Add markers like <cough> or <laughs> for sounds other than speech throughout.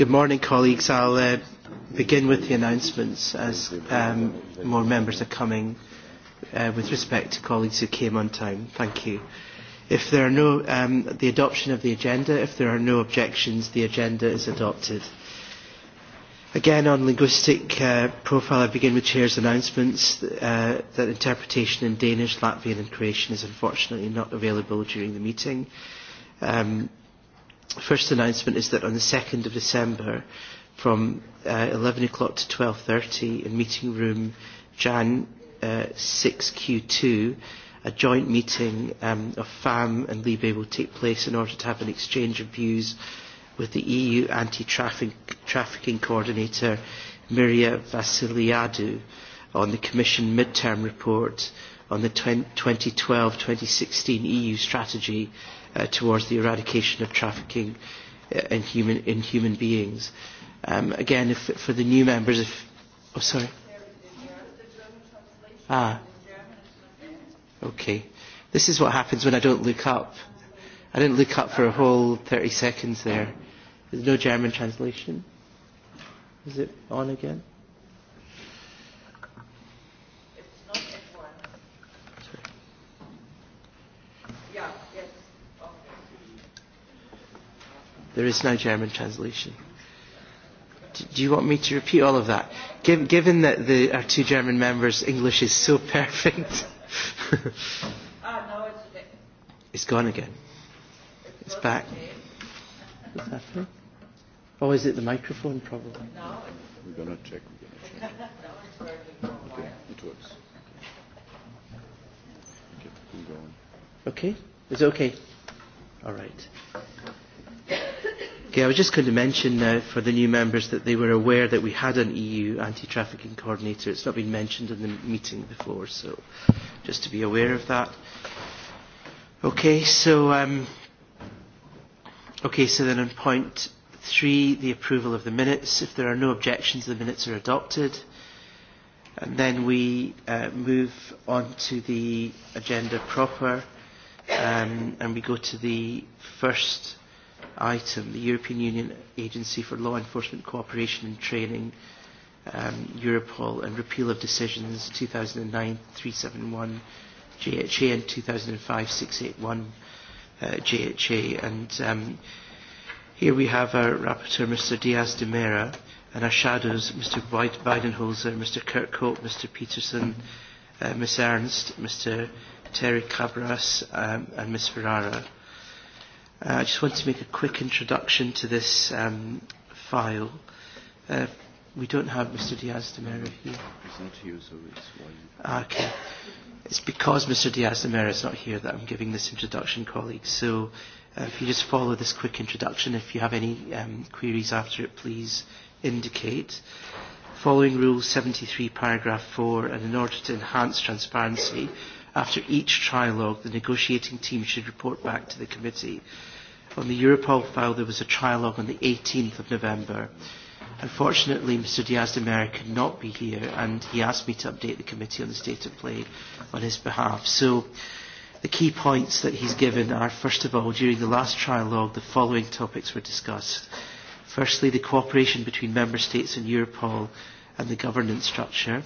Good morning, colleagues. I'll uh, begin with the announcements as um, more members are coming uh, with respect to colleagues who came on time. Thank you. If there are no, um, the adoption of the agenda, if there are no objections, the agenda is adopted. Again, on linguistic uh, profile, I begin with Chair's announcements uh, that interpretation in Danish, Latvian and Croatian is unfortunately not available during the meeting. Um, first announcement is that on the 2nd of December, from uh, 11 o'clock to 12.30 in meeting room Jan uh, 6Q2, a joint meeting um, of FAM and LIBE will take place in order to have an exchange of views with the EU anti-trafficking coordinator Miria Vassiliadou on the Commission midterm report on the 2012-2016 EU strategy uh, towards the eradication of trafficking uh, in human, in human beings. Um, again, if, for the new members, if, oh sorry. Ah, okay. This is what happens when I don't look up. I didn't look up for a whole 30 seconds there. There's no German translation. Is it on again? There is no German translation. Do, do you want me to repeat all of that? Giv given that the, our two German members' English is so <laughs> perfect. uh, no, it's, it's gone again. It's, it's back. What's happening? Oh, is it the microphone problem? No. We're going to check. We're gonna check. <laughs> okay, it works. Okay, keep going. Okay, is it okay? All right. Okay, I was just going to mention now for the new members that they were aware that we had an EU anti-trafficking coordinator. It's not been mentioned in the meeting before, so just to be aware of that. Okay, so um, okay, so then on point three, the approval of the minutes. If there are no objections, the minutes are adopted. And then we uh, move on to the agenda proper, um, and we go to the first item, the European Union Agency for Law Enforcement Cooperation and Training, um, Europol, and repeal of decisions 2009-371, JHA, and 2005-681, uh, JHA. And um, here we have our rapporteur, Mr. Diaz de Mera, and our shadows, Mr. Bidenholzer, Mr. Kirkhope, Mr. Peterson, uh, Ms. Ernst, Mr. Terry Cabras, um, and Ms. Ferrara. Uh, I just want to make a quick introduction to this um, file. Uh, we don't have Mr. Diaz de Mera here. He's not here, so it's why you... Okay. It's because Mr. Diaz de Mera is not here that I'm giving this introduction, colleagues. So uh, if you just follow this quick introduction, if you have any um, queries after it, please indicate. Following Rule 73, Paragraph 4, and in order to enhance transparency, After each trilogue, the negotiating team should report back to the committee. On the Europol file, there was a trilogue on the 18th of November. Unfortunately, Mr Diaz de Mera could not be here, and he asked me to update the committee on the state of play on his behalf. So, the key points that he's given are, first of all, during the last trilogue, the following topics were discussed. Firstly, the cooperation between Member States and Europol and the governance structure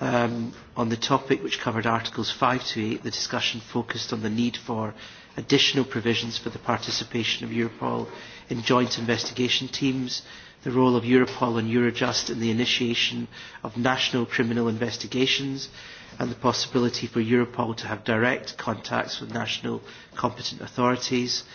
um, on the topic which covered Articles 5 to 8. The discussion focused on the need for additional provisions for the participation of Europol in joint investigation teams, the role of Europol and Eurojust in the initiation of national criminal investigations, and the possibility for Europol to have direct contacts with national competent authorities. Uh,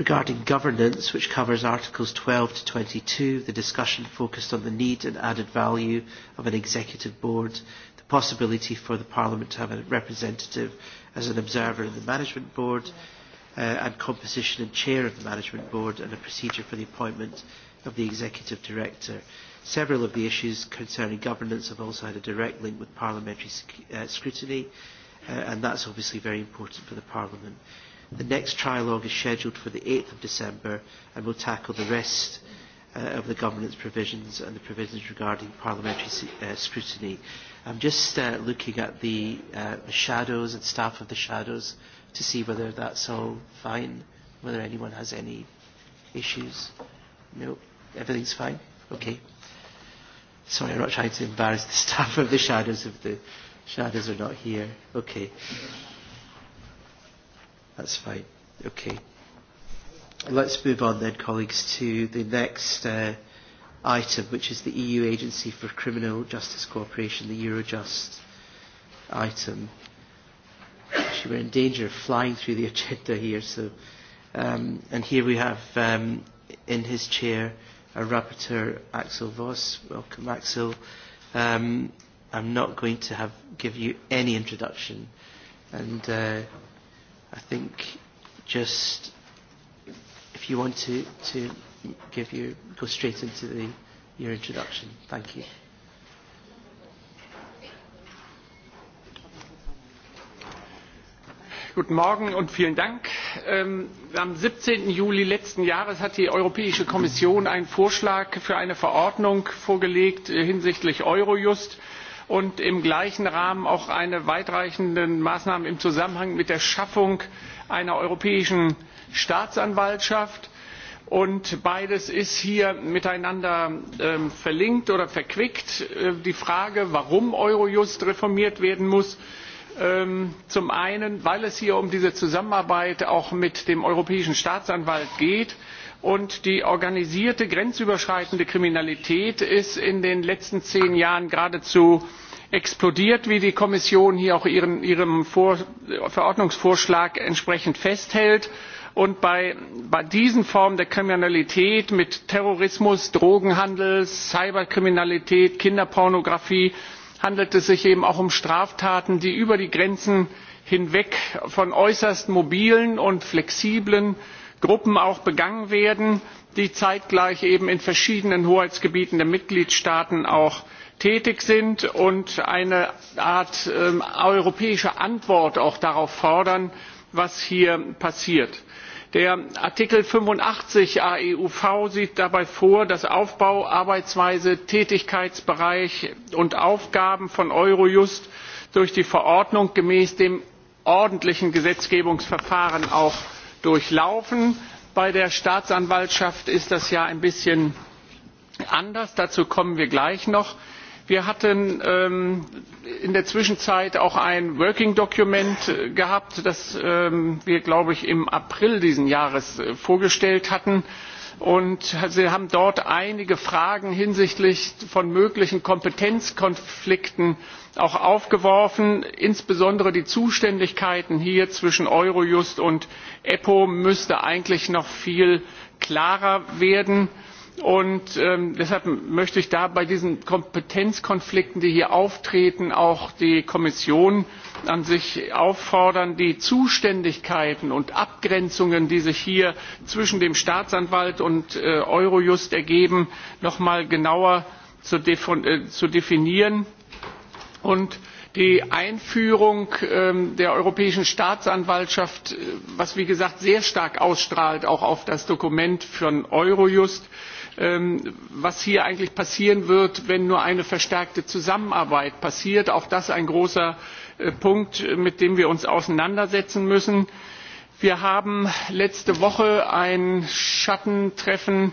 Regarding governance, which covers Articles 12 to 22, the discussion focused on the need and added value of an executive board, the possibility for the Parliament to have a representative as an observer in the Management Board, uh, and composition and chair of the Management Board, and a procedure for the appointment of the Executive Director. Several of the issues concerning governance have also had a direct link with parliamentary sc uh, scrutiny, uh, and that's obviously very important for the Parliament. Uh, The next trilogue is scheduled for the 8th of December and will tackle the rest uh, of the governance provisions and the provisions regarding parliamentary uh, scrutiny. I'm just uh, looking at the, uh, the shadows and staff of the shadows to see whether that's all fine, whether anyone has any issues. No, everything's fine. Okay. Sorry, I'm not trying to embarrass the <laughs> staff of the shadows if the shadows are not here. Okay. That's fine. Okay. Let's move on then, colleagues, to the next uh, item, which is the EU Agency for Criminal Justice Cooperation, the Eurojust item. Actually, we're in danger of flying through the <laughs> agenda here. So, um, and here we have um, in his chair our rapporteur, Axel Voss. Welcome, Axel. Um, I'm not going to have, give you any introduction. And... Uh, I think just if you want to, to give your, go straight into the, your introduction. Thank you. Guten Morgen und vielen Dank. Ähm, am 17. Juli letzten Jahres hat die Europäische Kommission einen Vorschlag für eine Verordnung vorgelegt äh, hinsichtlich Eurojust und im gleichen rahmen auch eine weitreichende maßnahme im zusammenhang mit der schaffung einer europäischen staatsanwaltschaft und beides ist hier miteinander ähm, verlinkt oder verquickt äh, die frage warum eurojust reformiert werden muss ähm, zum einen weil es hier um diese zusammenarbeit auch mit dem europäischen staatsanwalt geht und die organisierte grenzüberschreitende kriminalität ist in den letzten zehn jahren geradezu explodiert wie die kommission hier auch in ihrem verordnungsvorschlag entsprechend festhält und bei diesen formen der kriminalität mit terrorismus drogenhandel cyberkriminalität kinderpornografie handelt es sich eben auch um straftaten die über die grenzen hinweg von äußerst mobilen und flexiblen gruppen auch begangen werden die zeitgleich eben in verschiedenen hoheitsgebieten der mitgliedstaaten auch tätig sind und eine art ähm, europäische antwort auch darauf fordern was hier passiert. der artikel fünfundachtzig aeuv sieht dabei vor dass aufbau arbeitsweise tätigkeitsbereich und aufgaben von eurojust durch die verordnung gemäß dem ordentlichen gesetzgebungsverfahren auch durchlaufen. bei der staatsanwaltschaft ist das ja ein bisschen anders dazu kommen wir gleich noch. wir hatten ähm, in der zwischenzeit auch ein working document äh, gehabt das ähm, wir glaube ich im april dieses jahres äh, vorgestellt hatten und sie haben dort einige fragen hinsichtlich von möglichen kompetenzkonflikten auch aufgeworfen insbesondere die zuständigkeiten hier zwischen eurojust und eppo müssten eigentlich noch viel klarer werden und ähm, deshalb möchte ich da bei diesen kompetenzkonflikten die hier auftreten auch die kommission an sich auffordern die zuständigkeiten und abgrenzungen die sich hier zwischen dem staatsanwalt und äh, eurojust ergeben noch mal genauer zu äh, definieren und die einführung ähm, der europäischen staatsanwaltschaft äh, was wie gesagt sehr stark ausstrahlt auch auf das dokument von eurojust ähm, was hier eigentlich passieren wird wenn nur eine verstärkte zusammenarbeit passiert auch das ein großer äh, punkt äh, mit dem wir uns auseinandersetzen müssen. wir haben letzte woche ein schattentreffen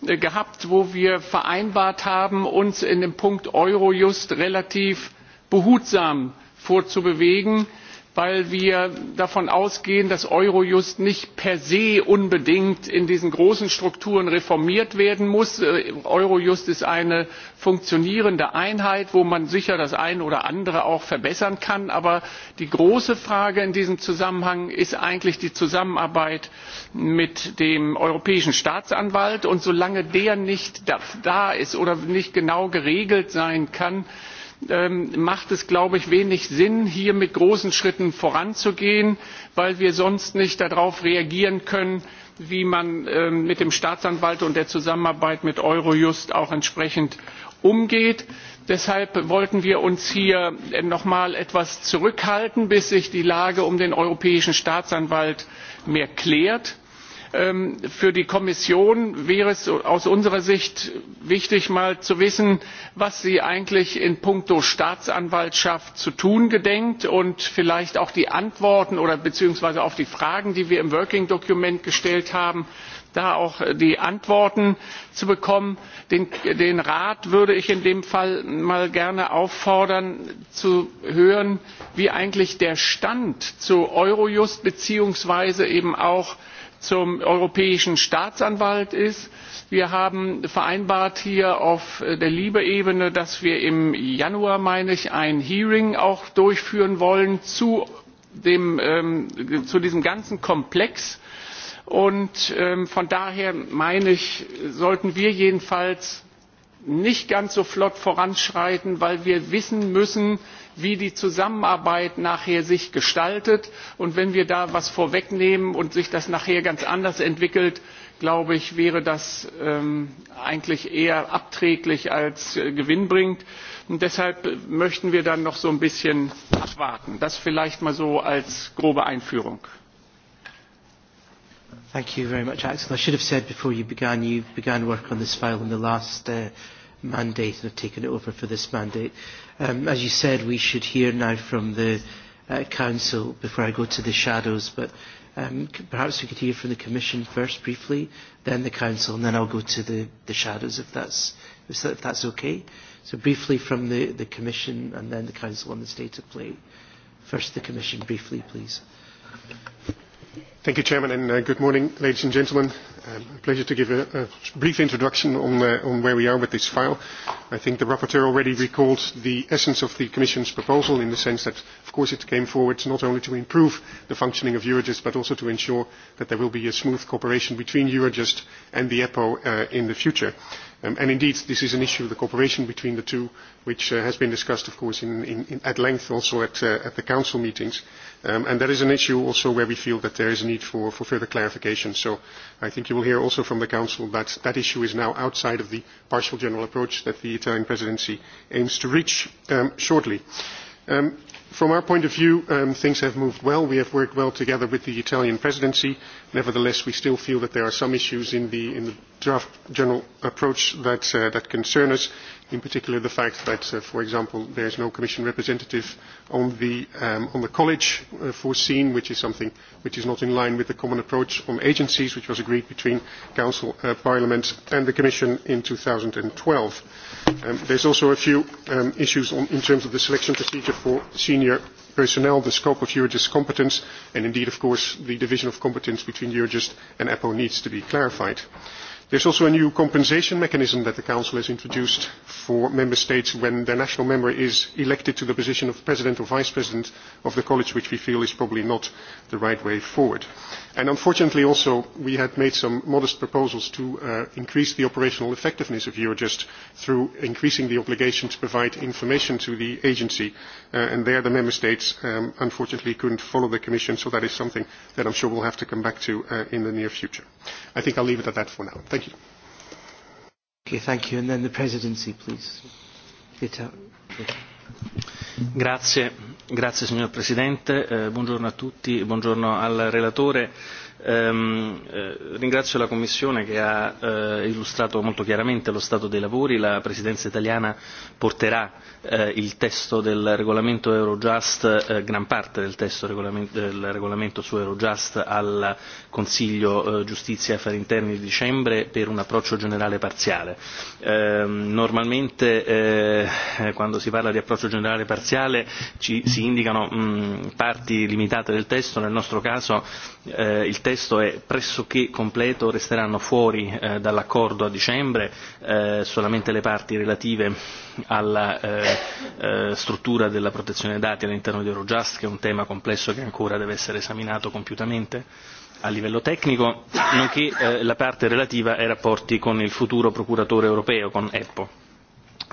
gehabt wo wir vereinbart haben uns in dem punkt eurojust relativ behutsam vorzubewegen weil wir davon ausgehen dass eurojust nicht per se unbedingt in diesen großen strukturen reformiert werden muss. Äh, eurojust ist eine funktionierende einheit wo man sicher das eine oder andere auch verbessern kann aber die große frage in diesem zusammenhang ist eigentlich die zusammenarbeit mit dem europäischen staatsanwalt und solange der nicht da ist oder nicht genau geregelt sein kann Ähm, macht es glaube ich wenig sinn hier mit großen schritten voranzugehen weil wir sonst nicht darauf reagieren können wie man ähm, mit dem staatsanwalt und der zusammenarbeit mit eurojust auch entsprechend umgeht. deshalb wollten wir uns hier äh, noch mal etwas zurückhalten bis sich die lage um den europäischen staatsanwalt mehr klärt. Ähm, für die kommission wäre es aus unserer sicht wichtig mal zu wissen was sie eigentlich in puncto staatsanwaltschaft zu tun gedenkt und vielleicht auch die antworten beziehungsweise auf die fragen die wir im working document gestellt haben da auch die antworten zu bekommen. den rat würde ich in dem fall mal gerne auffordern zu hören wie eigentlich der stand zu eurojust beziehungsweise eben auch zum europäischen staatsanwalt ist wir haben vereinbart hier auf der libe ebene dass wir im januar meine ich ein hearing auch durchführen wollen zu ähm, diesem ganzen komplex und ähm, von daher meine ich sollten wir jedenfalls nicht ganz so flott voranschreiten weil wir wissen müssen wie die zusammenarbeit nachher sich gestaltet und wenn wir da etwas vorwegnehmen und sich das nachher ganz anders entwickelt glaube ich wäre das ähm, eigentlich eher abträglich als äh, gewinnbringend. Und deshalb möchten wir dann noch so ein bisschen abwarten. Das vielleicht mal so als grobe Einführung. Thank you very much, Axel. I should have said before you began, you began work on this file in the last uh, mandate and have taken it over for this mandate. Um, as you said, we should hear now from the uh, Council before I go to the shadows, but um, perhaps we could hear from the Commission first briefly, then the Council, and then I'll go to the, the shadows if that's, if that's okay. So briefly from the, the Commission and then the Council on the state of play. First the Commission briefly, please. Thank you, Chairman, and uh, good morning, ladies and gentlemen. Um, pleasure to give a, a brief introduction on, uh, on where we are with this file. I think the rapporteur already recalled the essence of the Commission's proposal in the sense that, of course, it came forward not only to improve the functioning of Eurojust, but also to ensure that there will be a smooth cooperation between Eurojust and the EPO uh, in the future. Uh, Um, and indeed, this is an issue, the cooperation between the two, which uh, has been discussed, of course, in, in, in at length also at, uh, at the council meetings. Um, and that is an issue also where we feel that there is a need for, for further clarification. So I think you will hear also from the council that that issue is now outside of the partial general approach that the Italian presidency aims to reach um, shortly. Um, from our point of view um, things have moved well. we have worked well together with the italian presidency. nevertheless we still feel that there are some issues in the, in the draft general approach that, uh, that concern us in particular the fact that uh, for example there is no commission representative on the, um, on the college uh, foreseen which is something which is not in line with the common approach on agencies which was agreed between council uh, parliament and the commission in. two thousand and twelve Um, there's also a few um, issues on, in terms of the selection procedure for senior personnel, the scope of Eurojust competence, and indeed, of course, the division of competence between Eurojust and EPO needs to be clarified. Uh, there is also a new compensation mechanism that the council has introduced for member states when their national member is elected to the position of president or vice president of the college which we feel is probably not the right way forward. And unfortunately also we had made some modest proposals to uh, increase the operational effectiveness of eurojust through increasing the obligation to provide information to the agency uh, and there the member states um, unfortunately couldn't follow the commission so that is something that i'm sure we'll have to come back to uh, in the near future. i think i'll leave it at that for now. Thank Thank you. Okay, thank you. And then the presidency, please. Rita. Rita. Grazie, grazie signor Presidente, eh, buongiorno a tutti, buongiorno al relatore. Ehm, eh, ringrazio la Commissione che ha eh, illustrato molto chiaramente lo stato dei lavori, la Presidenza italiana porterà eh, il testo del regolamento Eurojust, eh, gran parte del testo regolamento, del regolamento su Eurojust al Consiglio eh, Giustizia e Affari Interni di dicembre per un approccio generale parziale. Ehm, eh, normalmente eh, quando si parla di approccio generale parziale ci, si indicano mh, mm, parti limitate del testo, nel nostro caso eh, il testo è pressoché completo, resteranno fuori eh, dall'accordo a dicembre eh, solamente le parti relative alla eh, eh, struttura della protezione dati all'interno di Eurojust, che è un tema complesso che ancora deve essere esaminato compiutamente a livello tecnico, nonché eh, la parte relativa ai rapporti con il futuro procuratore europeo, con EPPO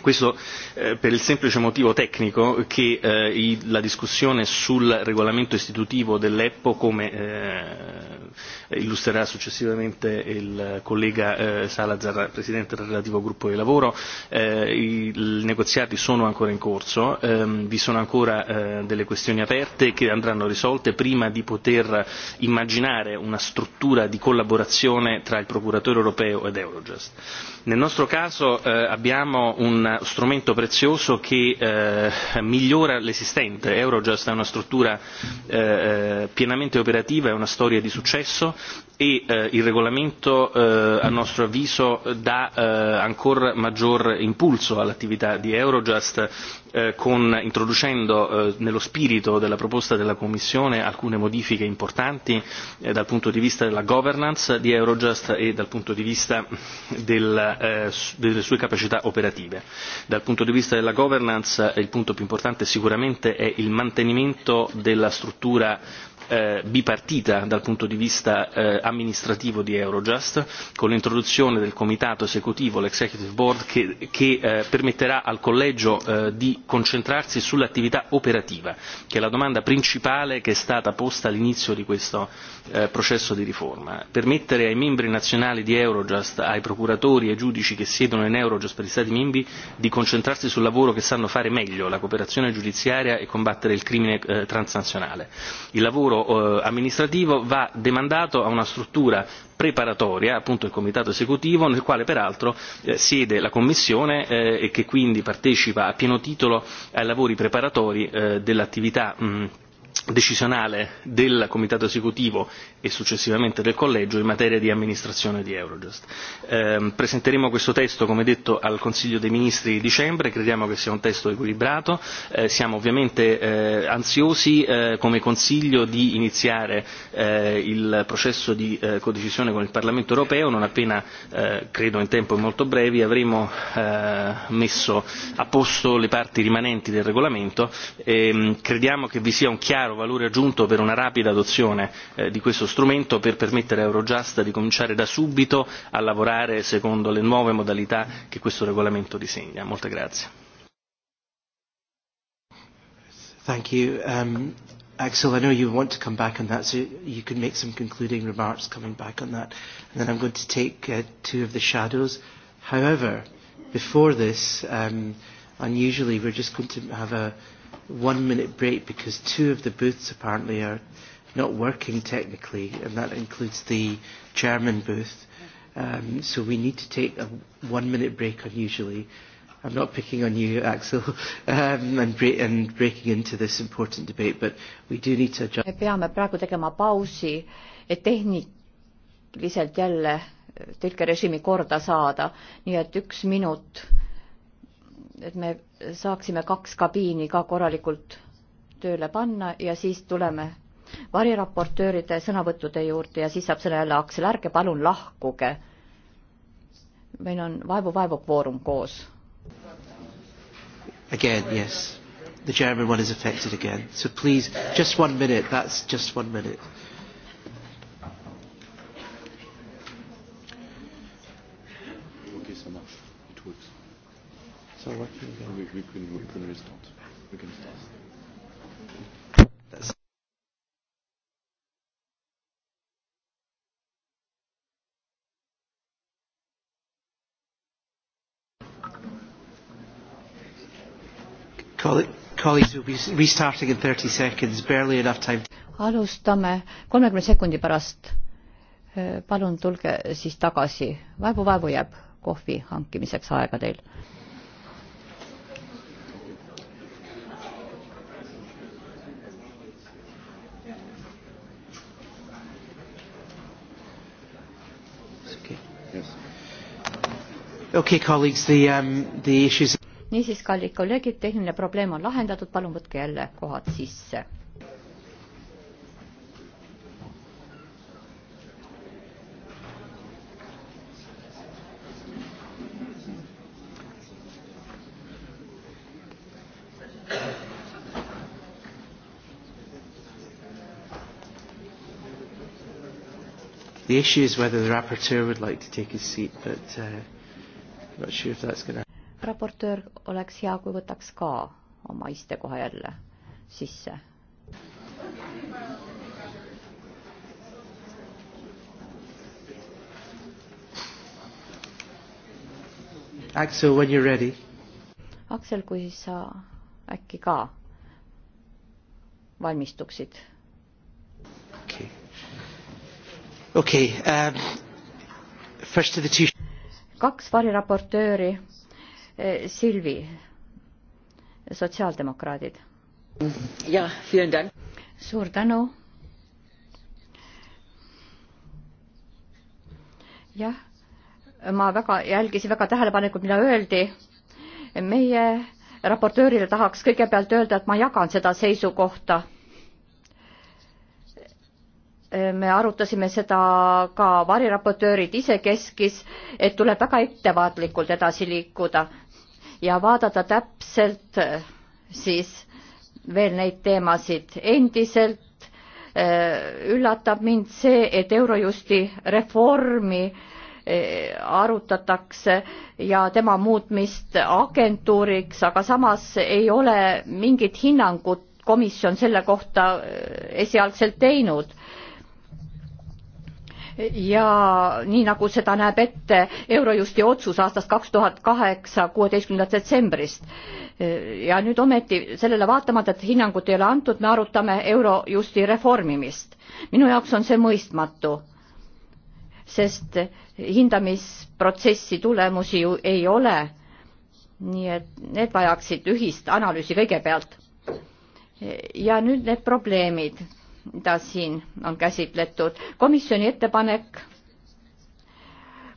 questo eh, per il semplice motivo tecnico che eh, i, la discussione sul regolamento istitutivo dell'EPPO, come eh, illustrerà successivamente il collega eh, Salazar, Presidente del relativo gruppo di lavoro, eh, i, i negoziati sono ancora in corso, ehm, vi sono ancora eh, delle questioni aperte che andranno risolte prima di poter immaginare una struttura di collaborazione tra il procuratore europeo ed Eurojust. Nel nostro caso eh, abbiamo un strumento prezioso che eh, migliora l'esistente eurojust è una struttura eh, eh, pienamente operativa è una storia di successo e eh, il regolamento eh, a nostro avviso dà eh, ancora maggior impulso all'attività di eurojust eh, con, introducendo eh, nello spirito della proposta della Commissione alcune modifiche importanti eh, dal punto di vista della governance di Eurojust e dal punto di vista del, eh, delle sue capacità operative. Dal punto di vista della governance il punto più importante sicuramente è il mantenimento della struttura eh, bipartita dal punto di vista eh, amministrativo di Eurojust, con l'introduzione del comitato esecutivo, l'executive board, che, che eh, permetterà al collegio eh, di concentrarsi sull'attività operativa, che è la domanda principale che è stata posta all'inizio di questo eh, processo di riforma. Permettere ai membri nazionali di Eurojust, ai procuratori e ai giudici che siedono in Eurojust per gli Stati membri, di concentrarsi sul lavoro che sanno fare meglio, la cooperazione giudiziaria e combattere il crimine eh, transnazionale. Il lavoro lavoro eh, amministrativo va demandato a una struttura preparatoria appunto il comitato esecutivo nel quale peraltro eh, siede la commissione eh, e che quindi partecipa a pieno titolo ai lavori preparatori eh, dell'attività mh, decisionale del comitato esecutivo e successivamente del collegio in materia di amministrazione di Eurojust. Eh, presenteremo questo testo, come detto, al Consiglio dei Ministri di dicembre, crediamo che sia un testo equilibrato, eh, siamo ovviamente eh, ansiosi eh, come Consiglio di iniziare eh, il processo di eh, codecisione con il Parlamento europeo, non appena, eh, credo in tempo e molto brevi, avremo eh, messo a posto le parti rimanenti del regolamento, eh, crediamo che vi sia un chiaro chiaro valore aggiunto per una rapida adozione eh, di questo strumento per permettere a eurojust di cominciare da subito a lavorare secondo le nuove modalità che questo regolamento disegna. molte grazie. Thank you. Um, Axel, I know you want to come back on that, so you could make some concluding remarks coming back on that. And then I'm going to take uh, two of the shadows. However, before this, um, unusually, we're just going to have a, one minute break because two of the booths apparently are not working technically, and that includes the German booth. Um, so we need to take a one minute break unusually. I'm not picking on you, <laughs> Axel, um, and, bre and breaking into this important debate, but we do need to adjust. me peame praegu tegema pausi, et tehniliselt jälle tõlkerežiimi korda saada, nii et üks minut et me saaksime kaks kabiini ka korralikult tööle panna ja siis tuleme variraportööride sõnavõttude juurde ja siis saab sõna jälle Aksel, ärge palun lahkuge. meil on vaevu-vaevu kvoorum koos. Again, yes. The German one is affected again. So please, just one minute, that's just one minute. So what can we, we, we can we can restart. We can start. That's alustame kolmekümne sekundi pärast. palun tulge siis tagasi, vaevu-vaevu jääb kohvi hankimiseks aega teil. okay, colleagues, the, um, the issues... niisiis, kallid kolleegid, tehniline probleem on lahendatud, palun võtke jälle kohad sisse. The issue is whether the rapporteur would like to take his seat, but uh, raportöör, oleks hea, kui võtaks ka oma istekoha jälle sisse. Axel, when you are ready. Axel, kui sa äkki ka valmistuksid. okei okay. okay, um,, first to the two kaks variraportööri, eh, Silvi, sotsiaaldemokraadid. jah, suur tänu. jah, ma väga jälgisin väga tähelepanelikult, mida öeldi. meie raportöörile tahaks kõigepealt öelda, et ma jagan seda seisukohta me arutasime seda ka variraportöörid ise keskis, et tuleb väga ettevaatlikult edasi liikuda ja vaadata täpselt äh, siis veel neid teemasid. endiselt äh, üllatab mind see, et Eurojusti reformi äh, arutatakse ja tema muutmist agentuuriks, aga samas ei ole mingit hinnangut komisjon selle kohta esialgselt teinud ja nii nagu seda näeb ette Eurojusti otsus aastast kaks tuhat kaheksa, kuueteistkümnendast detsembrist. ja nüüd ometi sellele vaatamata, et hinnangut ei ole antud, me arutame Eurojusti reformimist. minu jaoks on see mõistmatu, sest hindamisprotsessi tulemusi ju ei ole. nii et need vajaksid ühist analüüsi kõigepealt. ja nüüd need probleemid mida siin on käsitletud. komisjoni ettepanek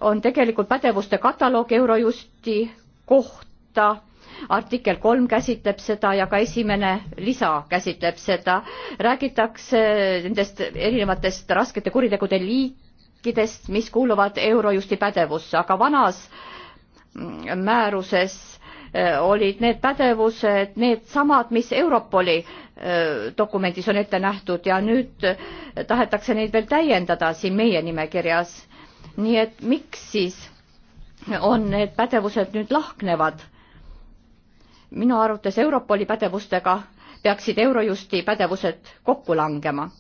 on tegelikult pädevuste kataloog Eurojusti kohta. artikkel kolm käsitleb seda ja ka esimene lisa käsitleb seda. räägitakse nendest erinevatest raskete kuritegude liikidest, mis kuuluvad Eurojusti pädevusse, aga vanas määruses Äh, olid need pädevused needsamad, mis Europoli äh, dokumendis on ette nähtud ja nüüd äh, tahetakse neid veel täiendada siin meie nimekirjas. nii et miks siis on need pädevused nüüd lahknevad? minu arvates Europoli pädevustega peaksid Eurojusti pädevused kokku langema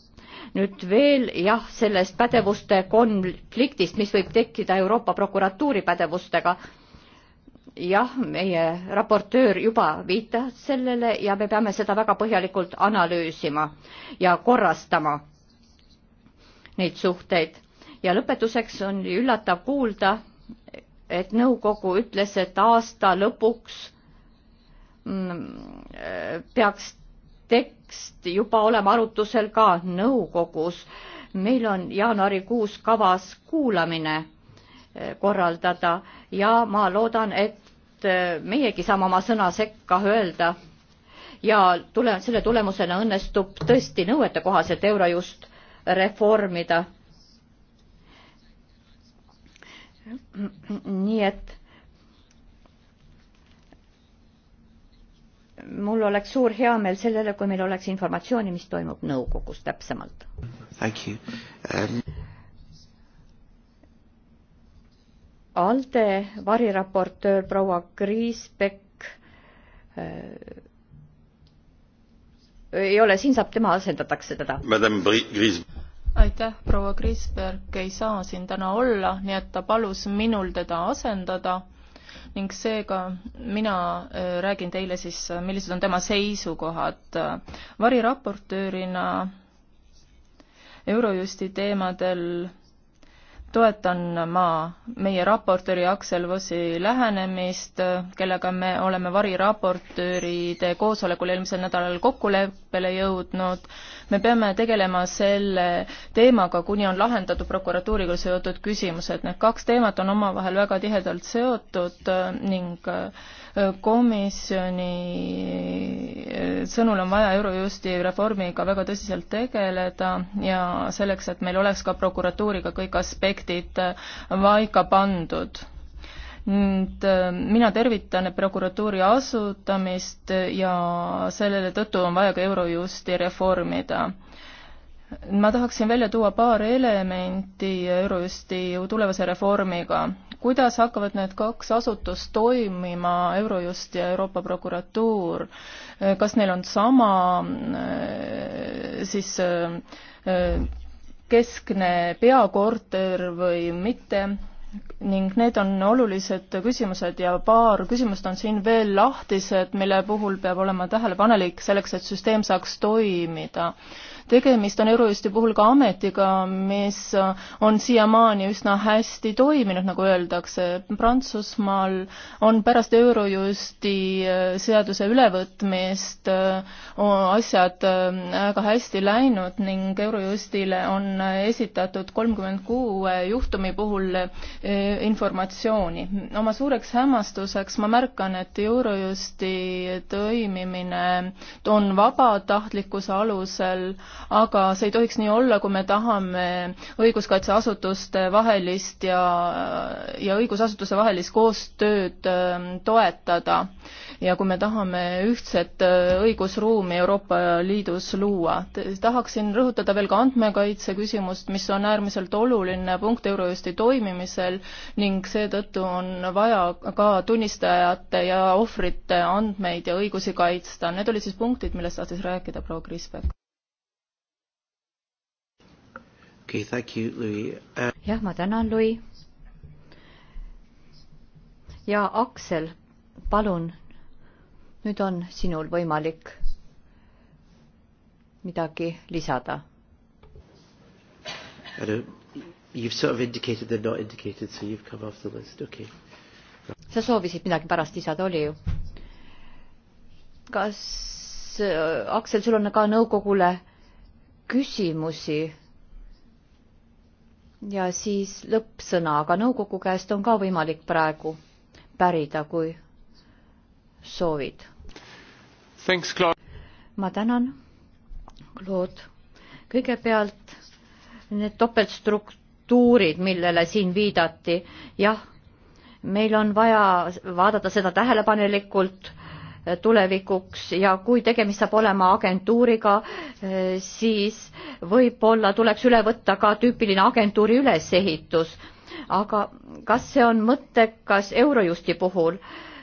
nüüd veel jah, sellest pädevuste konfliktist, mis võib tekkida Euroopa prokuratuuri pädevustega jah, meie raportöör juba viitas sellele ja me peame seda väga põhjalikult analüüsima ja korrastama neid suhteid. ja lõpetuseks on üllatav kuulda, et nõukogu ütles, et aasta lõpuks mm, peaks tekst juba olema arutusel ka nõukogus. meil on jaanuarikuus kavas kuulamine korraldada ja ma loodan, et äh, meiegi saame oma sõna sekka öelda ja tule, selle tulemusena õnnestub tõesti nõuetekohaselt Eurojust reformida. nii et mul oleks suur heameel sellele, kui meil oleks informatsiooni, mis toimub nõukogus täpsemalt. Um... ALDE variraportöör proua Kriisbeck äh, ei ole siin, saab, tema asendatakse teda. aitäh, proua Kriisberg ei saa siin täna olla, nii et ta palus minul teda asendada ning seega mina äh, räägin teile siis, äh, millised on tema seisukohad äh, variraportöörina Eurojusti teemadel toetan ma meie raportööri Aksel Vossi lähenemist, kellega me oleme variraportööride koosolekul eelmisel nädalal kokkuleppele jõudnud. me peame tegelema selle teemaga, kuni on lahendatud prokuratuuriga seotud küsimused. Need kaks teemat on omavahel väga tihedalt seotud ning komisjoni sõnul on vaja Eurojusti reformiga väga tõsiselt tegeleda ja selleks, et meil oleks ka prokuratuuriga kõik aspektid paika pandud nüüd mina tervitan prokuratuuri asutamist ja selle tõttu on vaja ka Eurojusti reformida. ma tahaksin välja tuua paar elementi Eurojusti tulevase reformiga kuidas hakkavad need kaks asutust toimima, Eurojust ja Euroopa prokuratuur, kas neil on sama eh, siis eh, keskne peakorter või mitte ning need on olulised küsimused ja paar küsimust on siin veel lahtised, mille puhul peab olema tähelepanelik selleks, et süsteem saaks toimida tegemist on Eurojusti puhul ka ametiga, mis on siiamaani üsna hästi toiminud, nagu öeldakse. Prantsusmaal on pärast Eurojusti äh, seaduse ülevõtmist äh, asjad äh, väga hästi läinud ning Eurojustile on esitatud kolmkümmend kuue juhtumi puhul informatsiooni. oma suureks hämmastuseks ma märkan, et Eurojusti toimimine on vabatahtlikkuse alusel, aga see ei tohiks nii olla, kui me tahame õiguskaitseasutuste vahelist ja, ja õigusasutuste vahelist koostööd ähm, toetada. ja kui me tahame ühtset äh, õigusruumi Euroopa Liidus luua. tahaksin rõhutada veel ka andmekaitse küsimust, mis on äärmiselt oluline punkt Eurojusti toimimisel ning seetõttu on vaja ka tunnistajate ja ohvrite andmeid ja õigusi kaitsta. Need olid siis punktid, millest tahtis rääkida proua Kriisberg okay,. Uh... jah, ma tänan, Louis. ja Aksel, palun, nüüd on sinul võimalik midagi lisada. You've sort of indicated they're not indicated, so you've come off the list, okei okay sa soovisid midagi pärast lisada, oli ju? kas äh,, Aksel, sul on ka nõukogule küsimusi? ja siis lõppsõna, aga nõukogu käest on ka võimalik praegu pärida, kui soovid. ma tänan, Claude. kõigepealt need topeltstruktuurid, millele siin viidati, jah, meil on vaja vaadata seda tähelepanelikult tulevikuks ja kui tegemist saab olema agentuuriga, siis võib-olla tuleks üle võtta ka tüüpiline agentuuri ülesehitus. aga kas see on mõttekas Eurojusti puhul?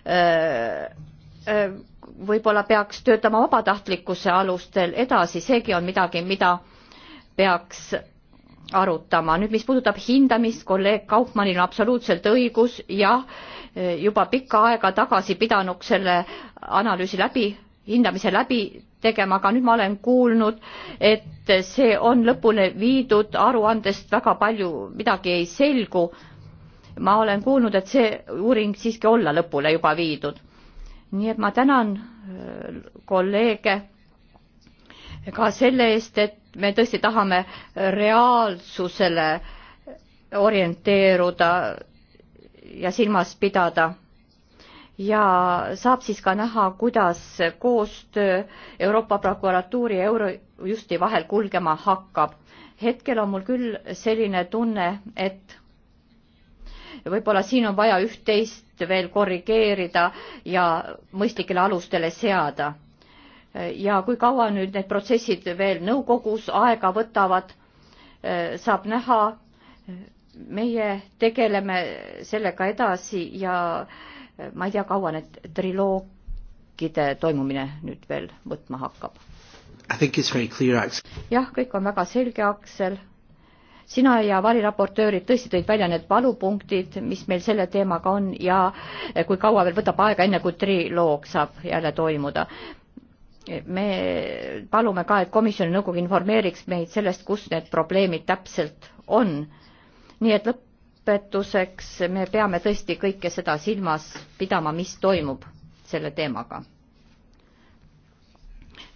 Äh, äh, võib-olla peaks töötama vabatahtlikkuse alustel edasi, seegi on midagi, mida peaks arutama. nüüd, mis puudutab hindamist, kolleeg Kaupmanil on absoluutselt õigus, jah, eh, juba pikka aega tagasi pidanuks selle analüüsi läbi, hindamise läbi tegema, aga nüüd ma olen kuulnud, et see on lõpule viidud, aruandest väga palju midagi ei selgu. ma olen kuulnud, et see uuring siiski olla lõpule juba viidud. nii et ma tänan eh, kolleege ka selle eest, et me tõesti tahame reaalsusele orienteeruda ja silmas pidada. ja saab siis ka näha, kuidas koostöö Euroopa prokuratuuri ja Eurojusti vahel kulgema hakkab. hetkel on mul küll selline tunne, et võib-olla siin on vaja üht-teist veel korrigeerida ja mõistlikele alustele seada ja kui kaua nüüd need protsessid veel nõukogus aega võtavad, äh, saab näha. meie tegeleme sellega edasi ja äh, ma ei tea, kaua need triloogide toimumine nüüd veel võtma hakkab. jah, kõik on väga selge, Aksel. sina ja variraportöörid tõesti tõid välja need valupunktid, mis meil selle teemaga on ja äh, kui kaua veel võtab aega, enne kui triloog saab jälle toimuda me palume ka, et komisjoni nõukogu informeeriks meid sellest, kus need probleemid täpselt on. nii et lõpetuseks me peame tõesti kõike seda silmas pidama, mis toimub selle teemaga.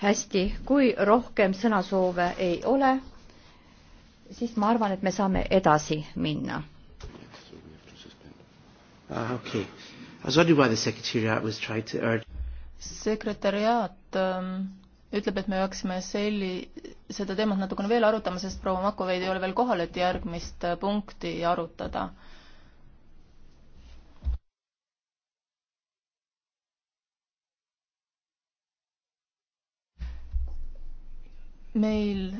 hästi, kui rohkem sõnasoove ei ole, siis ma arvan, et me saame edasi minna. Ah, okay. I was wondering why the Secretariat was trying to urge sekretäriaat ähm, ütleb, et me peaksime selli-, seda teemat natukene veel arutama, sest proua Makoveid ei ole veel kohal, et järgmist äh, punkti arutada. meil,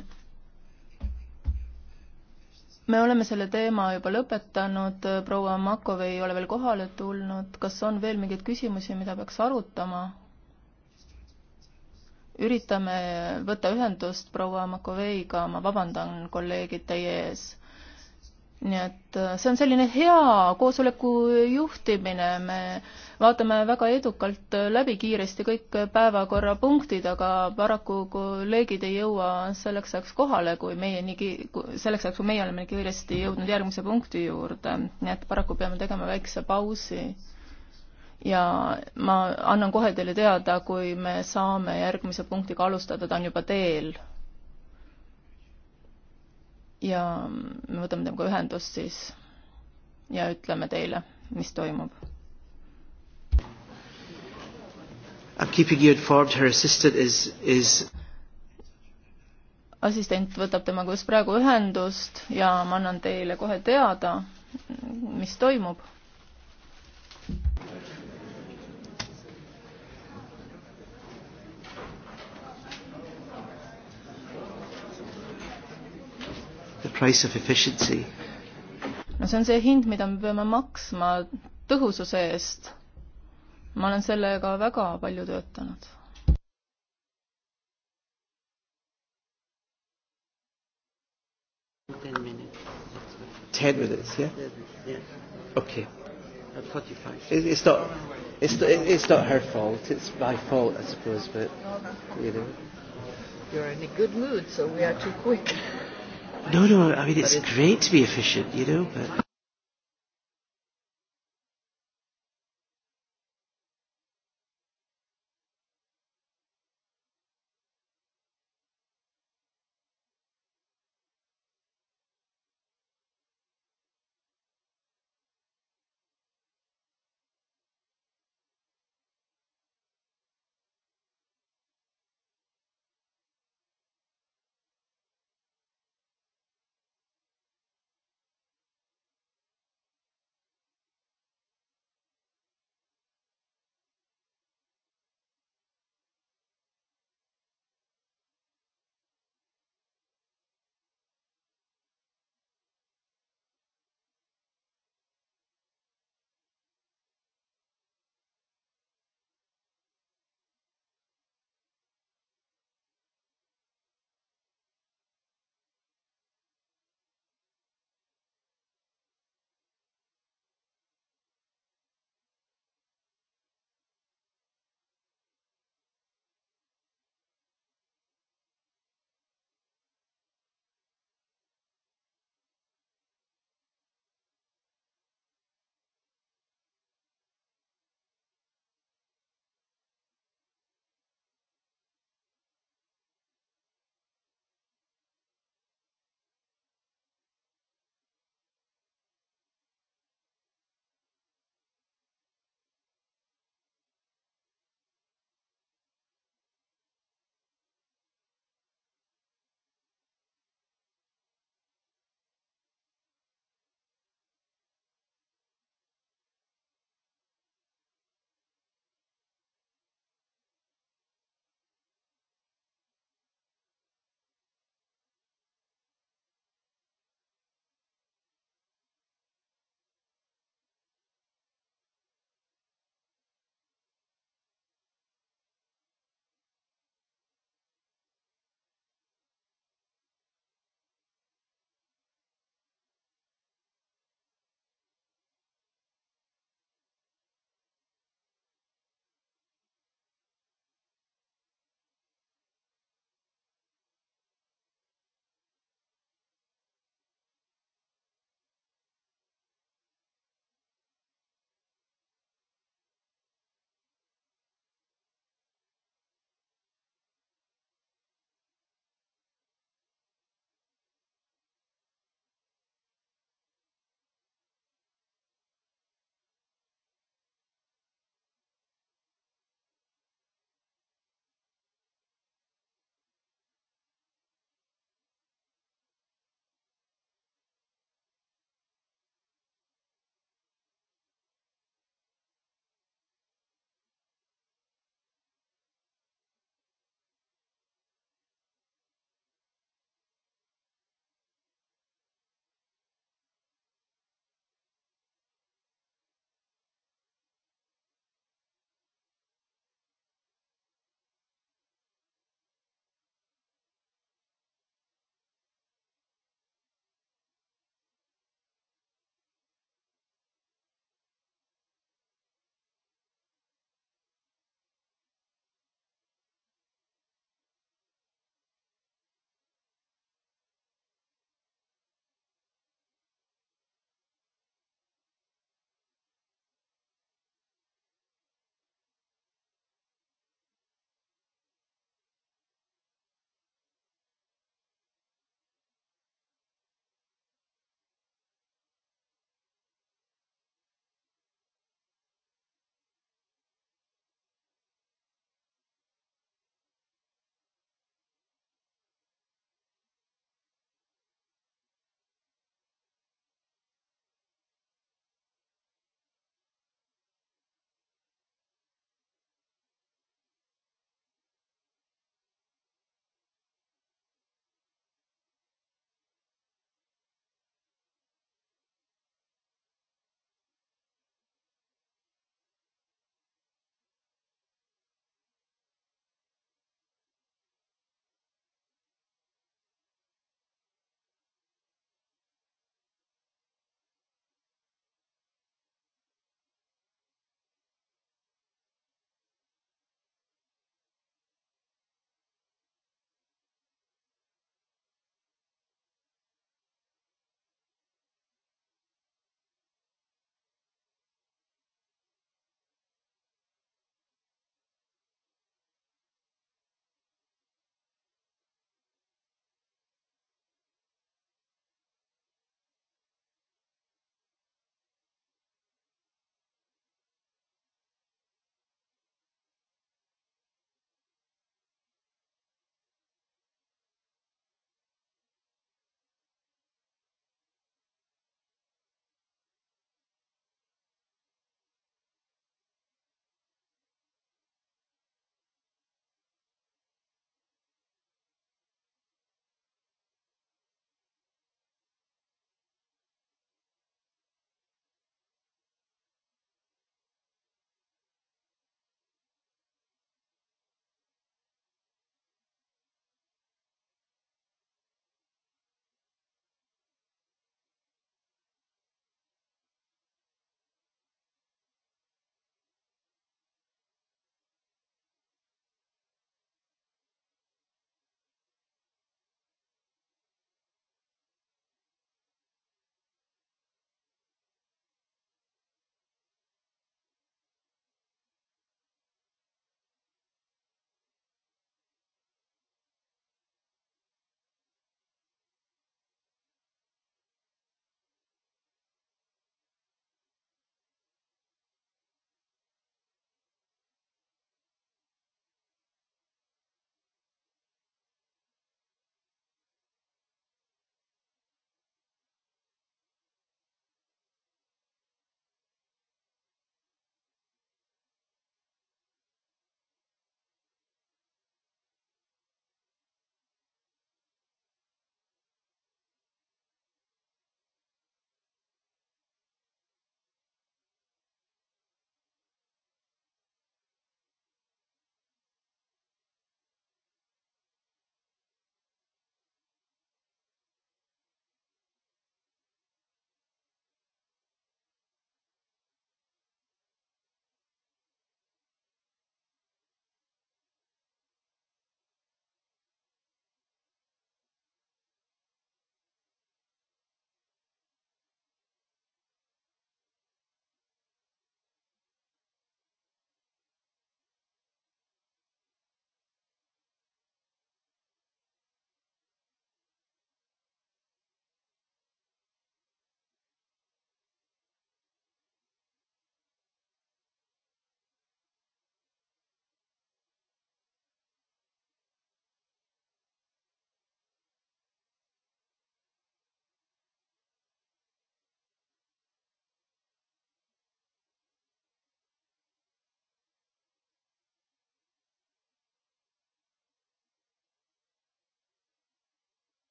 me oleme selle teema juba lõpetanud, proua Makovei ei ole veel kohale tulnud, kas on veel mingeid küsimusi, mida peaks arutama? üritame võtta ühendust proua Makoveiga, ma vabandan, kolleegid, teie ees. nii et äh, see on selline hea koosoleku juhtimine, me vaatame väga edukalt äh, läbi kiiresti kõik päevakorrapunktid, aga paraku kolleegid ei jõua selleks ajaks kohale, kui meie nii ki-, selleks ajaks, kui meie oleme kiiresti jõudnud järgmise punkti juurde, nii et paraku peame tegema väikse pausi ja ma annan kohe teile teada, kui me saame järgmise punktiga alustada, ta on juba teel. ja me võtame temaga ühendust siis ja ütleme teile, mis toimub. I'm keeping you informed, her assistant is, is assistent võtab temaga just praegu ühendust ja ma annan teile kohe teada, mis toimub The price of efficiency. no see on see hind, mida me peame maksma tõhususe eest. ma olen sellega väga palju töötanud ten minutes. Ten minutes, yeah? yeah. Okay. At 45. It, it's not. It's not, it's not her fault. It's my fault, I suppose. But you know. You're in a good mood, so we are too quick. No, no. I mean, it's, it's great to be efficient, you know. But.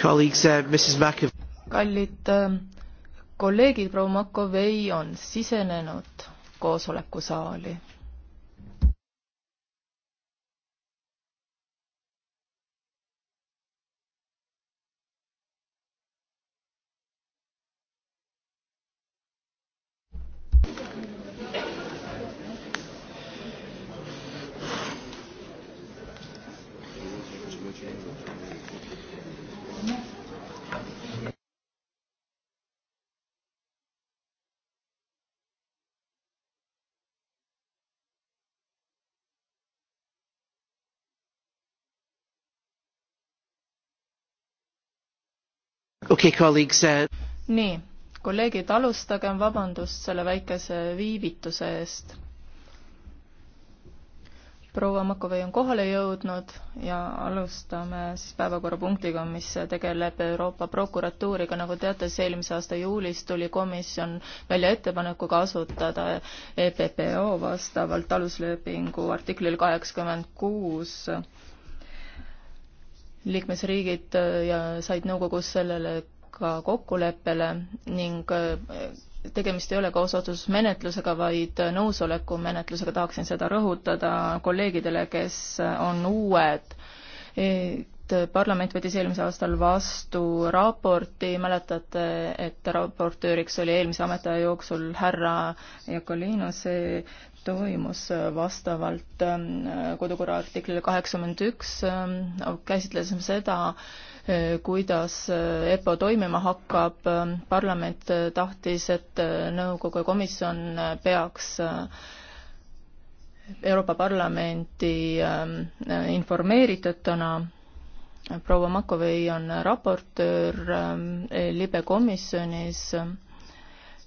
colleagues, uh, Mrs McAvey. kallid uh, kolleegid, proua Makovei on sisenenud koosolekusaali. okay, colleagues, uh... nii, kolleegid, alustagem, vabandust selle väikese viivituse eest. proua Makovei on kohale jõudnud ja alustame siis päevakorrapunktiga, mis tegeleb Euroopa prokuratuuriga. nagu teate, siis eelmise aasta juulis tuli komisjon välja ettepanekuga asutada EPPO vastavalt aluslepingu artiklile kaheksakümmend kuus liikmesriigid äh, ja said nõukogus sellele ka kokkuleppele ning äh, tegemist ei ole ka osasusmenetlusega, vaid nõusolekumenetlusega, tahaksin seda rõhutada kolleegidele, kes on uued. E, et parlament võttis eelmisel aastal vastu raporti, mäletate, et raportööriks oli eelmise ametiaja jooksul härra Jakolino, see toimus äh, vastavalt ähm, kodukorra artiklile kaheksakümmend üks, ähm, käsitlesime seda, äh, kuidas äh, EPPO toimima hakkab, ähm, parlament tahtis, et nõukogu ja komisjon peaks Euroopa Parlamenti informeeritatuna proua Makovei on raportöör libekomisjonis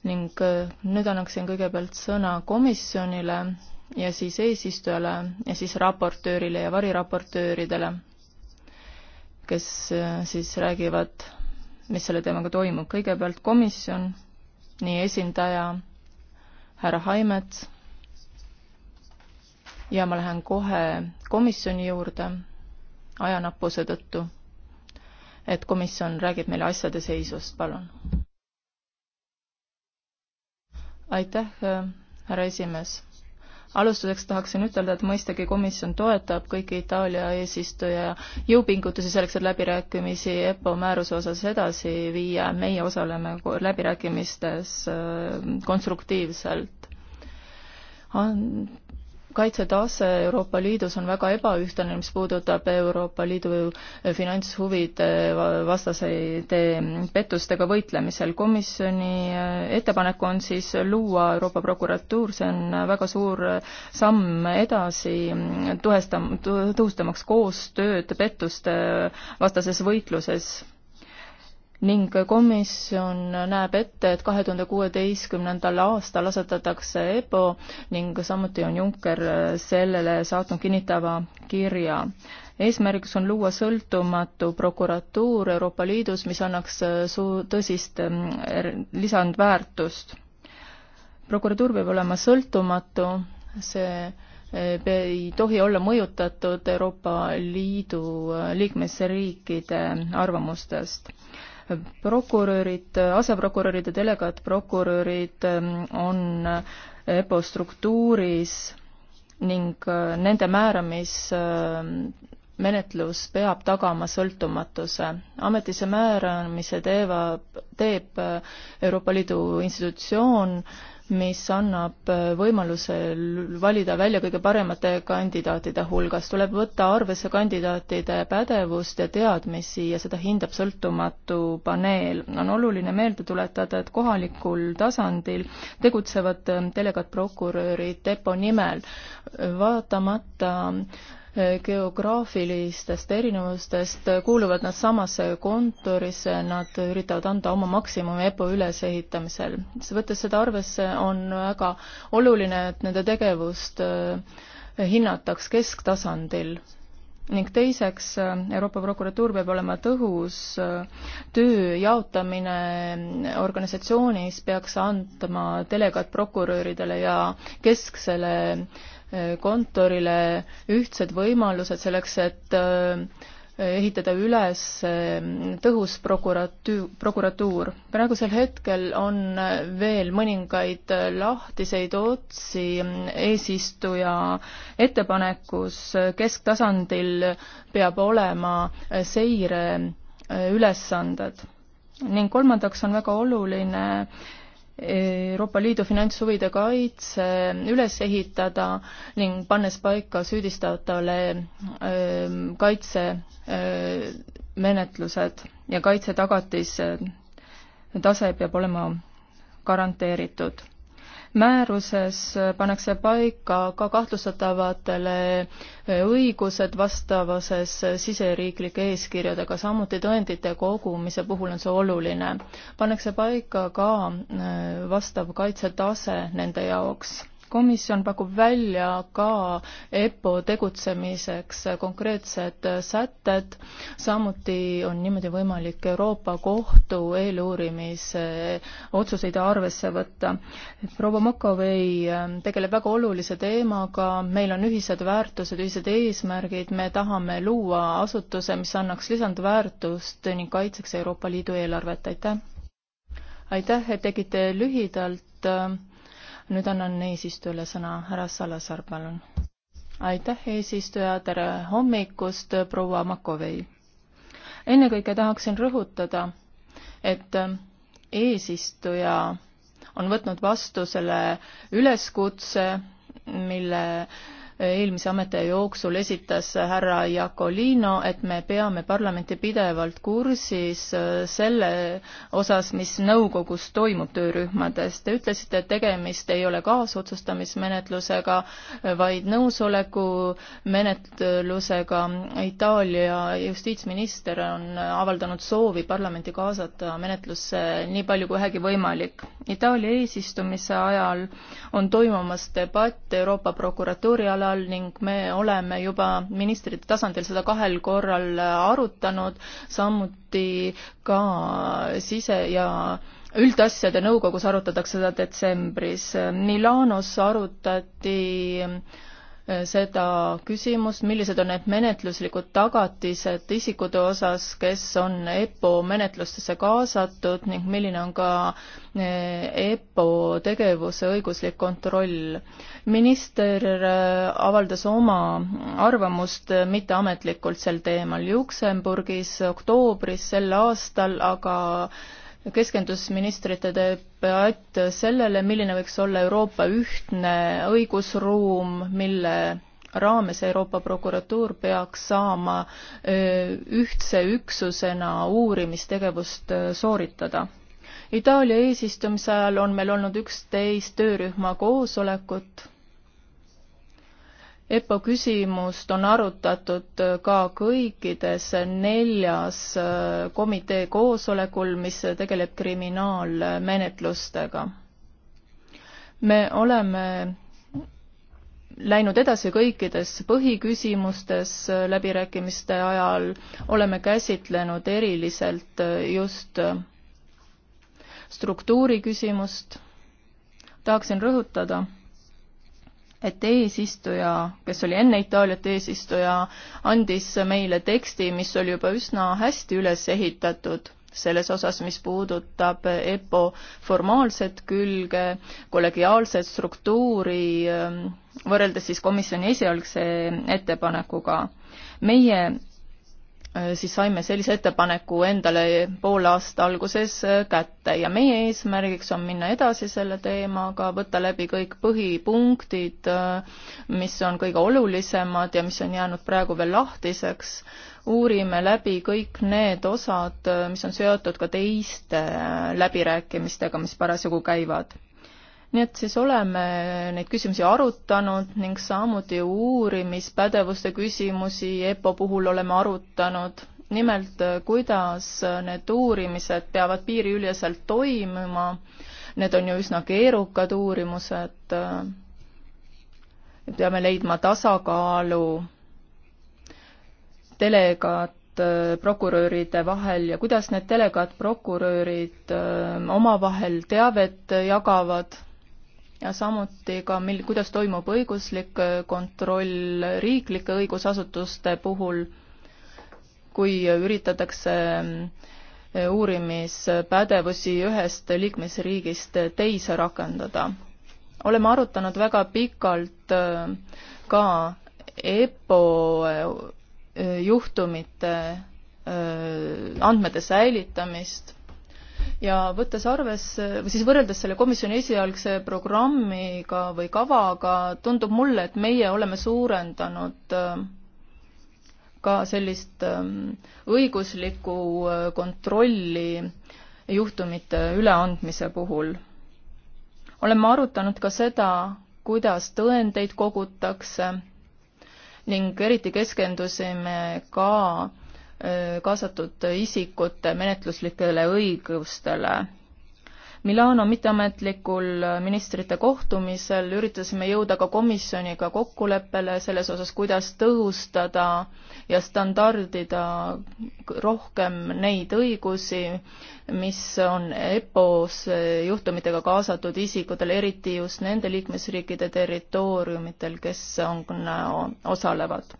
ning äh, nüüd annaksin kõigepealt sõna komisjonile ja siis eesistujale ja siis raportöörile ja variraportööridele, kes äh, siis räägivad, mis selle teemaga toimub. kõigepealt komisjon, nii esindaja härra Haimet ja ma lähen kohe komisjoni juurde ajanappuse tõttu, et komisjon räägib meile asjade seisust, palun aitäh, äh, härra esimees alustuseks tahaksin ütelda, et mõistagi komisjon toetab kõiki Itaalia eesistuja jõupingutusi selleks, et läbirääkimisi EPPO määruse osas edasi viia. meie osaleme läbirääkimistes äh, konstruktiivselt kaitsetase Euroopa Liidus on väga ebaühtlane, mis puudutab Euroopa Liidu eh, finantshuvide eh, vastaseid eh, pettustega võitlemisel. komisjoni ettepanek on siis luua Euroopa prokuratuur, see on väga suur samm edasi, mm, tuhestam-, tõhustamaks koostööd pettuste vastases võitluses ning komisjon näeb ette, et kahe tuhande kuueteistkümnendal aastal asetatakse EPO ning samuti on Juncker sellele saatnud kinnitava kirja. eesmärgiks on luua sõltumatu prokuratuur Euroopa Liidus, mis annaks suu-, tõsist mm, er-, lisandväärtust. prokuratuur peab olema sõltumatu, see eh, ei tohi olla mõjutatud Euroopa Liidu liikmesriikide arvamustest prokurörid, aseprokurörid ja delegaatprokurörid ähm, on EPPO struktuuris ning äh, nende määramismenetlus ähm, peab tagama sõltumatuse. ametisse määramise teeva, teeb äh, Euroopa Liidu institutsioon mis annab äh, võimaluse valida välja kõige paremate kandidaatide hulgast. tuleb võtta arvesse kandidaatide pädevust ja teadmisi ja seda hindab sõltumatu paneel. on oluline meelde tuletada, et kohalikul tasandil tegutsevad äh, delegaatprokurörid EPPO nimel, vaatamata geograafilistest erinevustest, kuuluvad nad samasse kontorisse, nad üritavad anda oma maksimumi EPO ülesehitamisel. võttes seda arvesse, on väga oluline, et nende tegevust äh, hinnataks kesktasandil ning teiseks, äh, Euroopa prokuratuur peab olema tõhus, äh, töö jaotamine organisatsioonis peaks andma delegaatprokuröridele ja kesksele kontorile ühtsed võimalused selleks, et äh, ehitada üles äh, tõhus prokuratu-, prokuratuur. praegusel hetkel on äh, veel mõningaid lahtiseid otsi mm, eesistuja ettepanekus, kesktasandil peab olema seireülesanded. ning kolmandaks on väga oluline Euroopa Liidu finantshuvide kaitse üles ehitada ning pannes paika süüdistatavale ähm, kaitsemenetlused äh, ja kaitsetagatis äh, tase peab olema garanteeritud määruses pannakse paika ka kahtlustatavatele õigused vastavuses siseriiklike eeskirjadega, samuti tõendite kogumise puhul on see oluline. pannakse paika ka äh, vastav kaitsetase nende jaoks komisjon pakub välja ka EPPO tegutsemiseks konkreetsed sätted, samuti on niimoodi võimalik Euroopa Kohtu eeluurimise otsuseid arvesse võtta. proua Mokovei ähm, tegeleb väga olulise teemaga, meil on ühised väärtused, ühised eesmärgid, me tahame luua asutuse, mis annaks lisandväärtust ning kaitseks Euroopa Liidu eelarvet, aitäh! aitäh, et tegite lühidalt ähm, nüüd annan eesistujale sõna, härra Salazar, palun. aitäh, eesistuja, tere hommikust, proua Makovei. ennekõike tahaksin rõhutada, et eesistuja on võtnud vastu selle üleskutse, mille eelmise ametiaja jooksul esitas härra Jakolino, et me peame parlamenti pidevalt kursis äh, selle osas, mis nõukogus toimub töörühmades. Te ütlesite, et tegemist ei ole kaasotsustamismenetlusega, äh, vaid nõusolekumenetlusega. Itaalia justiitsminister on avaldanud soovi parlamenti kaasata menetlusse nii palju kui vähegi võimalik. Itaalia eesistumise ajal on toimumas debatt Euroopa prokuratuuri alal, nädalal ning me oleme juba ministrite tasandil seda kahel korral äh, arutanud, samuti ka sise- ja üldasjade nõukogus arutatakse seda detsembris. Milanos arutati Äh, seda küsimust, millised on need menetluslikud tagatised isikute osas, kes on EPPO menetlustesse kaasatud ning milline on ka äh, EPPO tegevuse õiguslik kontroll. minister äh, avaldas oma arvamust mitteametlikult sel teemal Luksemburgis oktoobris sel aastal, aga keskendus ministrite debatt sellele, milline võiks olla Euroopa ühtne õigusruum, mille raames Euroopa prokuratuur peaks saama ühtse üksusena uurimistegevust sooritada. Itaalia eesistumise ajal on meil olnud üksteist töörühma koosolekut EPPO küsimust on arutatud ka kõikides neljas äh, komitee koosolekul, mis tegeleb kriminaalmenetlustega. me oleme läinud edasi kõikides põhiküsimustes läbirääkimiste ajal, oleme käsitlenud eriliselt just struktuuri küsimust, tahaksin rõhutada et eesistuja, kes oli enne Itaaliat eesistuja, andis meile teksti, mis oli juba üsna hästi üles ehitatud selles osas, mis puudutab EPPO formaalset külge, kollegiaalset struktuuri, ähm, võrreldes siis komisjoni esialgse ettepanekuga. meie Äh, siis saime sellise ettepaneku endale poole aasta alguses äh, kätte ja meie eesmärgiks on minna edasi selle teemaga, võtta läbi kõik põhipunktid, äh, mis on kõige olulisemad ja mis on jäänud praegu veel lahtiseks, uurime läbi kõik need osad, mis on seotud ka teiste läbirääkimistega, mis parasjagu käivad nii et siis oleme neid küsimusi arutanud ning samuti uurimispädevuste küsimusi EPPO puhul oleme arutanud. nimelt, kuidas need uurimised peavad piiriüleselt toimuma, need on ju üsna keerukad uurimused, peame leidma tasakaalu delegaat-, prokuröride vahel ja kuidas need delegaatprokurörid omavahel teavet jagavad ja samuti ka mil-, kuidas toimub õiguslik äh, kontroll riiklike õigusasutuste puhul, kui üritatakse äh, uurimispädevusi ühest liikmesriigist teise rakendada. oleme arutanud väga pikalt äh, ka EPPO juhtumite andmete säilitamist ja võttes arvesse, või siis võrreldes selle komisjoni esialgse programmiga või kavaga, tundub mulle, et meie oleme suurendanud äh, ka sellist äh, õiguslikku äh, kontrolli juhtumite üleandmise puhul. oleme arutanud ka seda, kuidas tõendeid kogutakse ning eriti keskendusime ka Äh, kaasatud isikute menetluslikele õigustele. Milano mitteametlikul ministrite kohtumisel üritasime jõuda ka komisjoniga kokkuleppele selles osas, kuidas tõhustada ja standardida rohkem neid õigusi, mis on EPO-s juhtumitega kaasatud isikutel, eriti just nende liikmesriikide territooriumitel, kes on, osalevad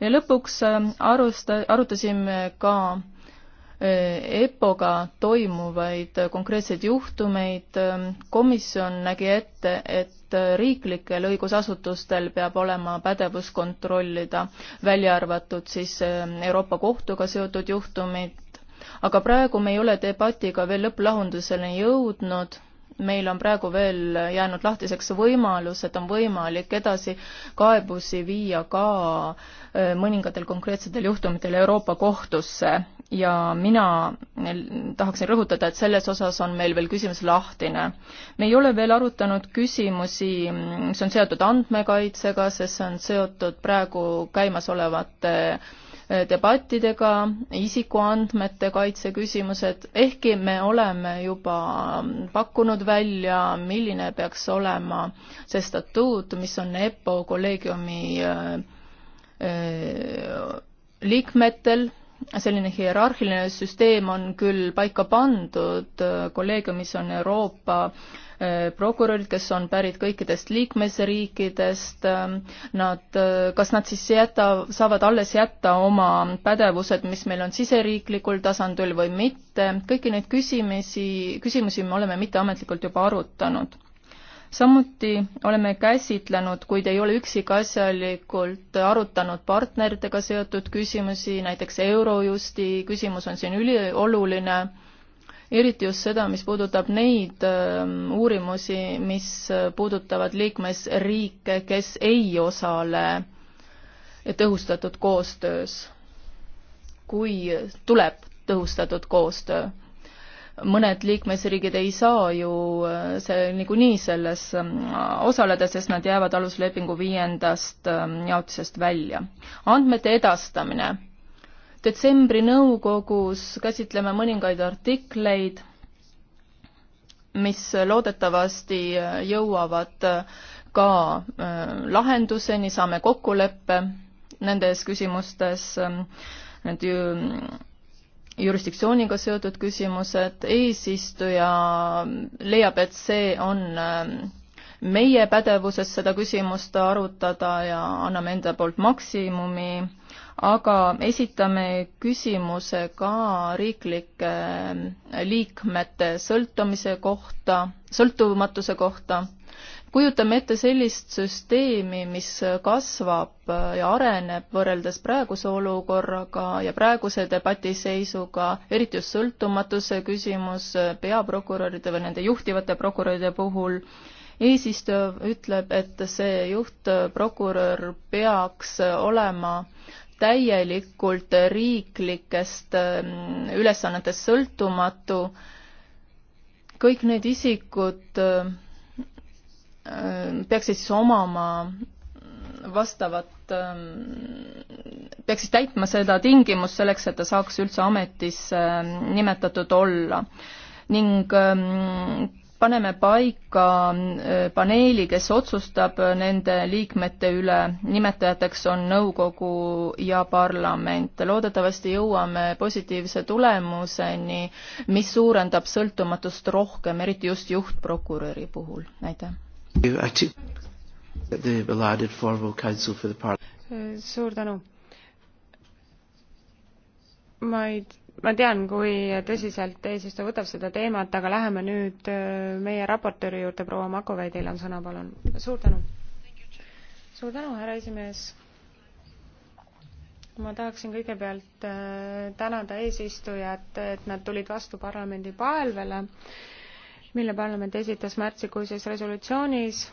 ja lõpuks ähm, arust-, arutasime ka äh, EPPO-ga toimuvaid konkreetseid juhtumeid, ähm, komisjon nägi ette, et äh, riiklikel õigusasutustel peab olema pädevus kontrollida, välja arvatud siis ähm, Euroopa Kohtuga seotud juhtumid, aga praegu me ei ole debatiga veel lõpplahenduseni jõudnud meil on praegu veel jäänud lahtiseks võimalus, et on võimalik edasi kaebusi viia ka äh, mõningatel konkreetsetel juhtumitel Euroopa Kohtusse ja mina tahaksin rõhutada, et selles osas on meil veel küsimus lahtine. me ei ole veel arutanud küsimusi, mm, mis on seotud andmekaitsega, sest see on seotud praegu käimasolevate debattidega, isikuandmete kaitse küsimused, ehkki me oleme juba pakkunud välja, milline peaks olema see statuut, mis on EPPO kolleegiumi äh, äh, liikmetel, selline hierarhiline süsteem on küll paika pandud, kolleegiumis on Euroopa Äh, prokurörid, kes on pärit kõikidest liikmesriikidest, ähm, nad, äh, kas nad siis jäta, saavad alles jätta oma pädevused, mis meil on siseriiklikul tasandil või mitte, kõiki neid küsimisi, küsimusi me oleme mitteametlikult juba arutanud samuti oleme käsitlenud, kuid ei ole üksikasjalikult arutanud partneritega seotud küsimusi, näiteks Eurojusti küsimus on siin ülioluline eriti just seda, mis puudutab neid ähm, uurimusi, mis äh, puudutavad liikmesriike, kes ei osale tõhustatud koostöös, kui tuleb tõhustatud koostöö. mõned liikmesriigid ei saa ju äh, see niikuinii selles ähm, osaleda, sest nad jäävad aluslepingu viiendast ähm, jaotusest välja. andmete edastamine detsembri nõukogus käsitleme mõningaid artikleid, mis loodetavasti jõuavad ka äh, lahenduseni, saame kokkuleppe nendes küsimustes, äh, need ju mm, jurisdiktsiooniga seotud küsimused, eesistuja leiab, et see on äh, meie pädevuses seda küsimust arutada ja anname enda poolt maksimumi aga esitame küsimuse ka riiklike äh, liikmete sõltumise kohta, sõltumatuse kohta. kujutame ette sellist süsteemi, mis kasvab äh, ja areneb võrreldes praeguse olukorraga ja praeguse debati seisuga, eriti just sõltumatuse küsimus äh, peaprokuröride või nende juhtivate prokuröride puhul eesistuja ütleb, et see juhtprokurör peaks olema täielikult riiklikest ähm, ülesannetest sõltumatu. kõik need isikud ähm, ähm, peaksid siis omama vastavat, peaks siis täitma seda tingimust selleks, et ta saaks üldse ametisse nimetatud olla. ning paneme paika äh, paneeli, kes otsustab äh, nende liikmete üle, nimetajateks on nõukogu ja parlament. loodetavasti jõuame positiivse tulemuseni, mis suurendab sõltumatust rohkem, eriti just juhtprokuröri puhul, aitäh. suur tänu. ma ei ma tean, kui tõsiselt eesistuja võtab seda teemat, aga läheme nüüd äh, meie raportööri juurde, proua Makovei, teil on sõna, palun. suur tänu. suur tänu, härra esimees. ma tahaksin kõigepealt äh, tänada eesistujat, et nad tulid vastu parlamendi palvele, mille parlament esitas märtsikuises resolutsioonis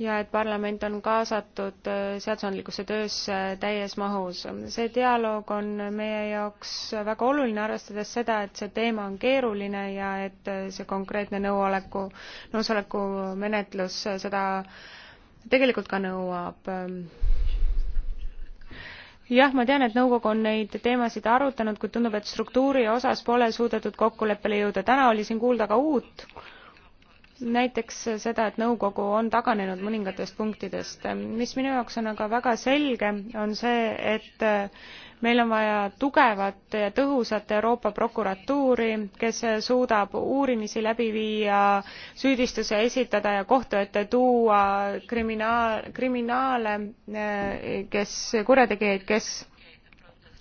ja et parlament on kaasatud äh, seadusandlikusse töösse täies mahus. see dialoog on meie jaoks väga oluline, arvestades seda, et see teema on keeruline ja et äh, see konkreetne nõuoleku, nõusoleku menetlus seda tegelikult ka nõuab. jah, ma tean, et nõukogu on neid teemasid arutanud, kuid tundub, et struktuuri osas pole suudetud kokkuleppele jõuda. täna oli siin kuulda ka uut näiteks seda, et nõukogu on taganenud mõningatest punktidest. mis minu jaoks on aga väga selge, on see, et meil on vaja tugevat ja tõhusat Euroopa prokuratuuri, kes suudab uurimisi läbi viia, süüdistuse esitada ja kohtu ette tuua kriminaal, kriminaale, kes, kurjategijaid, kes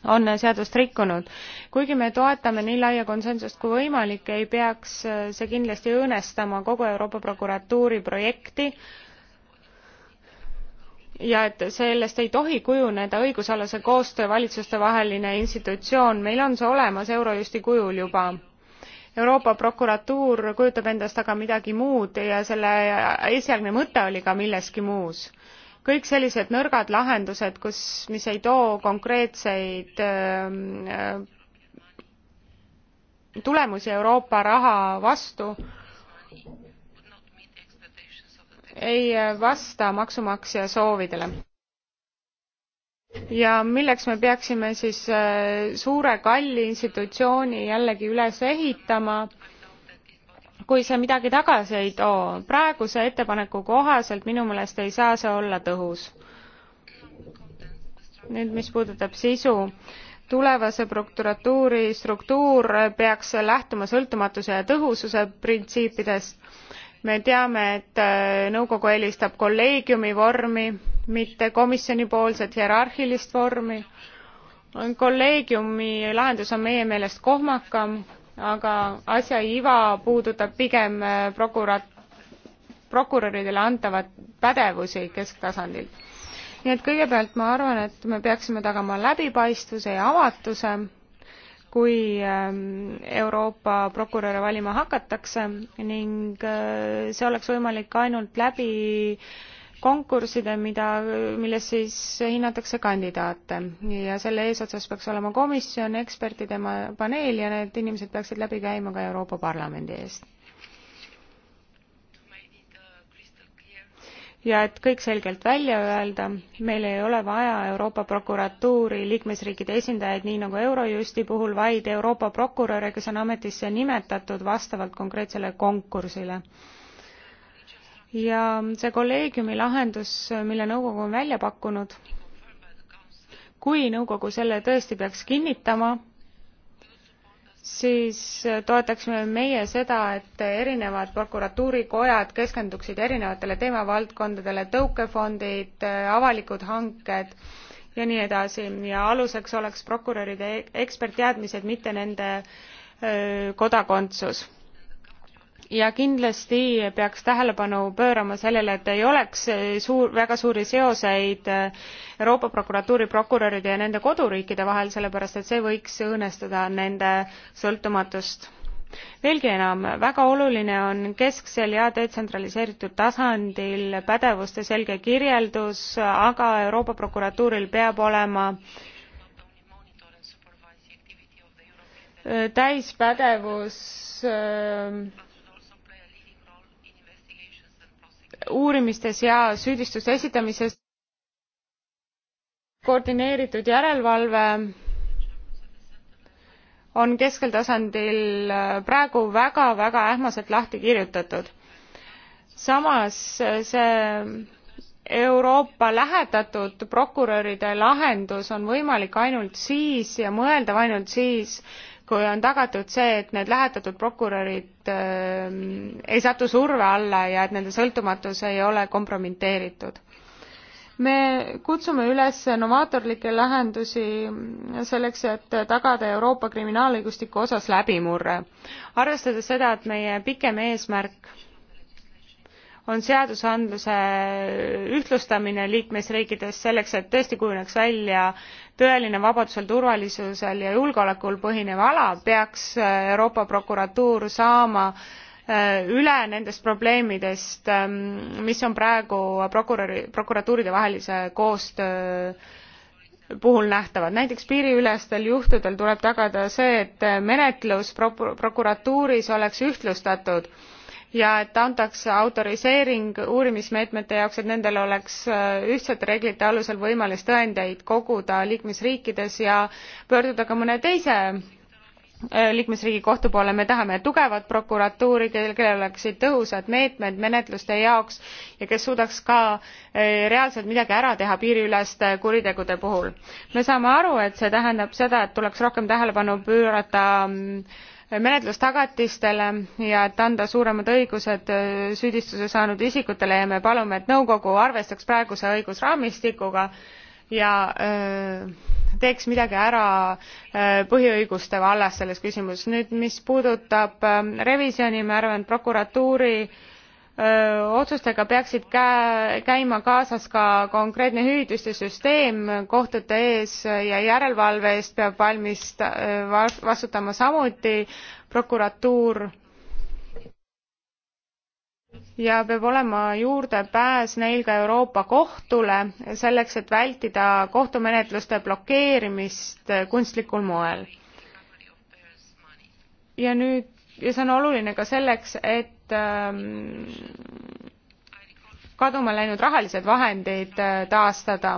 on seadust rikkunud. kuigi me toetame nii laia konsensust kui võimalik, ei peaks äh, see kindlasti õõnestama kogu Euroopa prokuratuuri projekti ja et sellest ei tohi kujuneda õigusalase koostöö valitsustevaheline institutsioon, meil on see olemas Eurojusti kujul juba. Euroopa prokuratuur kujutab endast aga midagi muud ja selle esialgne mõte oli ka milleski muus kõik sellised nõrgad lahendused, kus, mis ei too konkreetseid öö, ähm, äh, tulemusi Euroopa raha vastu, ei vasta maksumaksja soovidele. ja milleks me peaksime siis äh, suure kalli institutsiooni jällegi üles ehitama, kui see midagi tagasi ei too. praeguse ettepaneku kohaselt minu meelest ei saa see olla tõhus. nüüd, mis puudutab sisu, tulevase prokuratuuri struktuur peaks lähtuma sõltumatuse ja tõhususe printsiipidest. me teame, et äh, nõukogu eelistab kolleegiumi vormi, mitte komisjonipoolset hierarhilist vormi. kolleegiumi lahendus on meie meelest kohmakam aga asja iva puudutab pigem äh, prokurat-, prokuröridele antavat pädevusi kesktasandilt. nii et kõigepealt ma arvan, et me peaksime tagama läbipaistvuse ja avatuse, kui ähm, Euroopa prokuröre valima hakatakse ning äh, see oleks võimalik ainult läbi äh, konkursside, mida, milles siis hinnatakse kandidaate ja selle eesotsas peaks olema komisjon, ekspertide paneel ja need inimesed peaksid läbi käima ka Euroopa Parlamendi eest. ja et kõik selgelt välja öelda, meil ei ole vaja Euroopa prokuratuuri liikmesriikide esindajaid, nii nagu Eurojusti puhul, vaid Euroopa prokuröre, kes on ametisse nimetatud vastavalt konkreetsele konkursile ja see kolleegiumi lahendus, mille nõukogu on välja pakkunud, kui nõukogu selle tõesti peaks kinnitama, siis toetaksime meie seda, et erinevad prokuratuurikojad keskenduksid erinevatele teemavaldkondadele, tõukefondid, avalikud hanked ja nii edasi ja aluseks oleks prokuröride ekspertteadmised, mitte nende kodakondsus ja kindlasti peaks tähelepanu pöörama sellele et ei oleks suur väga suuri seoseid euroopa prokuratuuri prokuröride ja nende koduriikide vahel sellepärast et see võiks õõnestada nende sõltumatust veelgi enam väga oluline on kesksel ja detsentraliseeritud tasandil pädevuste selge kirjeldus aga euroopa prokuratuuril peab olema täispädevus öö, ähm, uurimistes ja süüdistuste esitamises koordineeritud järelevalve on keskel tasandil äh, praegu väga väga ähmaselt lahti kirjutatud samas äh, see euroopa lähetatud prokuröride lahendus on võimalik ainult siis ja mõeldav ainult siis kui on tagatud see, et need lähetatud prokurörid äh, ei satu surve alla ja et nende sõltumatus ei ole kompromiteeritud. me kutsume üles novaatorlikke lahendusi selleks, et tagada Euroopa kriminaalõigustiku osas läbimurre. arvestades seda, et meie pikem eesmärk on seadusandluse ühtlustamine liikmesriikides selleks et tõesti kujuneks välja tõeline vabadusel, turvalisusel ja julgeolekul põhinev ala, peaks äh, Euroopa prokuratuur saama äh, üle nendest probleemidest, ähm, mis on praegu prokuröri, prokuratuuride vahelise koostöö äh, puhul nähtavad. näiteks piiriülestel juhtudel tuleb tagada see, et menetlus prokuratuuris oleks ühtlustatud ja et antaks autoriseering uurimismeetmete jaoks et nendel oleks äh, ühtsete reeglite alusel võimalus tõendeid koguda liikmesriikides ja pöörduda ka mõne teise äh, liikmesriigi kohtu poole me tahame tugevat prokuratuuri kellel oleksid tõhusad meetmed menetluste jaoks ja kes suudaks ka äh, reaalselt midagi ära teha piiriüleste kuritegude puhul me saame aru et see tähendab seda et tuleks rohkem tähelepanu pöörata mm, menetlustagatistele ja et anda suuremad õigused äh, süüdistuse saanud isikutele ja me palume et nõukogu arvestaks praeguse õigusraamistikuga ja äh, teeks midagi ära äh, põhiõiguste vallas selles küsimuses. nüüd mis puudutab revisjoni ma arvan et prokuratuuri otsustega peaksid käima kaasas ka konkreetne hüvitiste süsteem kohtute ees ja järelevalve eest peab valmis vastutama samuti prokuratuur ja peab olema juurdepääs neil ka euroopa kohtule selleks et vältida kohtumenetluste blokeerimist kunstlikul moel ja nüüd ja see on oluline ka selleks et Ähm, kaduma läinud rahalised vahendid äh, taastada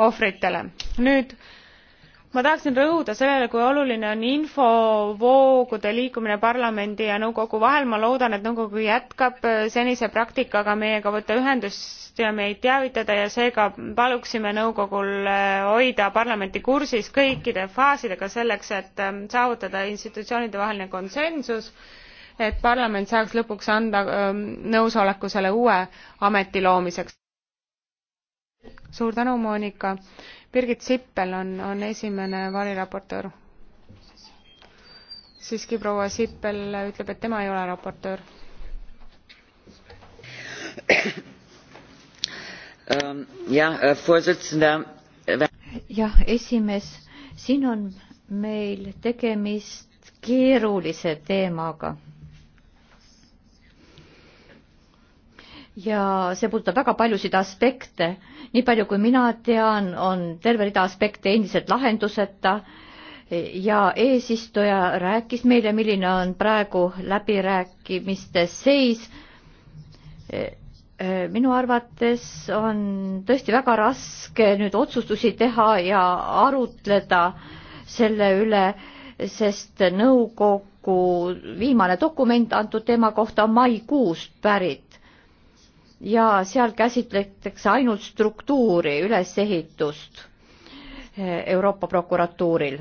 ohvritele. nüüd ma tahaksin rõhuda sellele kui oluline on infovoogude liikumine parlamendi ja nõukogu vahel ma loodan et nõukogu jätkab äh, senise praktikaga meiega võtta ühendust ja meid teavitada ja seega paluksime nõukogul äh, hoida parlamenti kursis kõikide faasidega selleks et ähm, saavutada institutsioonide vaheline konsensus et parlament saaks lõpuks anda ähm, nõusoleku selle uue ameti loomiseks. suur tänu, Monika. Birgit Sippel on, on esimene variraportöör. siiski proua Sippel ütleb, et tema ei ole raportöör. Ähm, jah, äh, äh, jah, esimees, siin on meil tegemist keerulise teemaga ja see puudutab väga paljusid aspekte. nii palju kui mina tean, on terve rida aspekte endiselt lahenduseta ja eesistuja rääkis meile, milline on praegu läbirääkimiste seis. E, e, minu arvates on tõesti väga raske nüüd otsustusi teha ja arutleda selle üle, sest nõukogu viimane dokument antud teema kohta on maikuust pärit ja seal käsitletakse ainult struktuuri ülesehitust eh, Euroopa prokuratuuril.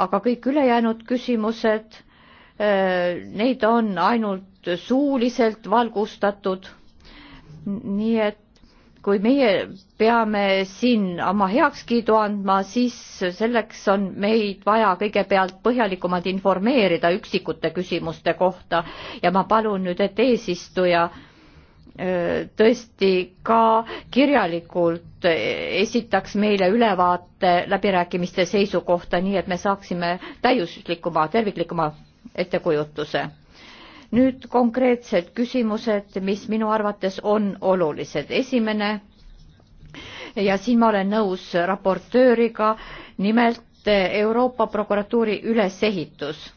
aga kõik ülejäänud küsimused, eh, neid on ainult suuliselt valgustatud. nii et kui meie peame siin oma heakskiidu andma, siis selleks on meid vaja kõigepealt põhjalikumalt informeerida üksikute küsimuste kohta ja ma palun nüüd, et eesistuja äh, tõesti ka kirjalikult esitaks meile ülevaate läbirääkimiste seisukohta, nii et me saaksime täiuslikuma, terviklikuma ettekujutuse. nüüd konkreetsed küsimused, mis minu arvates on olulised. esimene ja siin ma olen nõus raportööriga, nimelt Euroopa prokuratuuri ülesehitus.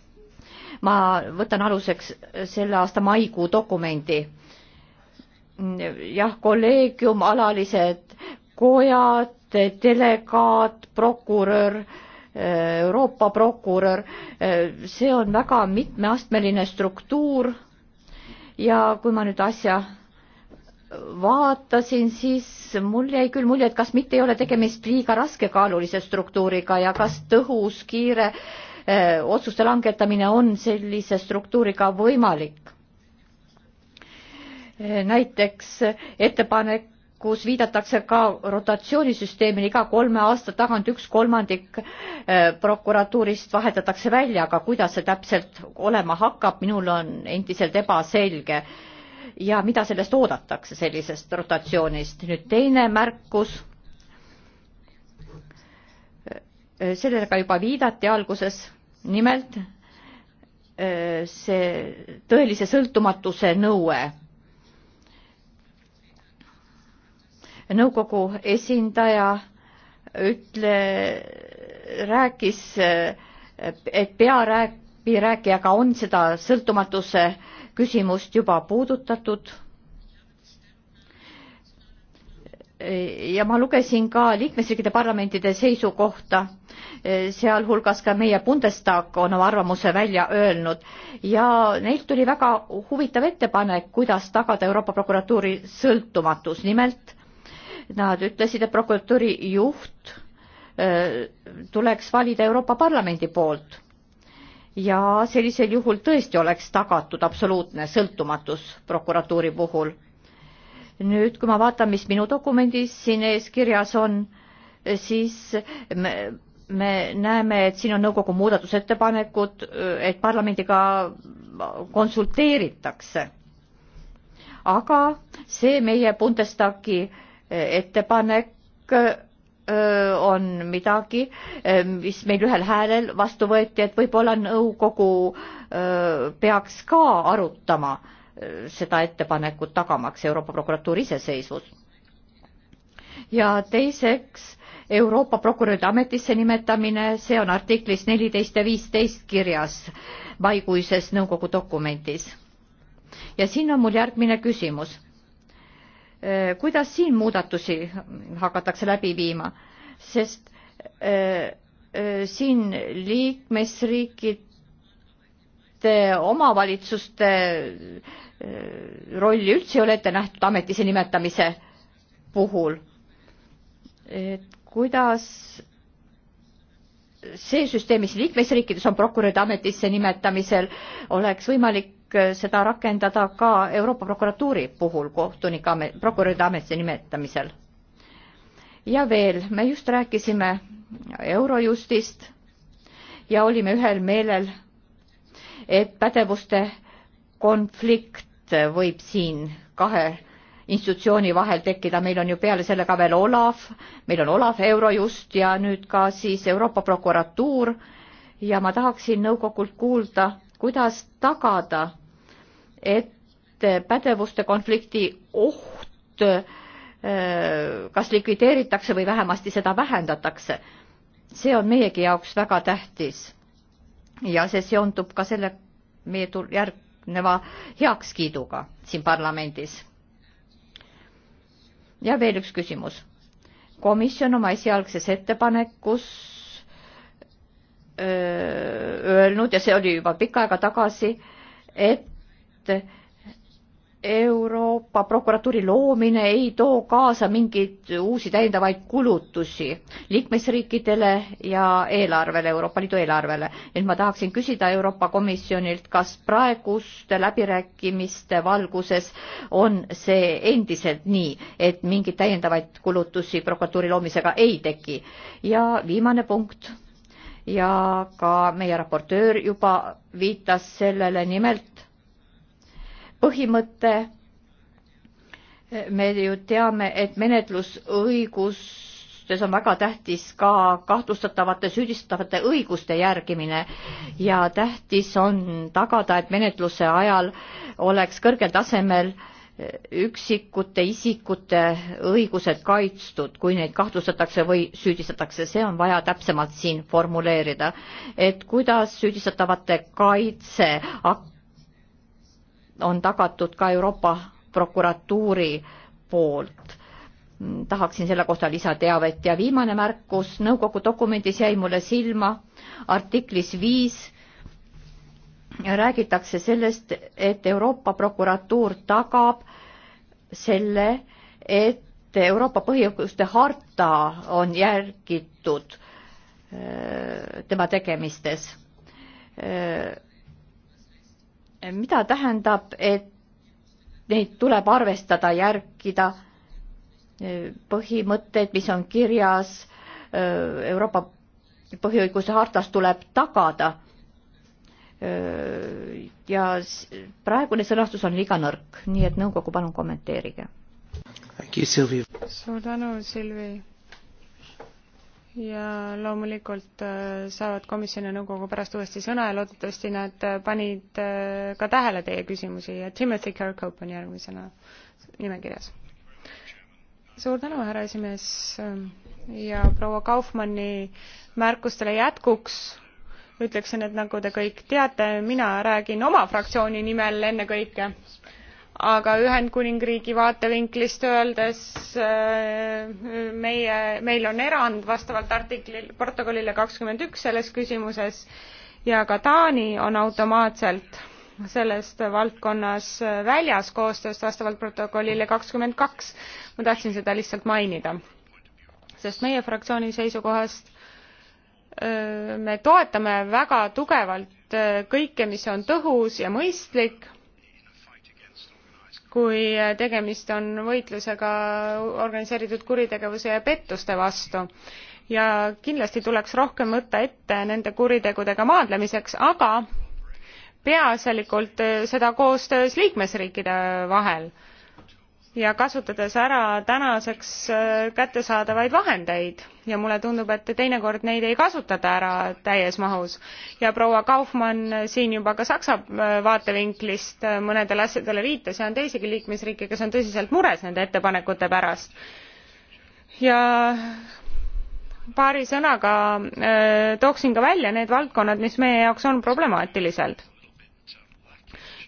ma võtan aluseks selle aasta maikuu dokumendi jah, kolleegium, alalised kojad, delegaat, prokurör, Euroopa prokurör, see on väga mitmeastmeline struktuur ja kui ma nüüd asja vaatasin, siis mul jäi küll mulje, et kas mitte ei ole tegemist liiga raskekaalulise struktuuriga ja kas tõhus, kiire öö, eh, otsuste langetamine on sellise struktuuriga võimalik näiteks ettepanekus viidatakse ka rotatsioonisüsteemile, iga kolme aasta tagant üks kolmandik äh, prokuratuurist vahetatakse välja, aga kuidas see täpselt olema hakkab, minul on endiselt ebaselge. ja mida sellest oodatakse, sellisest rotatsioonist. nüüd teine märkus, äh, sellele ka juba viidati alguses, nimelt äh, see tõelise sõltumatuse nõue nõukogu esindaja ütle, rääkis, et pearääkijaga on seda sõltumatuse küsimust juba puudutatud. ja ma lugesin ka liikmesriikide parlamentide seisukohta, sealhulgas ka meie Bundestag on oma arvamuse välja öelnud ja neilt tuli väga huvitav ettepanek, kuidas tagada Euroopa prokuratuuri sõltumatus, nimelt Nad ütlesid, et prokuratuuri juht äh, tuleks valida Euroopa Parlamendi poolt. ja sellisel juhul tõesti oleks tagatud absoluutne sõltumatus prokuratuuri puhul. nüüd, kui ma vaatan, mis minu dokumendis siin ees kirjas on, siis me, me näeme, et siin on nõukogu muudatusettepanekud, et parlamendiga konsulteeritakse. aga see meie Bundestagi äh, ettepanek on midagi, mis meil ühel häälel vastu võeti, et võib-olla nõukogu peaks ka arutama seda ettepanekut, tagamaks Euroopa prokuratuuri iseseisvus. ja teiseks Euroopa prokuröride ametisse nimetamine, see on artiklis neliteist ja viisteist kirjas maikuises nõukogu dokumendis. ja siin on mul järgmine küsimus Eh, kuidas siin muudatusi hakatakse läbi viima, sest eh, eh, siin liikmesriikide omavalitsuste rolli üldse ei ole ette nähtud ametisse nimetamise puhul. et kuidas see süsteem, mis liikmesriikides on prokuröride ametisse nimetamisel, oleks võimalik Äh, seda rakendada ka Euroopa prokuratuuri puhul kohtunike amet, prokuröride ametisse nimetamisel. ja veel, me just rääkisime Eurojustist ja olime ühel meelel, et pädevuste konflikt võib siin kahe institutsiooni vahel tekkida, meil on ju peale selle ka veel Olav, meil on Olav Eurojust ja nüüd ka siis Euroopa prokuratuur ja ma tahaksin nõukogult kuulda, kuidas tagada et pädevuste konflikti oht äh, kas likvideeritakse või vähemasti seda vähendatakse. see on meiegi jaoks väga tähtis. ja see seondub ka selle meie järgneva heakskiiduga siin parlamendis. ja veel üks küsimus. komisjon oma esialgses ettepanekus äh, öelnud ja see oli juba pikka aega tagasi, et et Euroopa prokuratuuri loomine ei too kaasa mingeid uusi täiendavaid kulutusi liikmesriikidele ja eelarvele, Euroopa Liidu eelarvele. et ma tahaksin küsida Euroopa Komisjonilt, kas praeguste läbirääkimiste valguses on see endiselt nii, et mingeid täiendavaid kulutusi prokuratuuri loomisega ei teki? ja viimane punkt ja ka meie raportöör juba viitas sellele, nimelt põhimõte. me ju teame, et menetlusõigustes on väga tähtis ka kahtlustatavate, süüdistatavate õiguste järgimine ja tähtis on tagada, et menetluse ajal oleks kõrgel tasemel üksikute isikute õigused kaitstud, kui neid kahtlustatakse või süüdistatakse, see on vaja täpsemalt siin formuleerida, et kuidas süüdistatavate kaitse on tagatud ka Euroopa prokuratuuri poolt. tahaksin selle kohta lisateavet ja viimane märkus, nõukogu dokumendis jäi mulle silma artiklis viis räägitakse sellest, et Euroopa prokuratuur tagab selle, et Euroopa põhiõiguste harta on järgitud äh, tema tegemistes äh, mida tähendab, et neid tuleb arvestada, järgida e, põhimõtteid, mis on kirjas e, Euroopa põhiõiguse hartas, tuleb tagada. E, ja praegune sõnastus on liiga nõrk, nii et nõukogu, palun kommenteerige. suur tänu, Silvi ja loomulikult äh, saavad komisjon ja nõukogu pärast uuesti sõna ja loodetavasti nad äh, panid äh, ka tähele teie küsimusi ja Timothy Kirkhope on järgmisena nimekirjas. suur tänu, härra esimees ja proua Kaufmanni märkustele jätkuks ütleksin, et nagu te kõik teate, mina räägin oma fraktsiooni nimel ennekõike aga Ühendkuningriigi vaatevinklist öeldes äh, meie, meil on erand vastavalt artiklile, protokollile kakskümmend üks selles küsimuses ja ka Taani on automaatselt sellest valdkonnas väljas koostööst vastavalt protokollile kakskümmend kaks. ma tahtsin seda lihtsalt mainida, sest meie fraktsiooni seisukohast äh, me toetame väga tugevalt äh, kõike, mis on tõhus ja mõistlik kui tegemist on võitlusega organiseeritud kuritegevuse ja pettuste vastu ja kindlasti tuleks rohkem võtta ette nende kuritegudega maadlemiseks aga peaasjalikult äh, seda koostöös liikmesriikide vahel ja kasutades ära tänaseks äh, kättesaadavaid vahendeid ja mulle tundub, et teinekord neid ei kasutata ära täies mahus. ja proua Kaufmann siin juba ka Saksa äh, vaatevinklist äh, mõnedele asjadele viitas ja on teisigi liikmesriike, kes on tõsiselt mures nende ettepanekute pärast. ja paari sõnaga tooksin ka välja need valdkonnad, mis meie jaoks on problemaatilised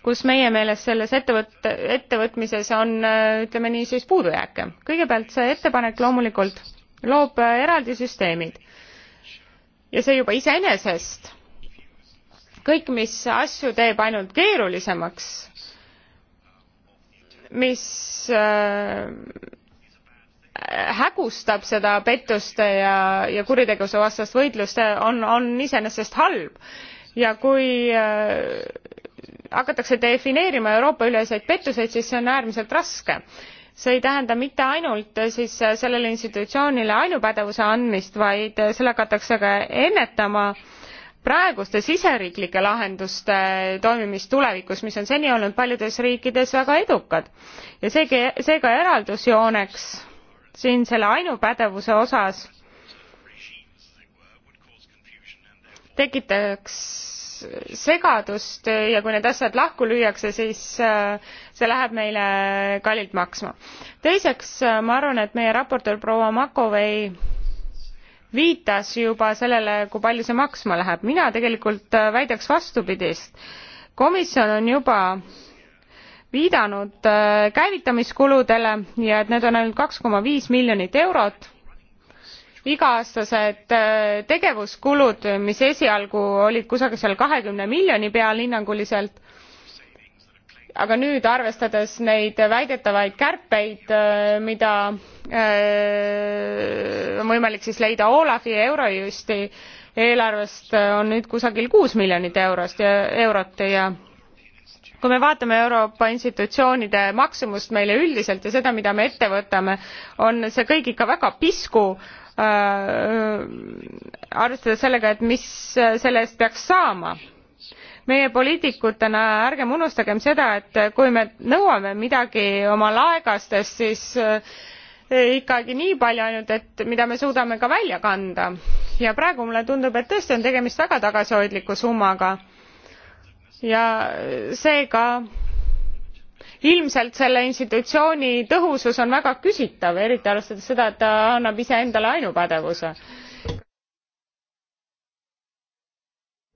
kus meie meelest selles ettevõt- ettevõtmises on äh, ütleme nii siis puudujääke kõigepealt see ettepanek loomulikult loob äh, eraldi süsteemid ja see juba iseenesest kõik mis asju teeb ainult keerulisemaks mis äh, hägustab seda pettuste ja ja kuritegevuse vastast võitlust on on iseenesest halb ja kui äh, hakatakse defineerima euroopa üleseid pettuseid siis see on äärmiselt raske see ei tähenda mitte ainult siis sellele institutsioonile ainupädevuse andmist vaid selle hakatakse ka ennetama praeguste siseriiklike lahenduste toimimist tulevikus mis on seni olnud paljudes riikides väga edukad ja seegi seega eraldusjooneks siin selle ainupädevuse osas tekitaks segadust ja kui need asjad lahku lüüakse, siis äh, see läheb meile kallilt maksma. teiseks, äh, ma arvan, et meie raportöör proua Makovei viitas juba sellele, kui palju see maksma läheb. mina tegelikult äh, väidaks vastupidist. komisjon on juba viidanud käivitamiskuludele ja et need on ainult kaks koma viis miljonit eurot iga-aastased äh, tegevuskulud mis esialgu olid kusagil seal kahekümne miljoni peal hinnanguliselt aga nüüd arvestades neid väidetavaid kärpeid äh, mida äh, on võimalik siis leida olafi ja eurojusti eelarvest on nüüd kusagil kuus miljonit eurost ja eurot ja kui me vaatame euroopa institutsioonide maksumust meile üldiselt ja seda mida me ette võtame on see kõik ikka väga pisku Äh, arvestades sellega, et mis selle eest peaks saama. meie poliitikutena ärgem unustagem seda, et kui me nõuame midagi oma laegastest, siis äh, ikkagi nii palju ainult et mida me suudame ka välja kanda ja praegu mulle tundub et tõesti on tegemist väga tagasihoidliku summaga ja seega ilmselt selle institutsiooni tõhusus on väga küsitav eriti arvestades seda et ta annab iseendale ainupädevuse.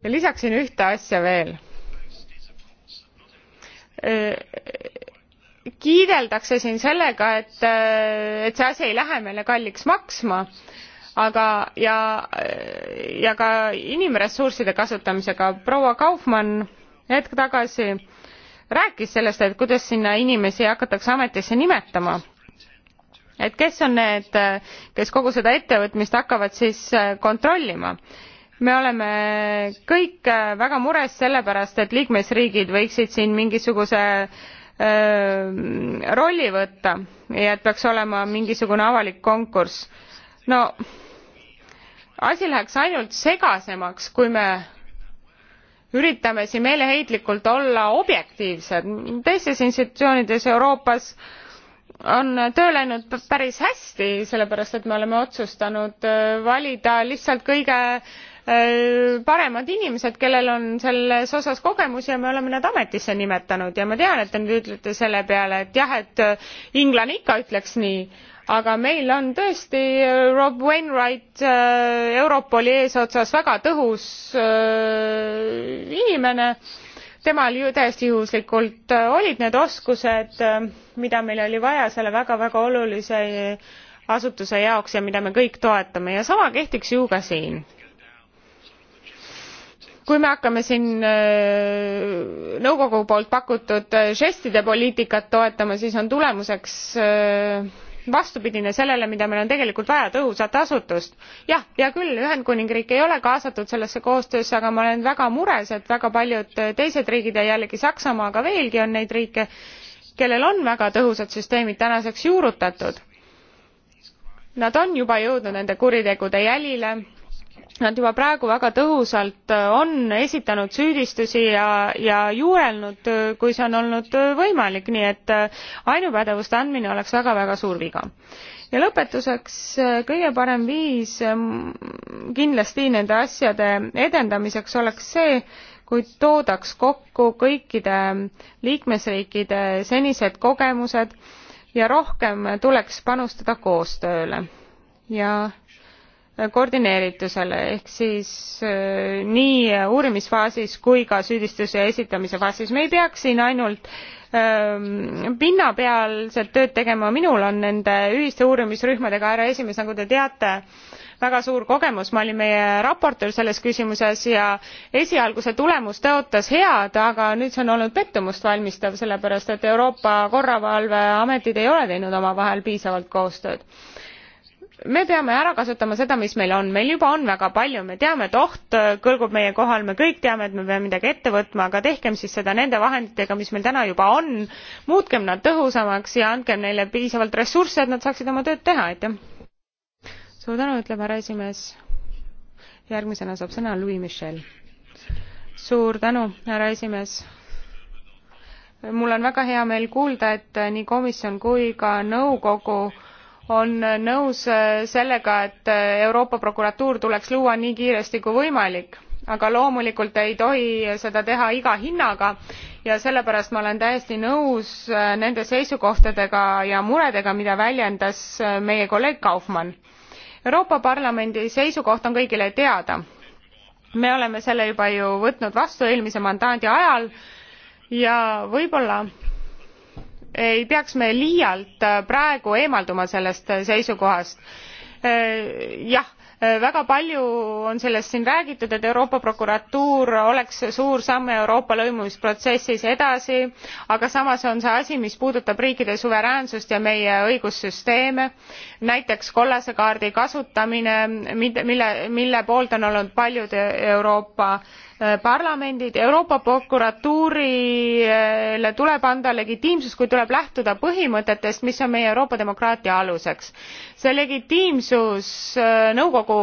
ja lisaksin ühte asja veel äh, kiideldakse siin sellega et äh, et see asi ei lähe meile kalliks maksma aga ja ja ka inimressursside kasutamisega proua kaufmann hetk tagasi rääkis sellest, et kuidas sinna inimesi hakatakse ametisse nimetama. et kes on need, kes kogu seda ettevõtmist hakkavad siis äh, kontrollima? me oleme kõik äh, väga mures sellepärast, et liikmesriigid võiksid siin mingisuguse öö, äh, rolli võtta ja et peaks olema mingisugune avalik konkurss. no asi läheks ainult segasemaks, kui me üritame siin meeleheitlikult olla objektiivsed teistes institutsioonides euroopas on töö läinud päris hästi sellepärast et me oleme otsustanud äh, valida lihtsalt kõige Äh, paremad inimesed, kellel on selles osas kogemusi ja me oleme nad ametisse nimetanud ja ma tean, et te nüüd ütlete selle peale, et jah, et äh, inglane ikka ütleks nii, aga meil on tõesti äh, Rob Wainwright Europoli eesotsas väga tõhus inimene, temal ju täiesti juhuslikult olid need oskused, mida meil oli vaja selle väga-väga olulise asutuse jaoks ja mida me kõik toetame ja sama kehtiks ju ka siin kui me hakkame siin äh, nõukogu poolt pakutud äh, žestide poliitikat toetama siis on tulemuseks äh, vastupidine sellele mida meil on tegelikult vaja tõhusat asutust. jah hea küll ühendkuningriik ei ole kaasatud sellesse koostöösse aga ma olen väga mures et väga paljud teised riigid ja jällegi saksamaa aga veelgi on neid riike kellel on väga tõhusad süsteemid tänaseks juurutatud. nad on juba jõudnud nende kuritegude jälile nad juba praegu väga tõhusalt äh, on esitanud süüdistusi ja ja juurelnud äh, kui see on olnud äh, võimalik nii et ainupädevuste andmine oleks väga väga suur viga ja lõpetuseks kõige parem viis ähm, kindlasti nende asjade edendamiseks oleks see kui toodaks kokku kõikide liikmesriikide senised kogemused ja rohkem tuleks panustada koostööle ja koordineeritusele ehk siis äh, nii uurimisfaasis kui ka süüdistuse esitamise faasis. me ei peaks siin ainult ähm, pinnapealset tööd tegema, minul on nende ühiste uurimisrühmadega, härra esimees, nagu te teate, väga suur kogemus, ma olin meie raportöör selles küsimuses ja esialgu see tulemus tõotas head, aga nüüd see on olnud pettumust valmistav, sellepärast et Euroopa korravalveametid ei ole teinud omavahel piisavalt koostööd me peame ära kasutama seda, mis meil on, meil juba on väga palju, me teame, et oht äh, kõlgub meie kohal, me kõik teame, et me peame midagi ette võtma, aga tehkem siis seda nende vahenditega, mis meil täna juba on, muutkem nad tõhusamaks ja andkem neile piisavalt ressursse, et nad saaksid oma tööd teha, aitäh. suur tänu, ütleb härra esimees. järgmisena saab sõna Louis Michel. suur tänu, härra esimees mul on väga hea meel kuulda, et nii komisjon kui ka nõukogu no on nõus äh, sellega et äh, euroopa prokuratuur tuleks luua nii kiiresti kui võimalik aga loomulikult ei tohi seda teha iga hinnaga ja sellepärast ma olen täiesti nõus äh, nende seisukohtadega ja muredega mida väljendas meie kolleeg kaufmann. euroopa parlamendi seisukoht on kõigile teada me oleme selle juba ju võtnud vastu eelmise mandaadi ajal ja võib olla ei peaks me liialt äh, praegu eemalduma sellest äh, seisukohast. Äh, jah väga palju on sellest siin räägitud et euroopa prokuratuur oleks suur samm euroopa lõimumisprotsessis edasi aga samas on see asi mis puudutab riikide suveräänsust ja meie õigussüsteeme näiteks kollase kaardi kasutamine mille mille poolt on olnud paljud euroopa Äh, parlamendid, Euroopa prokuratuurile tuleb anda legitiimsus, kuid tuleb lähtuda põhimõtetest, mis on meie Euroopa demokraatia aluseks. see legitiimsus, äh, nõukogu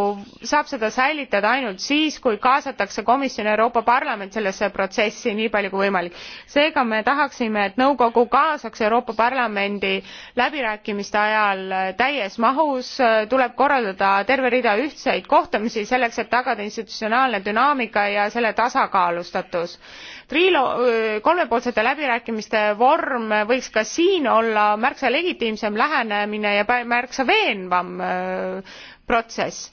saab seda säilitada ainult siis, kui kaasatakse komisjon ja Euroopa Parlament sellesse protsessi nii palju kui võimalik. seega me tahaksime, et nõukogu kaasaks Euroopa Parlamendi läbirääkimiste ajal äh, täies mahus, tuleb korraldada terve rida ühtseid kohtumisi selleks, et tagada institutsionaalne dünaamika ja selle selle tasakaalustatus. Triilo-, äh, kolmepoolsete läbirääkimiste vorm võiks ka siin olla märksa legitiimsem lähenemine ja märksa veenvam äh, protsess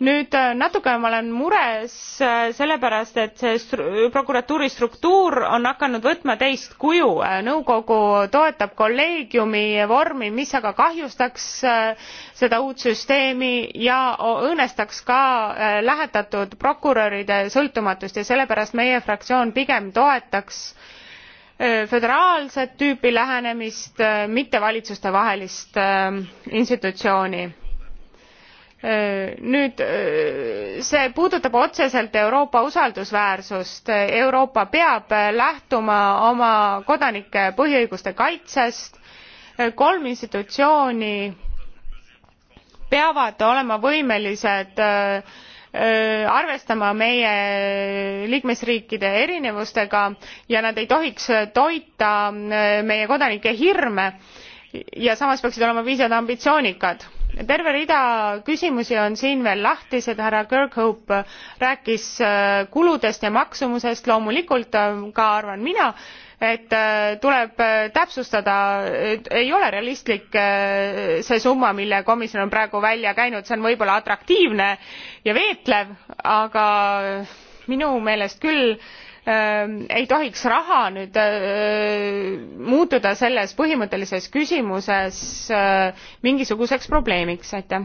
nüüd äh, natuke ma olen mures äh, sellepärast et see stru prokuratuuri struktuur on hakanud võtma teist kuju äh, nõukogu toetab kolleegiumi vormi mis aga kahjustaks seda uut süsteemi ja õõnestaks ka lähetatud prokuröride sõltumatust ja sellepärast meie fraktsioon pigem toetaks föderaalset tüüpi lähenemist mitte valitsustevahelist institutsiooni nüüd see puudutab otseselt euroopa usaldusväärsust euroopa peab lähtuma oma kodanike põhiõiguste kaitsest kolm institutsiooni peavad olema võimelised äh, arvestama meie liikmesriikide erinevustega ja nad ei tohiks toita äh, meie kodanike hirme ja samas peaksid olema piisavalt ambitsioonikad terve rida küsimusi on siin veel lahtised härra kirkhope rääkis äh, kuludest ja maksumusest loomulikult äh, ka arvan mina et äh, tuleb täpsustada ei ole realistlik see summa mille komisjon on praegu välja käinud see on võibolla atraktiivne ja veetlev aga minu meelest küll Ehm, ei tohiks raha nüüd ehm, muutuda selles põhimõttelises küsimuses ehm, mingisuguseks probleemiks aitäh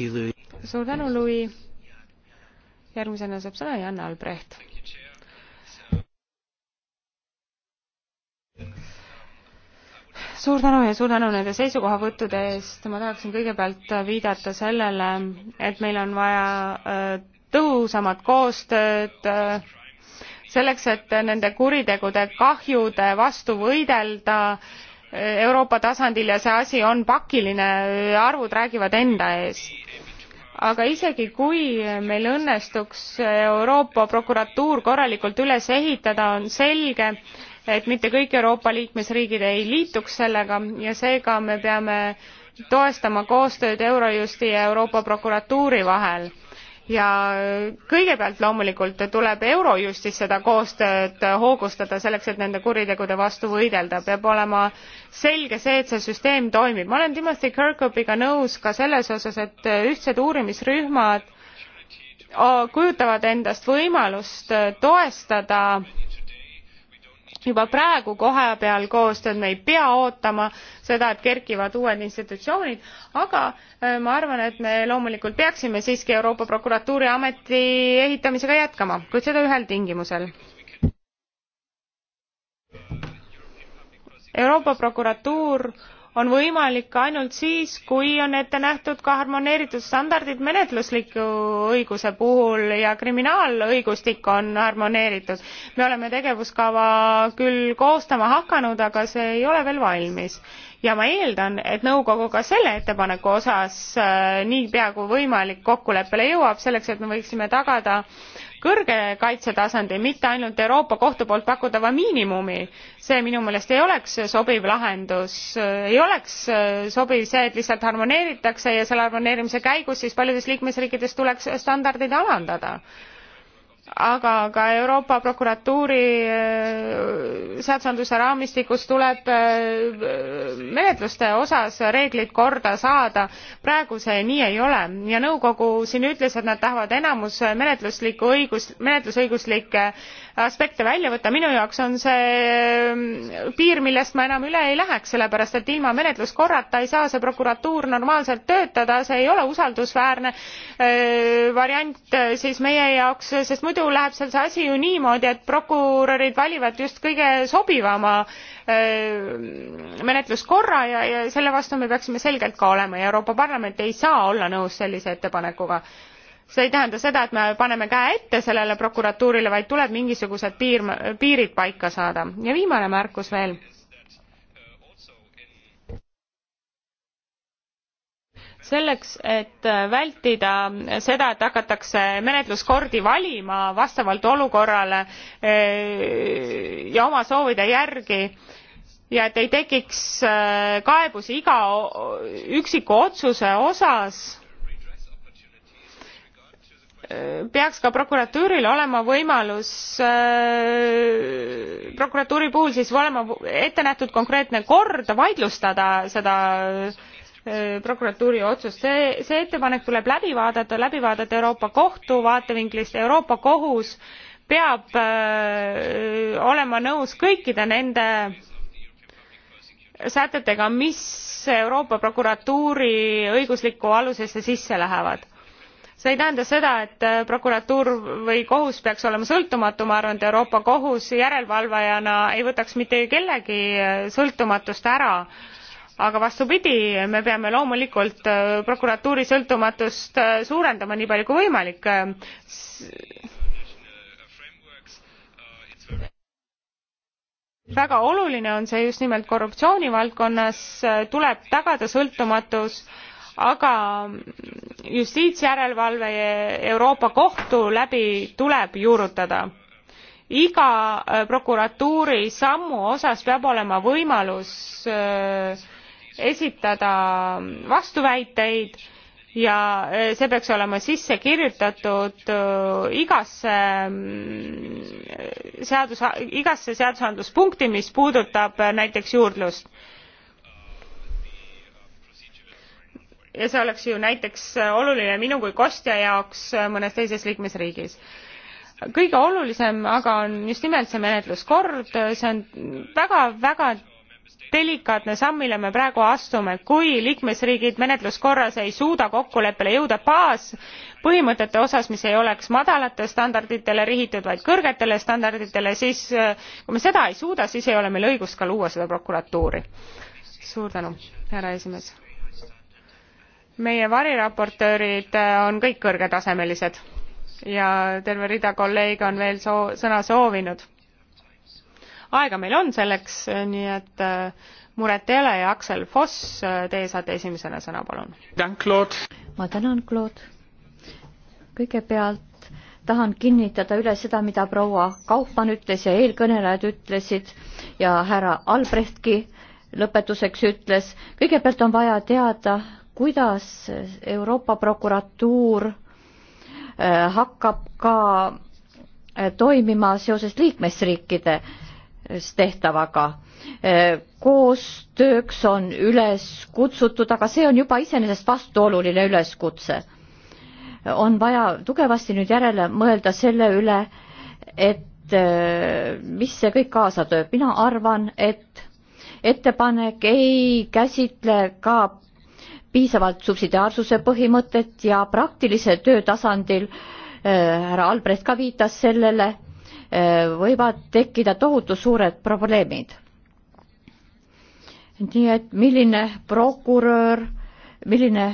you, suur tänu louis järgmisena saab sõna Jan Albrecht suur tänu ja suur tänu nende seisukohavõttude eest ma tahaksin kõigepealt viidata sellele et meil on vaja tõhusamat koostööd äh, selleks, et nende kuritegude kahjude vastu võidelda äh, Euroopa tasandil ja see asi on pakiline, arvud räägivad enda ees. aga isegi, kui meil õnnestuks Euroopa prokuratuur korralikult üles ehitada, on selge, et mitte kõik Euroopa liikmesriigid ei liituks sellega ja seega me peame toestama koostööd Eurojusti ja Euroopa prokuratuuri vahel ja kõigepealt loomulikult tuleb Eurojustis seda koostööd hoogustada selleks, et nende kuritegude vastu võidelda, peab olema selge see, et see süsteem toimib. ma olen Timothy Kirkhopiga nõus ka selles osas, et ühtsed uurimisrühmad kujutavad endast võimalust toestada juba praegu kohapeal koostööd, me ei pea ootama seda, et kerkivad uued institutsioonid, aga äh, ma arvan, et me loomulikult peaksime siiski Euroopa Prokuratuuri ameti ehitamisega jätkama, kuid seda ühel tingimusel. Euroopa Prokuratuur on võimalik ainult siis kui on ette nähtud ka harmoneeritud standardid menetlusliku õiguse puhul ja kriminaalõigustik on harmoneeritud me oleme tegevuskava küll koostama hakanud aga see ei ole veel valmis ja ma eeldan et nõukogu ka selle ettepaneku osas äh, niipea kui võimalik kokkuleppele jõuab selleks et me võiksime tagada äh, kõrge kaitsetasandi mitte ainult euroopa kohtu poolt pakutava miinimumi see minu meelest ei oleks sobiv lahendus ei oleks sobiv see et lihtsalt harmoneeritakse ja selle harmoneerimise käigus siis paljudes liikmesriikides tuleks standardeid alandada aga ka Euroopa prokuratuuri eh, seadusandluse raamistikus tuleb eh, menetluste osas reeglid korda saada. praegu see nii ei ole ja nõukogu siin ütles, et nad tahavad enamus menetluslikku õigus, menetlusõiguslikke aspekte välja võtta minu jaoks on see mm, piir millest ma enam üle ei läheks sellepärast et ilma menetluskorrata ei saa see prokuratuur normaalselt töötada see ei ole usaldusväärne äh, variant äh, siis meie jaoks sest muidu läheb seal see asi ju niimoodi et prokurörid valivad just kõige sobivama äh, menetluskorra ja ja selle vastu me peaksime selgelt ka olema ja euroopa parlament ei saa olla nõus sellise ettepanekuga see ei tähenda seda et me paneme käe ette sellele prokuratuurile vaid tuleb mingisugused piir piirid paika saada ja viimane märkus veel selleks et vältida seda et hakatakse menetluskordi valima vastavalt olukorrale eh, ja oma soovide järgi ja et ei tekiks eh, kaebusi iga üksiku otsuse osas peaks ka prokuratuuril olema võimalus äh, prokuratuuri puhul siis olema ette nähtud konkreetne kord vaidlustada seda äh, prokuratuuri otsust see see ettepanek tuleb läbi vaadata läbi vaadata euroopa kohtu vaatevinklist euroopa kohus peab äh, olema nõus kõikide nende sätetega mis euroopa prokuratuuri õiguslikku alusesse sisse lähevad see ei tähenda seda et äh, prokuratuur või kohus peaks olema sõltumatu ma arvan et euroopa kohus järelevalvajana ei võtaks mitte kellegi äh, sõltumatust ära aga vastupidi me peame loomulikult äh, prokuratuuri sõltumatust suurendama nii palju kui võimalik väga oluline on see just nimelt korruptsioonivaldkonnas tuleb tagada sõltumatus aga justiitsjärelevalve Euroopa Kohtu läbi tuleb juurutada. iga äh, prokuratuuri sammu osas peab olema võimalus äh, esitada vastuväiteid ja äh, see peaks olema sisse kirjutatud igasse mm, seadus, igasse seadusandluspunkti, mis puudutab näiteks juurdlust ja see oleks ju näiteks oluline minu kui kostja jaoks mõnes teises liikmesriigis. kõige olulisem aga on just nimelt see menetluskord, see on väga-väga delikaatne samm, mille me praegu astume, kui liikmesriigid menetluskorras ei suuda kokkuleppele jõuda baaspõhimõtete osas, mis ei oleks madalate standarditele rihitud, vaid kõrgetele standarditele, siis eh, kui me seda ei suuda, siis ei ole meil õigust ka luua seda prokuratuuri. suur tänu, härra esimees meie variraportöörid äh, on kõik kõrgetasemelised ja terve rida kolleege on veel soo- sõna soovinud aega meil on selleks äh, nii et äh, muret ei ole ja Aksel Foss teie saate esimesena sõna palun ma tänan Claude kõigepealt tahan kinnitada üle seda, mida proua Kaupmann ütles ja eelkõnelejad ütlesid ja härra Albrechtki lõpetuseks ütles. kõigepealt on vaja teada, kuidas Euroopa prokuratuur äh, hakkab ka äh, toimima seoses liikmesriikides tehtavaga. Äh, koostööks on üles kutsutud, aga see on juba iseenesest vastuoluline üleskutse. on vaja tugevasti nüüd järele mõelda selle üle, et mis see kõik kaasa tööb. mina arvan, et ettepanek ei käsitle ka piisavalt subsidiaarsuse põhimõtet ja praktilise töö tasandil äh, härra Albrecht ka viitas sellele, äh, võivad tekkida tohutu suured probleemid. nii et milline prokurör, milline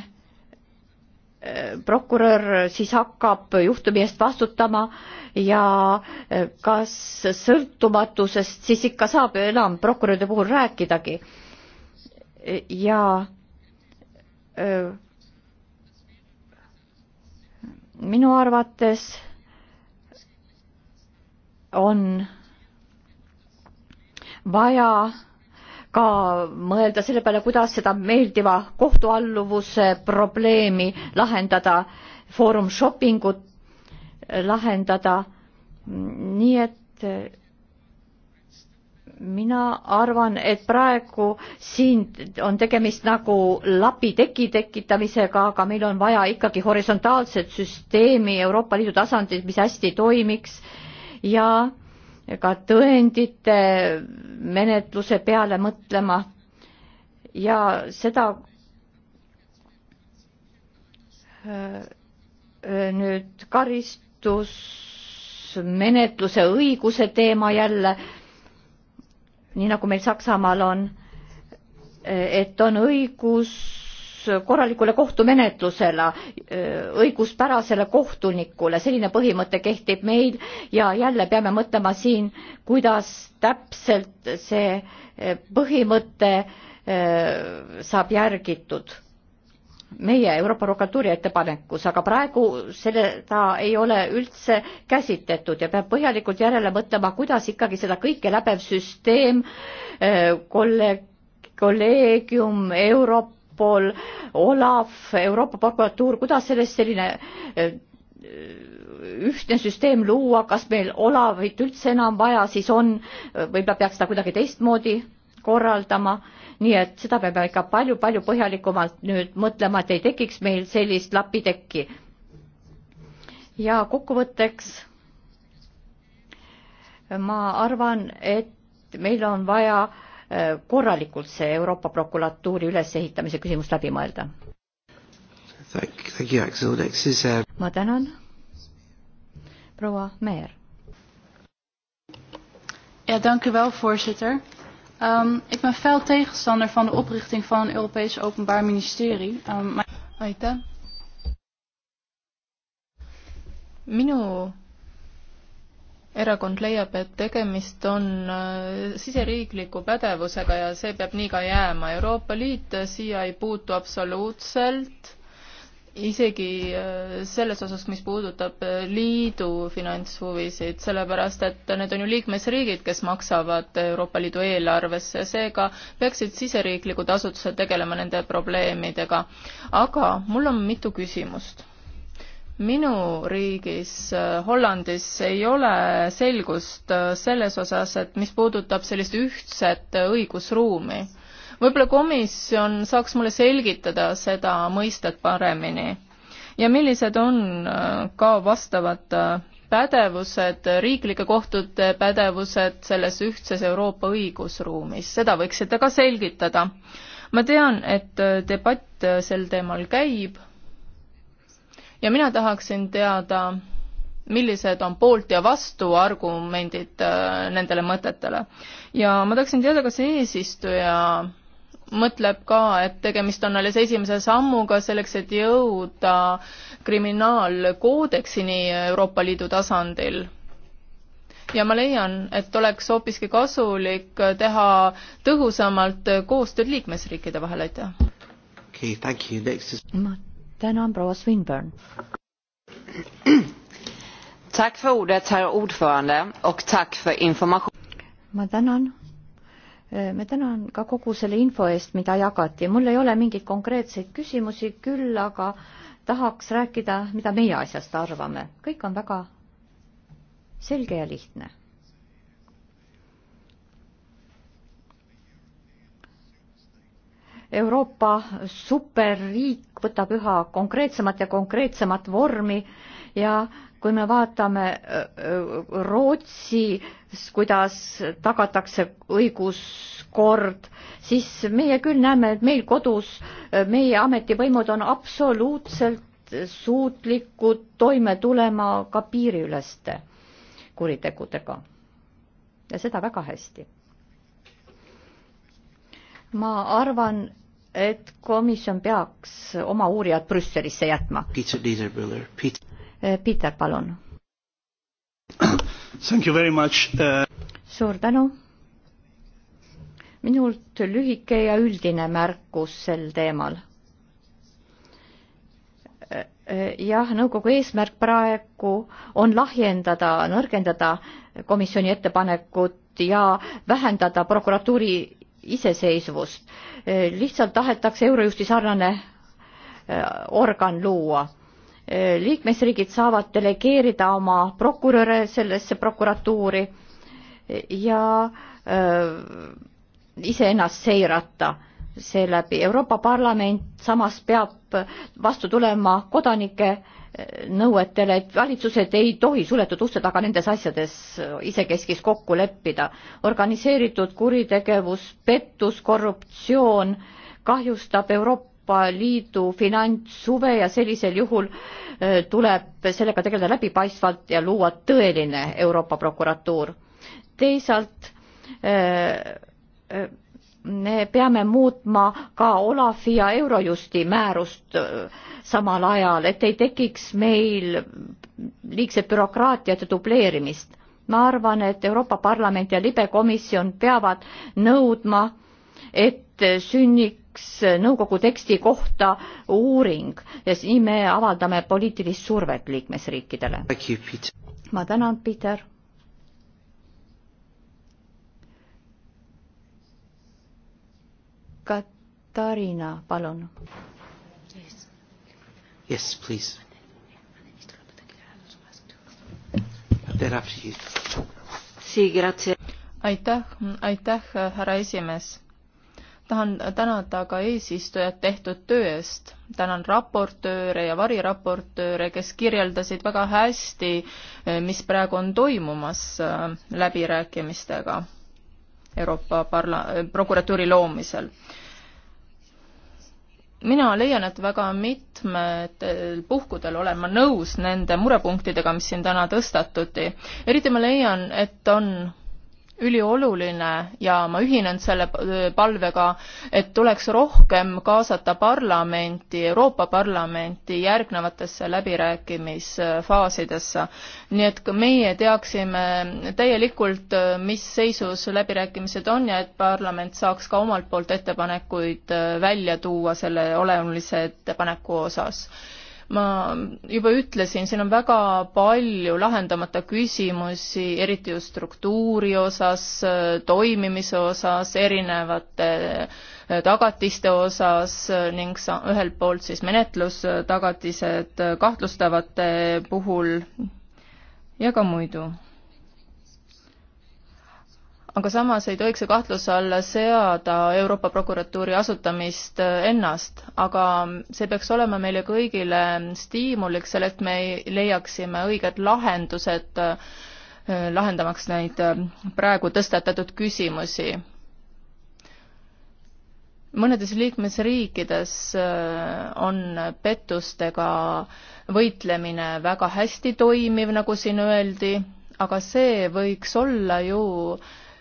äh, prokurör siis hakkab juhtumi eest vastutama ja kas sõltumatusest siis ikka saab enam prokuröride puhul rääkidagi. ja minu arvates on vaja ka mõelda selle peale, kuidas seda meeldiva kohtualluvuse probleemi lahendada, foorum shoppingut lahendada, nii et mina arvan, et praegu siin on tegemist nagu lapiteki tekitamisega, aga meil on vaja ikkagi horisontaalset süsteemi Euroopa Liidu tasandil, mis hästi toimiks ja ka tõendite menetluse peale mõtlema ja seda äh, äh, nüüd karistusmenetluse õiguse teema jälle nii nagu meil Saksamaal on, et on õigus korralikule kohtumenetlusele, õiguspärasele kohtunikule, selline põhimõte kehtib meil ja jälle peame mõtlema siin, kuidas täpselt see põhimõte eh, saab järgitud meie Euroopa prokuratuuri ettepanekus, aga praegu seda ei ole üldse käsitletud ja peab põhjalikult järele mõtlema, kuidas ikkagi seda kõike läbev süsteem, eh, kolleegium, Europol, Olav, Euroopa prokuratuur, kuidas sellest selline eh, ühtne süsteem luua, kas meil Olavit üldse enam vaja siis on eh, või peaks ta kuidagi teistmoodi korraldama, nii et seda peame ikka palju-palju põhjalikumalt nüüd mõtlema, et ei tekiks meil sellist lapitekki. ja kokkuvõtteks ma arvan, et meil on vaja äh, korralikult see Euroopa prokuratuuri ülesehitamise küsimus läbi mõelda. Uh, ma tänan. proua Meer. ja tänke veel, voorzitter Um, ik ben fel tegenstander van de oprichting van een Europees Openbaar Ministerie. Um, maar... Aitäh. Minu erakond leiab, et tegemist on äh, siseriikliku pädevusega ja see peab nii ka jääma. Euroopa Liit siia ei puutu absoluutselt isegi äh, selles osas, mis puudutab äh, liidu finantshuvisid, sellepärast et need on ju liikmesriigid, kes maksavad Euroopa Liidu eelarvesse, seega peaksid siseriiklikud asutused tegelema nende probleemidega. aga mul on mitu küsimust. minu riigis, äh, Hollandis, ei ole selgust selles osas, et mis puudutab sellist ühtset õigusruumi võib-olla komisjon saaks mulle selgitada seda mõistet paremini ja millised on äh, ka vastavad äh, pädevused, riiklike kohtute pädevused selles ühtses Euroopa õigusruumis, seda võiksite ka selgitada. ma tean, et äh, debatt sel teemal käib ja mina tahaksin teada, millised on poolt- ja vastuargumendid nendele mõtetele. ja ma tahaksin teada, kas eesistuja mõtleb ka, et tegemist on alles esimese sammuga selleks, et jõuda kriminaalkoodeksini Euroopa Liidu tasandil. ja ma leian, et oleks hoopiski kasulik teha tõhusamalt koostööd liikmesriikide vahel, aitäh okay,. Is... ma tänan, proua Swinburne. Tack för ordet, herr ordförande, och tack för information. Ma tänan, Äh, me tänan ka kogu selle info eest, mida jagati. mul ei ole mingeid konkreetseid küsimusi, küll aga tahaks rääkida, mida meie asjast arvame. kõik on väga selge ja lihtne. Euroopa superriik võtab üha konkreetsemat ja konkreetsemat vormi ja kui me vaatame äh, äh, Rootsis, kuidas tagatakse õiguskord, siis meie küll näeme, et meil kodus äh, meie ametivõimud on absoluutselt suutlikud toime tulema ka piiriüleste kuritegudega. ja seda väga hästi. ma arvan, et komisjon peaks oma uurijad Brüsselisse jätma. Peter Niedermüller, Peter. Eh, Peter, palun. Eh. suur tänu. minult lühike ja üldine märkus sel teemal. Eh, jah, nõukogu eesmärk praegu on lahjendada, nõrgendada komisjoni ettepanekut ja vähendada prokuratuuri iseseisvust. lihtsalt tahetakse Eurojusti sarnane organ luua Äh, liikmesriigid saavad delegeerida oma prokuröre sellesse prokuratuuri ja äh, iseennast seirata seeläbi. Euroopa Parlament samas peab vastu tulema kodanike äh, nõuetele, et valitsused ei tohi suletud uste taga nendes asjades isekeskis kokku leppida. organiseeritud kuritegevus, pettus, korruptsioon kahjustab Euroopa Euroopa Liidu finantshuve ja sellisel juhul äh, tuleb sellega tegeleda läbipaistvalt ja luua tõeline Euroopa prokuratuur. teisalt äh, äh, me peame muutma ka Olafi ja Eurojusti määrust samal ajal, et ei tekiks meil liigset bürokraatiat ja dubleerimist. ma arvan, et Euroopa Parlament ja libekomisjon peavad nõudma, et sünnik läks nõukogu teksti kohta uuring ja siin me avaldame poliitilist survet liikmesriikidele. ma tänan, Peter. Katarina, palun. Yes, please. aitäh, aitäh, härra esimees tahan tänada ka eesistujat tehtud töö eest. tänan raportööre ja variraportööre, kes kirjeldasid väga hästi, mis praegu on toimumas äh, läbirääkimistega Euroopa parla-, prokuratuuri loomisel mina leian, et väga mitmetel puhkudel olen ma nõus nende murepunktidega, mis siin täna tõstatuti. eriti ma leian, et on ülioluline ja ma ühinen selle palvega, et tuleks rohkem kaasata parlamenti, Euroopa Parlamenti järgnevatesse läbirääkimisfaasidesse. nii et ka meie teaksime täielikult, mis seisus läbirääkimised on ja et parlament saaks ka omalt poolt ettepanekuid välja tuua selle olulise ettepaneku osas ma juba ütlesin, siin on väga palju lahendamata küsimusi, eriti just struktuuri osas, toimimise osas, erinevate eh, tagatiste osas ning sa-, ühelt poolt siis menetlustagatised kahtlustavate eh, puhul ja ka muidu aga samas ei tohiks see kahtluse alla seada Euroopa prokuratuuri asutamist äh, ennast, aga see peaks olema meile kõigile stiimuliks, selleks me leiaksime õiged lahendused, äh, lahendamaks neid äh, praegu tõstatatud küsimusi mõnedes liikmesriikides on pettustega võitlemine väga hästi toimiv, nagu siin öeldi, aga see võiks olla ju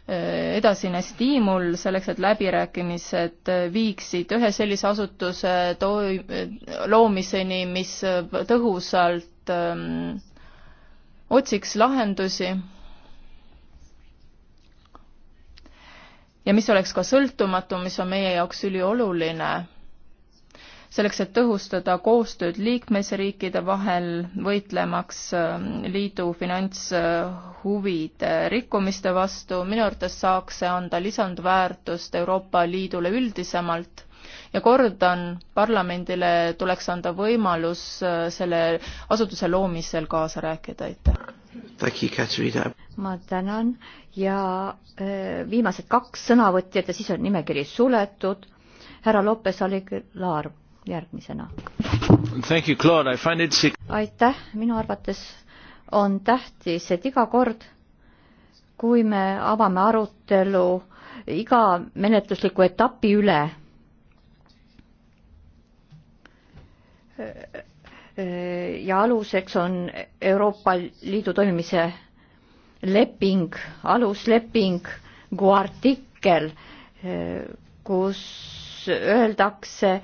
edasine stiimul selleks, et läbirääkimised viiksid ühe sellise asutuse toi-, loomiseni, mis tõhusalt öö, ähm, otsiks lahendusi ja mis oleks ka sõltumatu, mis on meie jaoks ülioluline selleks, et tõhustada koostööd liikmesriikide vahel, võitlemaks äh, liidu finantshuvide rikkumiste vastu, minu arvates saaks see anda lisandväärtust Euroopa Liidule üldisemalt ja kordan, parlamendile tuleks anda võimalus äh, selle asutuse loomisel kaasa rääkida, aitäh! ma tänan ja äh, viimased kaks sõnavõtjat ja siis on nimekiri suletud, härra Lopes Aguilar järgmisena. aitäh, minu arvates on tähtis, et iga kord, kui me avame arutelu iga menetlusliku etapi üle, ja aluseks on Euroopa Liidu toimimise leping, alusleping, kui artikkel, kus öeldakse,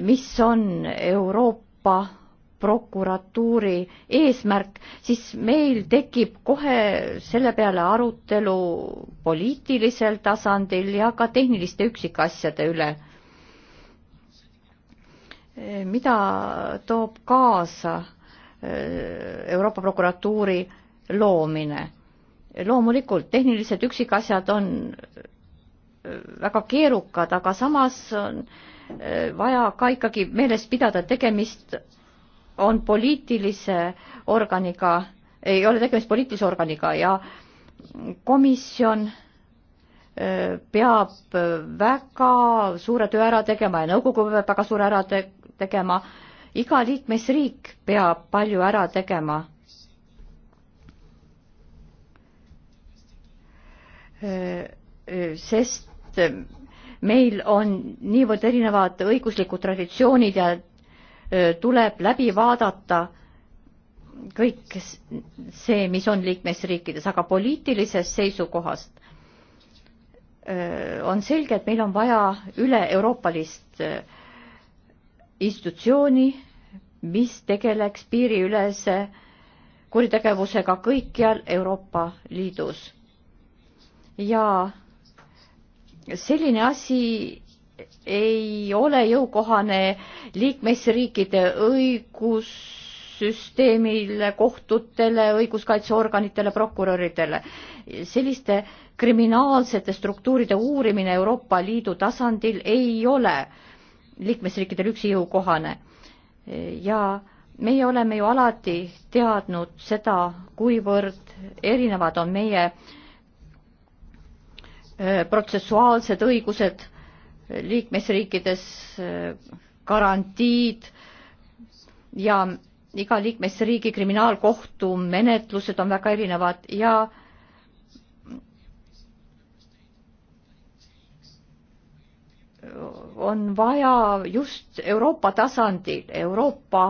mis on Euroopa prokuratuuri eesmärk, siis meil tekib kohe selle peale arutelu poliitilisel tasandil ja ka tehniliste üksikasjade üle. mida toob kaasa äh, Euroopa prokuratuuri loomine? loomulikult tehnilised üksikasjad on väga keerukad, aga samas on eh, vaja ka ikkagi meeles pidada, et tegemist on poliitilise organiga, ei ole tegemist poliitilise organiga ja komisjon eh, peab eh, väga suure töö ära tegema ja nõukogu peab väga suure ära te tegema. iga liikmesriik peab palju ära tegema sest sest meil on niivõrd erinevad õiguslikud traditsioonid ja tuleb läbi vaadata kõik see, mis on liikmesriikides, aga poliitilisest seisukohast on selge, et meil on vaja üle-euroopalist institutsiooni, mis tegeleks piiriülese kuritegevusega kõikjal Euroopa Liidus. ja selline asi ei ole jõukohane liikmesriikide õigussüsteemile, kohtutele, õiguskaitseorganitele, prokuröridele. selliste kriminaalsete struktuuride uurimine Euroopa Liidu tasandil ei ole liikmesriikidele üksi jõukohane. ja meie oleme ju alati teadnud seda, kuivõrd erinevad on meie äh, Äh, protsessuaalsed õigused liikmesriikides, äh, garantiid ja iga liikmesriigi kriminaalkohtu menetlused on väga erinevad ja on vaja just Euroopa tasandil, Euroopa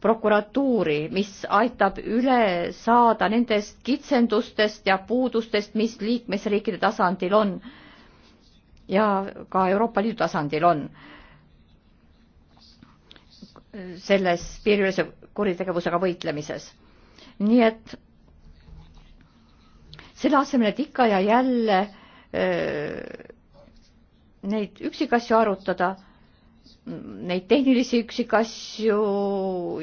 prokuratuuri, mis aitab üle saada nendest kitsendustest ja puudustest, mis liikmesriikide tasandil on ja ka Euroopa Liidu tasandil on selles piiriülese kuritegevusega võitlemises. nii et selle asemel, et ikka ja jälle öö, äh, neid üksikasju arutada neid tehnilisi üksikasju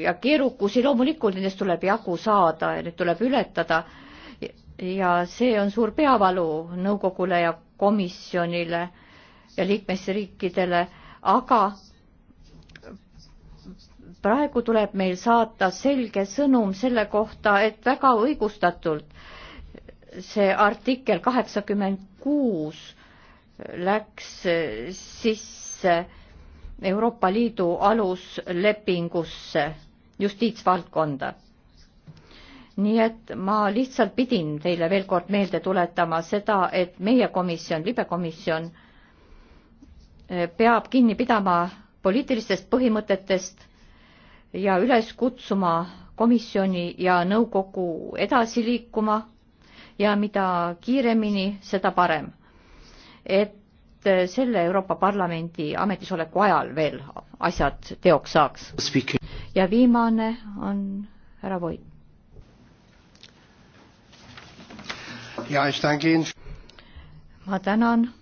ja keerukusi, loomulikult nendest tuleb jagu saada ja need tuleb ületada. ja see on suur peavalu nõukogule ja komisjonile ja liikmesriikidele, aga praegu tuleb meil saata selge sõnum selle kohta, et väga õigustatult see artikkel kaheksakümmend kuus läks sisse Euroopa Liidu aluslepingusse justiitsvaldkonda. nii et ma lihtsalt pidin teile veel kord meelde tuletama seda, et meie komisjon, libekomisjon, eh, peab kinni pidama poliitilistest põhimõtetest ja üles kutsuma komisjoni ja nõukogu edasi liikuma ja mida kiiremini, seda parem. et et eh, selle Euroopa Parlamendi ametisoleku ajal veel asjad teoks saaks. ja viimane on härra Voit. ma tänan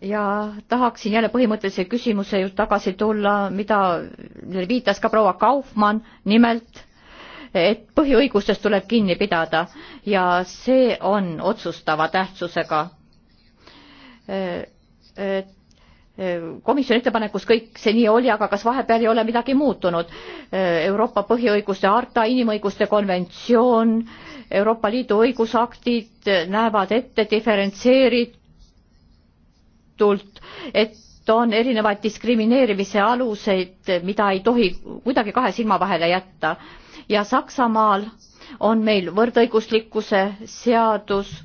ja tahaksin jälle põhimõttelise küsimuse just tagasi tulla, mida viitas ka proua Kaufmann, nimelt et põhiõigustest tuleb kinni pidada ja see on otsustava tähtsusega Äh, äh, komisjoni ettepanekus kõik see nii oli, aga kas vahepeal ei ole midagi muutunud? Äh, Euroopa põhiõiguste harta, inimõiguste konventsioon, Euroopa Liidu õigusaktid näevad ette diferentseeritult, et on erinevaid diskrimineerimise aluseid, mida ei tohi kuidagi kahe silma vahele jätta. ja Saksamaal on meil võrdõiguslikkuse seadus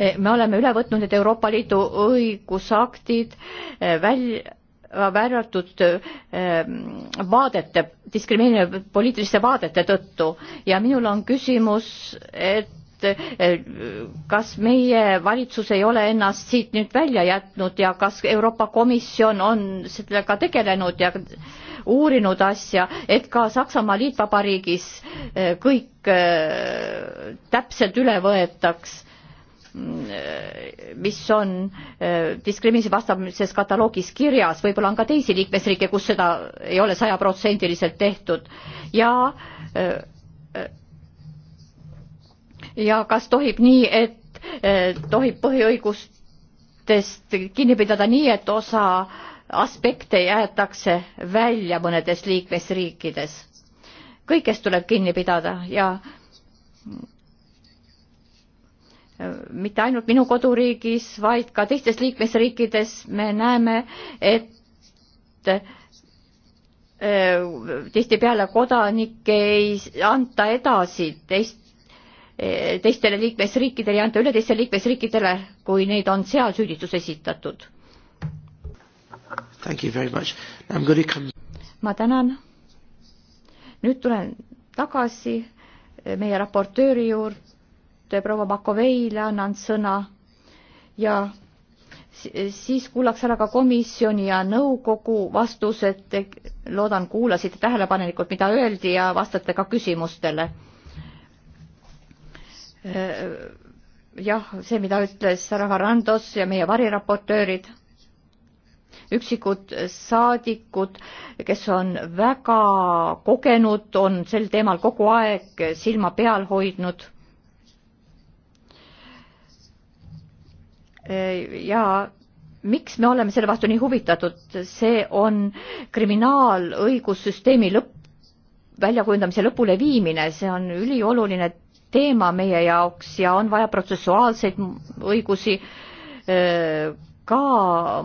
Eh, me oleme üle võtnud need Euroopa Liidu õigusaktid eh, välja värvatud ehm, vaadete, diskrimineeriv poliitiliste vaadete tõttu ja minul on küsimus, et eh, kas meie valitsus ei ole ennast siit nüüd välja jätnud ja kas Euroopa Komisjon on sellega tegelenud ja uurinud asja, et ka Saksamaa liitvabariigis kõik täpselt üle võetaks mis on eh, diskrimineerimise vastases kataloogis kirjas, võib-olla on ka teisi liikmesriike, kus seda ei ole sajaprotsendiliselt tehtud ja eh, ja kas tohib nii, et eh, tohib põhiõigustest kinni pidada nii, et osa aspekte jäetakse välja mõnedes liikmesriikides. kõigest tuleb kinni pidada ja mitte ainult minu koduriigis, vaid ka teistes liikmesriikides me näeme, et äh, tihtipeale kodanikke ei anta edasi teist, äh, teistele liikmesriikidele, ei anta üle teistele liikmesriikidele, kui neid on seal süüdistus esitatud. ma tänan. nüüd tulen tagasi meie raportööri juurde nüüd proua Makoveile annan sõna ja siis kuulaks ära ka komisjoni ja nõukogu vastused. loodan, kuulasite tähelepanelikult, mida öeldi ja vastate ka küsimustele. jah, see, mida ütles härra Varandos ja meie variraportöörid, üksikud saadikud, kes on väga kogenud, on sel teemal kogu aeg silma peal hoidnud ja miks me oleme selle vastu nii huvitatud, see on kriminaalõigussüsteemi lõpp, väljakujundamise lõpuleviimine, see on ülioluline teema meie jaoks ja on vaja protsessuaalseid õigusi ka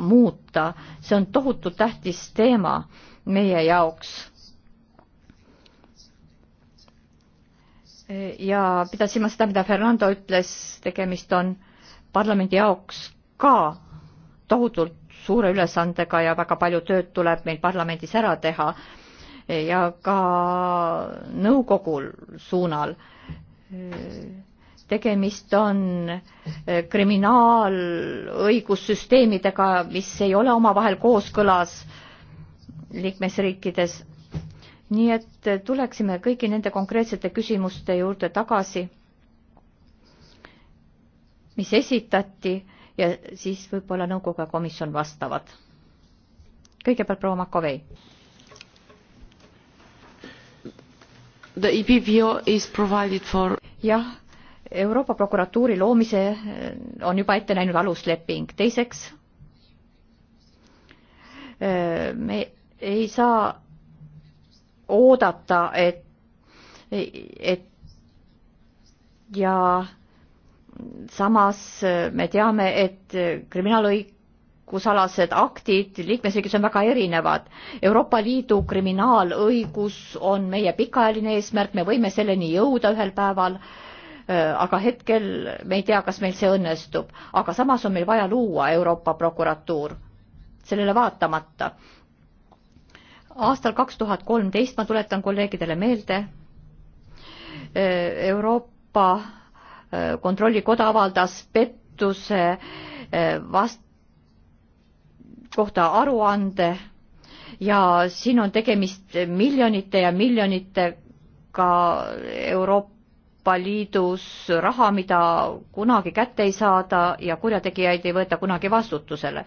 muuta, see on tohutult tähtis teema meie jaoks. ja pidasin ma seda, mida Fernando ütles, tegemist on äh, parlamendi jaoks ka tohutult suure ülesandega ja väga palju tööd tuleb meil parlamendis ära teha ja ka nõukogul suunal. tegemist on eh, kriminaalõigussüsteemidega, mis ei ole omavahel kooskõlas liikmesriikides. nii et eh, tuleksime kõigi nende konkreetsete küsimuste juurde tagasi mis esitati ja siis võib-olla nõukogu ja komisjon vastavad. kõigepealt proua Makovei. The EPPO is provided for jah, Euroopa prokuratuuri loomise eh, on juba ette näinud alusleping, teiseks eh, me ei saa oodata, et, et ja samas äh, me teame, et äh, kriminaalõigusalased aktid liikmesriigis on väga erinevad. Euroopa Liidu kriminaalõigus on meie pikaajaline eesmärk, me võime selleni jõuda ühel päeval, äh, aga hetkel me ei tea, kas meil see õnnestub. aga samas on meil vaja luua Euroopa prokuratuur, sellele vaatamata. aastal kaks tuhat kolmteist, ma tuletan kolleegidele meelde, Euroopa kontrollikoda avaldas pettuse eh, vast-, kohta aruande ja siin on tegemist miljonite ja miljonitega Euroopa Liidus raha, mida kunagi kätte ei saada ja kurjategijaid ei võeta kunagi vastutusele.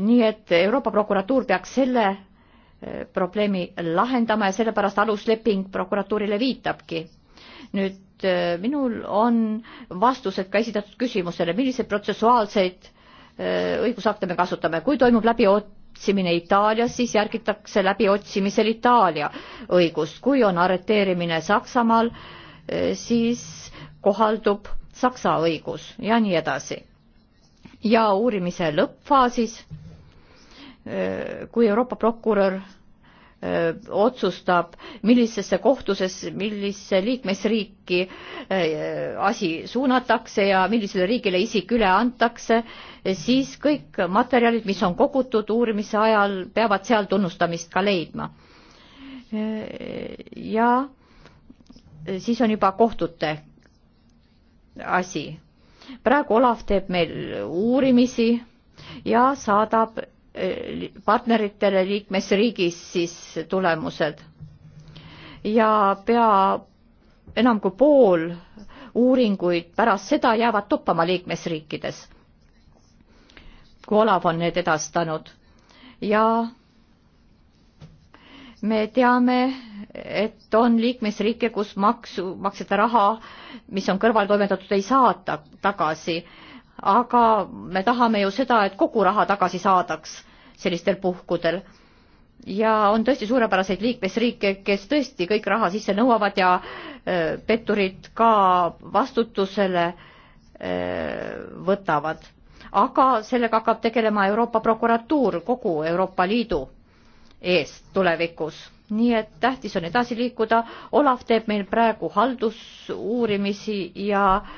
nii et Euroopa prokuratuur peaks selle eh, probleemi lahendama ja sellepärast alusleping prokuratuurile viitabki nüüd äh, minul on vastused ka esitatud küsimusele, milliseid protsessuaalseid äh, õigusakte me kasutame, kui toimub läbiotsimine Itaalias, siis järgitakse läbiotsimisel Itaalia õigust, kui on arreteerimine Saksamaal, äh, siis kohaldub Saksa õigus ja nii edasi. ja uurimise lõppfaasis, kui Euroopa prokurör otsustab, millisesse kohtusesse, millisse liikmesriiki asi suunatakse ja millisele riigile isik üle antakse, siis kõik materjalid, mis on kogutud uurimise ajal, peavad seal tunnustamist ka leidma. ja siis on juba kohtute asi. praegu Olav teeb meil uurimisi ja saadab partneritele liikmesriigis siis tulemused. ja pea enam kui pool uuringuid pärast seda jäävad toppama liikmesriikides, kui Olav on need edastanud. ja me teame, et on liikmesriike, kus maksu, maksete raha, mis on kõrvaltoimetatud, ei saa ta tagasi aga me tahame ju seda, et kogu raha tagasi saadaks sellistel puhkudel. ja on tõesti suurepäraseid liikmesriike, kes tõesti kõik raha sisse nõuavad ja petturid ka vastutusele võtavad. aga sellega hakkab tegelema Euroopa prokuratuur kogu Euroopa Liidu eest tulevikus nii et tähtis on edasi liikuda, Olav teeb meil praegu haldusuurimisi ja äh,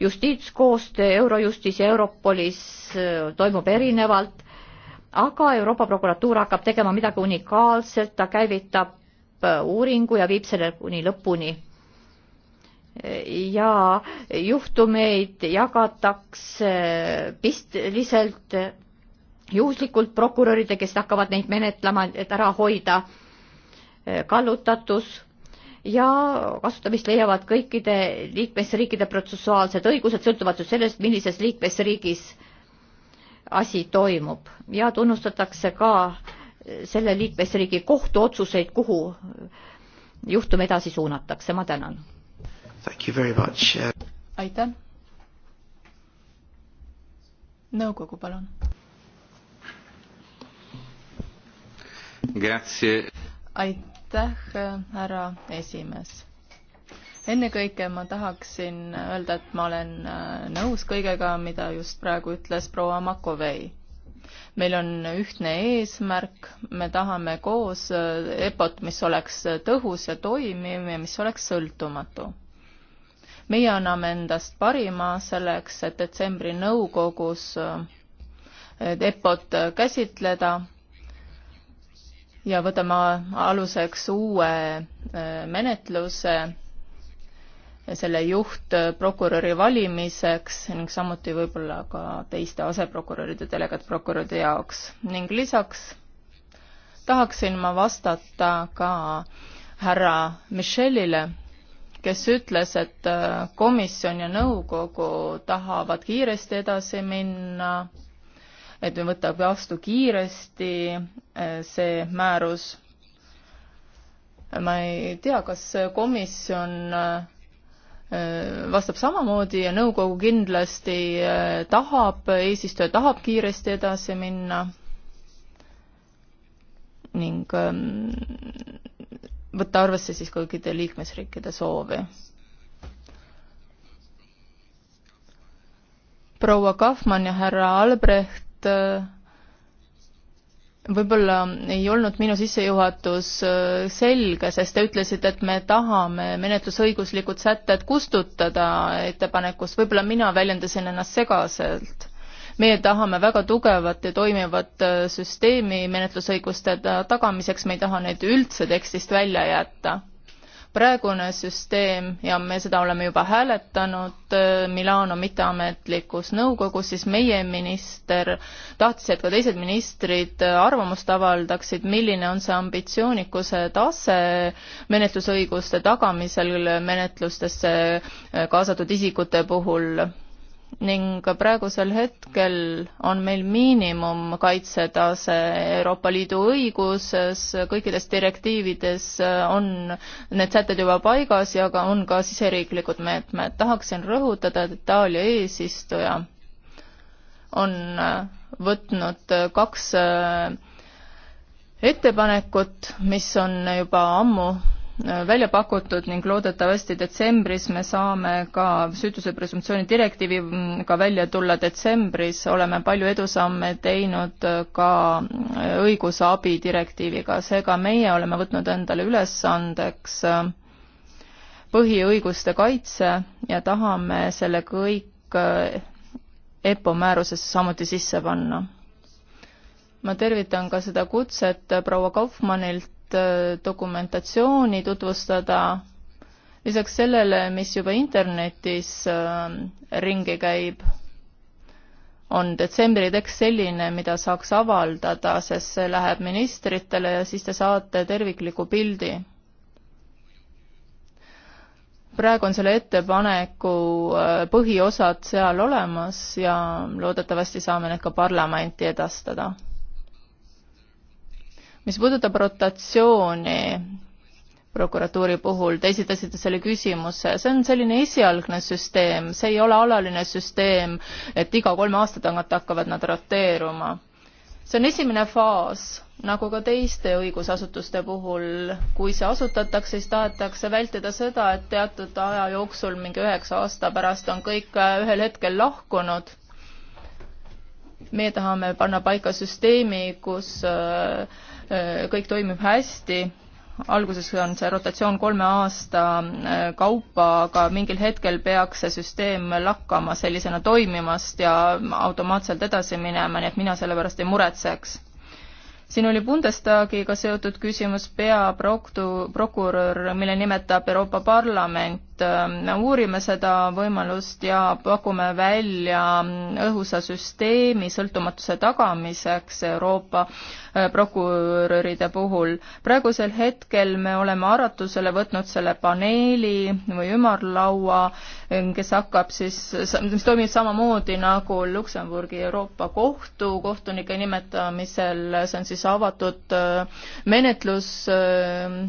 justiitskoostöö Eurojustis ja Europolis äh, toimub erinevalt, aga Euroopa prokuratuur hakkab tegema midagi unikaalset, ta käivitab äh, uuringu ja viib selle kuni lõpuni. ja juhtumeid jagatakse pisteliselt juhuslikult prokuröride, kes hakkavad neid menetlema, et ära hoida kallutatus ja kasutamist leiavad kõikide liikmesriikide protsessuaalsed õigused, sõltuvalt ju sellest, millises liikmesriigis asi toimub ja tunnustatakse ka selle liikmesriigi kohtuotsuseid, kuhu juhtum edasi suunatakse, ma tänan. aitäh. nõukogu, palun. aitäh aitäh, härra esimees. ennekõike ma tahaksin öelda, et ma olen äh, nõus kõigega, mida just praegu ütles proua Makovei meil on ühtne eesmärk, me tahame koos äh, EPO-t, mis oleks äh, tõhus ja toimiv ja mis oleks sõltumatu. meie anname endast parima selleks, et detsembri nõukogus EPO-t käsitleda ja võtame aluseks uue äh, menetluse selle juhtprokuröri äh, valimiseks ning samuti võib-olla ka teiste aseprokuröride, delegaatprokuröride jaoks. ning lisaks tahaksin ma vastata ka härra Michelile, kes ütles, et äh, komisjon ja nõukogu tahavad kiiresti edasi minna et võtab vastu kiiresti äh, see määrus. ma ei tea, kas komisjon äh, vastab samamoodi ja nõukogu kindlasti äh, tahab, eesistuja tahab kiiresti edasi minna ning ähm, võtta arvesse siis kõikide liikmesriikide soovi. proua Kahman ja härra Albrecht et äh, võib-olla ei olnud minu sissejuhatus äh, selge, sest te ütlesite, et me tahame menetlusõiguslikud sätted kustutada ettepanekust, võib-olla mina väljendasin ennast segaselt. meie tahame väga tugevat ja toimivat äh, süsteemi menetlusõiguste tagamiseks, me ei taha neid üldse tekstist välja jätta praegune süsteem ja me seda oleme juba hääletanud äh, Milano mitteametlikus nõukogus, siis meie minister tahtis, et ka teised ministrid äh, arvamust avaldaksid, milline on see ambitsioonikuse tase menetlusõiguste tagamisel menetlustesse äh, kaasatud isikute puhul ning praegusel hetkel on meil miinimumkaitsetase Euroopa Liidu õiguses, kõikides direktiivides on need sätted juba paigas ja ka on ka siseriiklikud meetmed. tahaksin rõhutada, et Itaalia eesistuja on võtnud kaks ettepanekut, mis on juba ammu välja pakutud ning loodetavasti detsembris me saame ka süütuse presumptsiooni direktiiviga välja tulla. detsembris oleme palju edusamme teinud ka õigusabi direktiiviga, seega meie oleme võtnud endale ülesandeks põhiõiguste kaitse ja tahame selle kõik EPPO määrusesse samuti sisse panna. ma tervitan ka seda kutset proua Kaufmannilt Äh, dokumentatsiooni tutvustada, lisaks sellele, mis juba internetis äh, ringi käib, on detsembri tekst selline, mida saaks avaldada, sest see läheb ministritele ja siis te saate tervikliku pildi. praegu on selle ettepaneku äh, põhiosad seal olemas ja loodetavasti saame need ka parlamenti edastada mis puudutab rotatsiooni prokuratuuri puhul, te esitasite selle küsimuse, see on selline esialgne süsteem, see ei ole alaline süsteem, et iga kolme aasta tagant hakkavad nad roteeruma. see on esimene faas, nagu ka teiste õigusasutuste puhul, kui see asutatakse, siis tahetakse vältida seda, et teatud aja jooksul, mingi üheksa aasta pärast on kõik ühel hetkel lahkunud meie tahame panna paika süsteemi, kus äh, Äh, kõik toimib hästi, alguses on see rotatsioon kolme aasta äh, kaupa, aga mingil hetkel peaks see süsteem lakkama sellisena toimimast ja automaatselt edasi minema, nii et mina selle pärast ei muretseks siin oli Bundestagiga seotud küsimus peaproktu-, prokurör, mille nimetab Euroopa Parlament poolt ähm, uurime seda võimalust ja pakume välja ähm, õhusa süsteemi sõltumatuse tagamiseks Euroopa äh, prokuröride puhul. praegusel hetkel me oleme arvatusele võtnud selle paneeli või ümarlaua, kes hakkab siis, mis toimib samamoodi nagu Luksemburgi Euroopa Kohtu kohtunike nimetamisel, see on siis avatud äh, menetlus äh,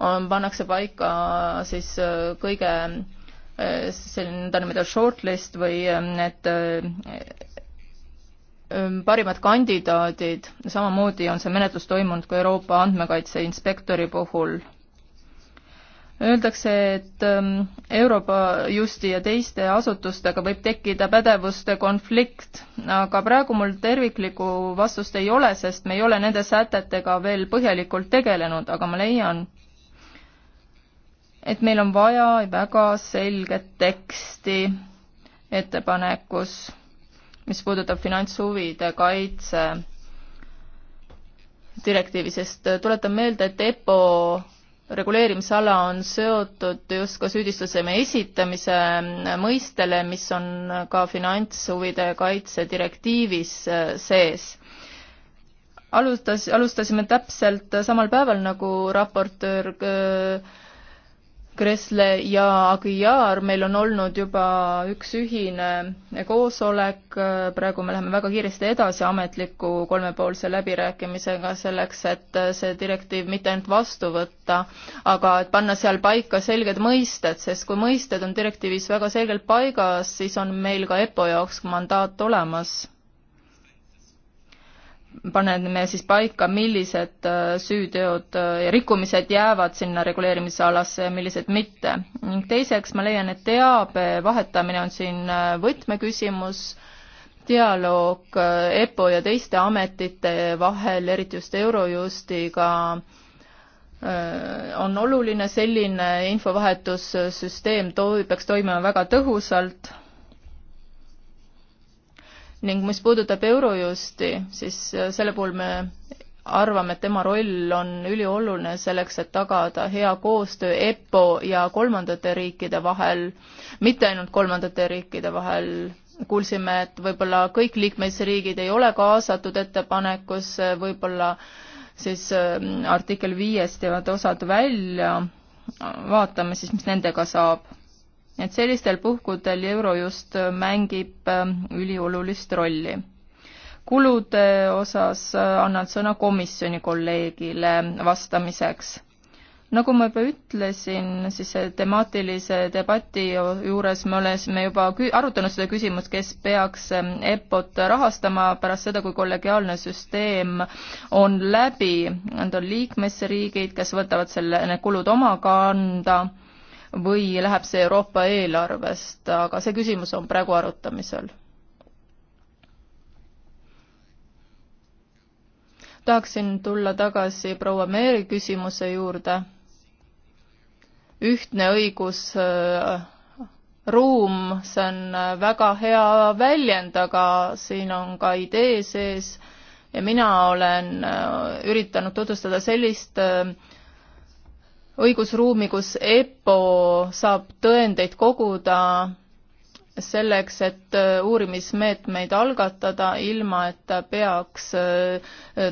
on, pannakse paika äh, siis äh, kõige äh, selline nõndanimetatud shortlist või ähm, need parimad kandidaadid, samamoodi on see menetlus toimunud ka Euroopa andmekaitse inspektori puhul. Öeldakse, et ähm, Euroopa Justi ja teiste asutustega võib tekkida pädevuste konflikt, aga praegu mul terviklikku vastust ei ole, sest me ei ole nende sätetega veel põhjalikult tegelenud, aga ma leian, et meil on vaja väga selget teksti ettepanekus, mis puudutab finantshuvide kaitse direktiivi, sest äh, tuletan meelde, et EPPO reguleerimisala on seotud just ka süüdistuseme esitamise äh, mõistele, mis on ka finantshuvide kaitse direktiivis äh, sees. alustas, alustasime täpselt samal päeval, nagu raportöör äh, Kressle ja Aguiar, meil on olnud juba üks ühine koosolek, praegu me läheme väga kiiresti edasi ametliku kolmepoolse läbirääkimisega selleks, et see direktiiv mitte ainult vastu võtta, aga et panna seal paika selged mõisted, sest kui mõisted on direktiivis väga selgelt paigas, siis on meil ka EPPO jaoks mandaat olemas paneme siis paika, millised äh, süüteod äh, ja rikkumised jäävad sinna reguleerimisalasse ja millised mitte. ning teiseks ma leian, et teabe vahetamine on siin äh, võtmeküsimus, dialoog EPPO ja teiste ametite vahel, eriti just Eurojustiga, on oluline, selline infovahetussüsteem toi-, peaks toimima väga tõhusalt ning mis puudutab Eurojusti, siis äh, selle puhul me arvame, et tema roll on ülioluline selleks, et tagada hea koostöö EPPO ja kolmandate riikide vahel, mitte ainult kolmandate riikide vahel, kuulsime, et võib-olla kõik liikmesriigid ei ole kaasatud ettepanekusse, võib-olla siis äh, artikkel viiest jäävad osad välja, vaatame siis, mis nendega saab et sellistel puhkudel Eurojust mängib ähm, üliolulist rolli. kulude osas äh, annan sõna komisjoni kolleegile vastamiseks nagu ma juba ütlesin, siis temaatilise debati juures me olesime juba arutanud seda küsimust, kes peaks ähm, EPO-t rahastama pärast seda, kui kollegiaalne süsteem on läbi. Need on liikmesriigid, kes võtavad selle, need kulud oma kanda või läheb see Euroopa eelarvest, aga see küsimus on praegu arutamisel. tahaksin tulla tagasi proua Meeri küsimuse juurde. ühtne õigusruum, äh, see on äh, väga hea väljend, aga siin on ka idee sees ja mina olen äh, üritanud tutvustada sellist äh, õigusruumi, kus EPPO saab tõendeid koguda selleks, et äh, uurimismeetmeid algatada, ilma et ta peaks äh,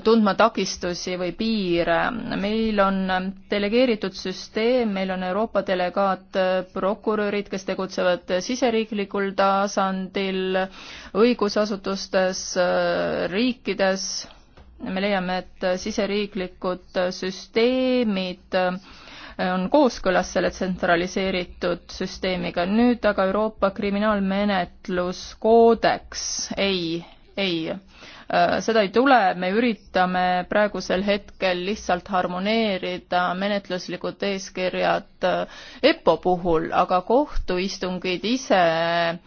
tundma takistusi või piire. meil on äh, delegeeritud süsteem, meil on Euroopa delegaatprokurörid, kes tegutsevad siseriiklikul tasandil, õigusasutustes, riikides, me leiame, et siseriiklikud süsteemid on kooskõlas selle tsentraliseeritud süsteemiga. nüüd aga Euroopa kriminaalmenetluskoodeks ei, ei, äh, seda ei tule, me üritame praegusel hetkel lihtsalt harmoneerida menetluslikud eeskirjad äh, EPPO puhul, aga kohtuistungid ise äh,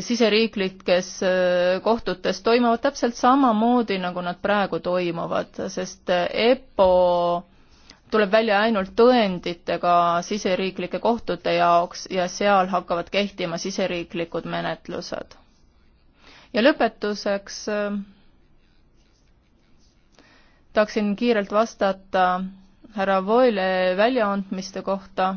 siseriiklikes kohtutes toimuvad täpselt samamoodi, nagu nad praegu toimuvad, sest EPPO tuleb välja ainult tõenditega siseriiklike kohtute jaoks ja seal hakkavad kehtima siseriiklikud menetlused. ja lõpetuseks äh, tahaksin kiirelt vastata härra Voile väljaandmiste kohta.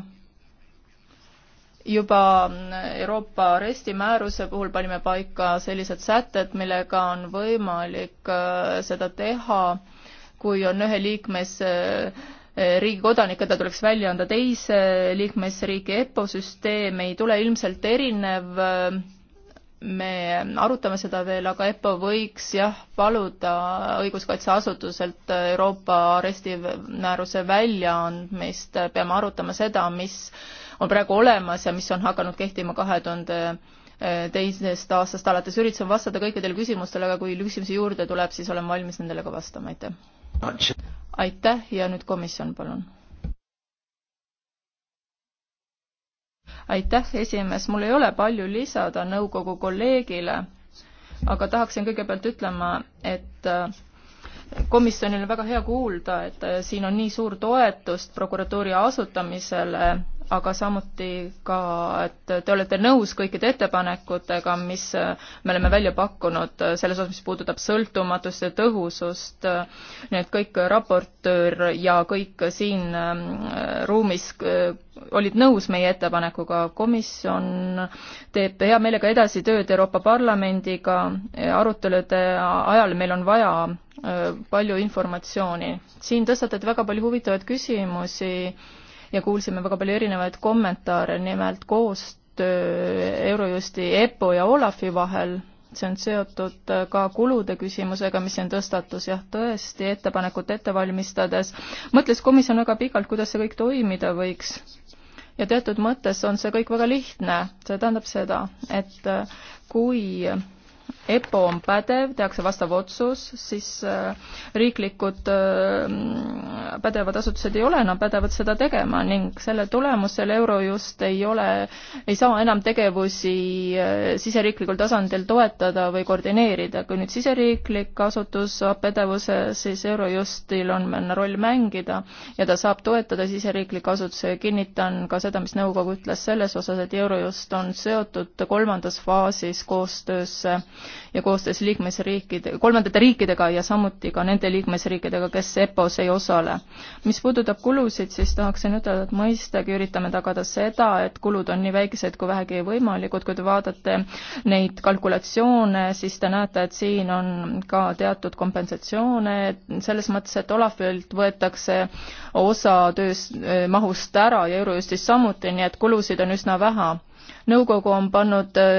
juba äh, Euroopa arestimääruse puhul panime paika sellised sätted, millega on võimalik äh, seda teha, kui on ühe liikmes riigi kodanik, keda tuleks välja anda teise liikmesriigi EPPO süsteem, ei tule ilmselt erinev, me arutame seda veel, aga EPPO võiks jah, paluda õiguskaitseasutuselt Euroopa arestimääruse väljaandmist, peame arutama seda, mis on praegu olemas ja mis on hakanud kehtima kahe tuhande eh, teisest aastast alates, üritasin vastata kõikidele küsimustele, aga kui küsimusi juurde tuleb, siis olen valmis nendele ka vastama, aitäh aitäh ja nüüd komisjon, palun. aitäh, esimees, mul ei ole palju lisada nõukogu kolleegile, aga tahaksin kõigepealt ütlema, et äh, komisjonil on väga hea kuulda, et äh, siin on nii suur toetus prokuratuuri asutamisele aga samuti ka, et te olete nõus kõikide ettepanekutega, mis me oleme välja pakkunud selles osas, mis puudutab sõltumatust ja tõhusust, nii et kõik raportöör ja kõik siin ähm, ruumis äh, olid nõus meie ettepanekuga, komisjon teeb hea meelega edasi tööd Euroopa Parlamendiga, arutelude ajal meil on vaja äh, palju informatsiooni. siin tõstatati väga palju huvitavaid küsimusi, ja kuulsime väga palju erinevaid kommentaare, nimelt koostöö Eurojusti, EPPO ja Olafi vahel, see on seotud äh, ka kulude küsimusega, mis siin tõstatus, jah, tõesti, ettepanekut ette valmistades mõtles komisjon väga pikalt, kuidas see kõik toimida võiks ja teatud mõttes on see kõik väga lihtne, see tähendab seda, et äh, kui EPPO on pädev, tehakse vastav otsus, siis äh, riiklikud äh, pädevad asutused ei ole enam pädevad seda tegema ning selle tulemusel Eurojust ei ole, ei saa enam tegevusi äh, siseriiklikul tasandil toetada või koordineerida. kui nüüd siseriiklik asutus saab pädevuse, siis Eurojustil on roll mängida ja ta saab toetada siseriiklikke asutusi ja kinnitan ka seda, mis nõukogu ütles selles osas, et Eurojust on seotud kolmandas faasis koostöösse ja koostöös liikmesriikide, kolmandate riikidega ja samuti ka nende liikmesriikidega, kes EPO-s ei osale. mis puudutab kulusid, siis tahaksin ütelda, et mõistagi üritame tagada seda, et kulud on nii väikesed kui vähegi võimalikud, kui te vaatate neid kalkulatsioone, siis te näete, et siin on ka teatud kompensatsioone, selles mõttes, et Olafilt võetakse osa töös eh, mahust ära ja Eurojustist samuti, nii et kulusid on üsna vähe nõukogu on pannud äh,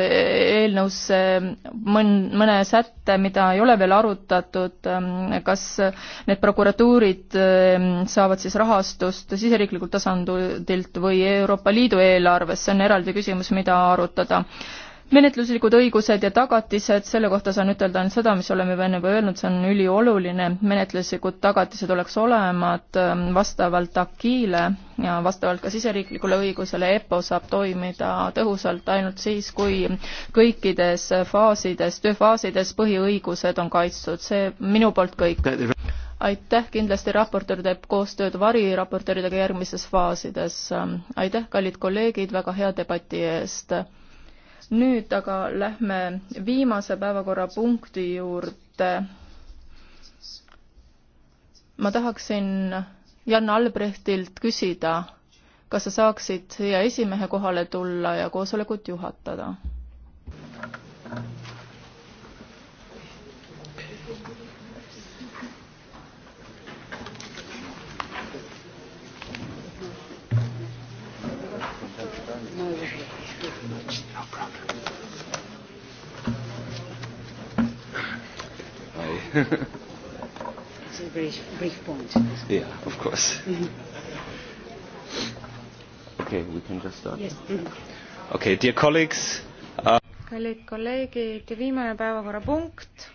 eelnõusse mõn-, mõne sätte, mida ei ole veel arutatud, ähm, kas need prokuratuurid ähm, saavad siis rahastust siseriiklikult tasandilt või Euroopa Liidu eelarvest, see on eraldi küsimus, mida arutada menetluslikud õigused ja tagatised, selle kohta saan ütelda ainult seda, mis oleme juba enne juba öelnud, see on ülioluline, menetluslikud tagatised oleks olemad ähm, vastavalt AK-ile ja vastavalt ka siseriiklikule õigusele, EPPO saab toimida tõhusalt ainult siis, kui kõikides faasides, tööfaasides põhiõigused on kaitstud, see minu poolt kõik aitäh, kindlasti raportöör teeb koostööd variraportööridega järgmises faasides. Ähm, aitäh, kallid kolleegid, väga hea debati eest nüüd aga lähme viimase päevakorrapunkti juurde. ma tahaksin Jan Albrechtilt küsida, kas sa saaksid siia esimehe kohale tulla ja koosolekut juhatada? it's a brief, brief point. Yeah, of course. Mm-hmm. okay, we can just start. Yes. Mm-hmm. Okay, dear colleagues. Uh... kallid kolleegid, viimane päevakorrapunkt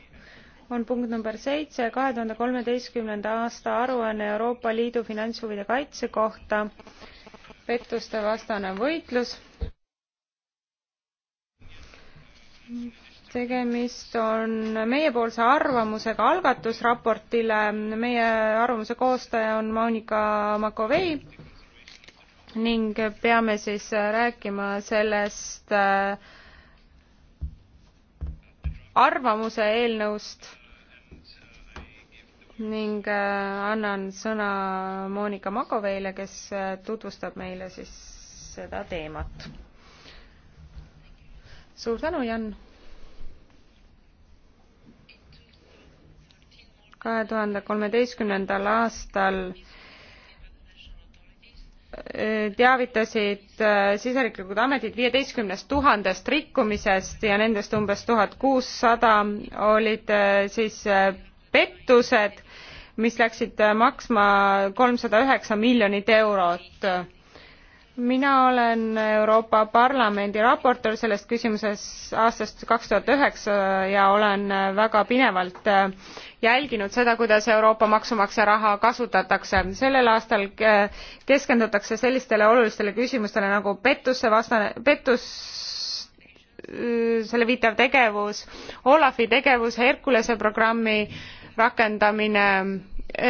on punkt number seitse, kahe tuhande kolmeteistkümnenda aasta aruanne Euroopa Liidu finantshuvide kaitse kohta, pettuste vastane võitlus tegemist on meiepoolse arvamusega algatusraportile. meie arvamuse koostaja on Monika Makovei ning peame siis rääkima sellest äh, arvamuse eelnõust ning äh, annan sõna Monika Makoveile, kes äh, tutvustab meile siis seda teemat. suur tänu, Jan kahe tuhande kolmeteistkümnendal aastal e, teavitasid e, siseriiklikud ametid viieteistkümnest tuhandest rikkumisest ja nendest umbes tuhat kuussada olid e, siis pettused mis läksid maksma kolmsada üheksa miljonit eurot mina olen euroopa parlamendi raportöör selles küsimuses aastast kaks tuhat üheksa ja olen väga pinevalt jälginud seda kuidas euroopa maksumaksja raha kasutatakse. sellel aastal äh, keskendutakse sellistele olulistele küsimustele nagu pettuse vastane pettus selle viitav tegevus olafi tegevus herkulese programmi rakendamine äh,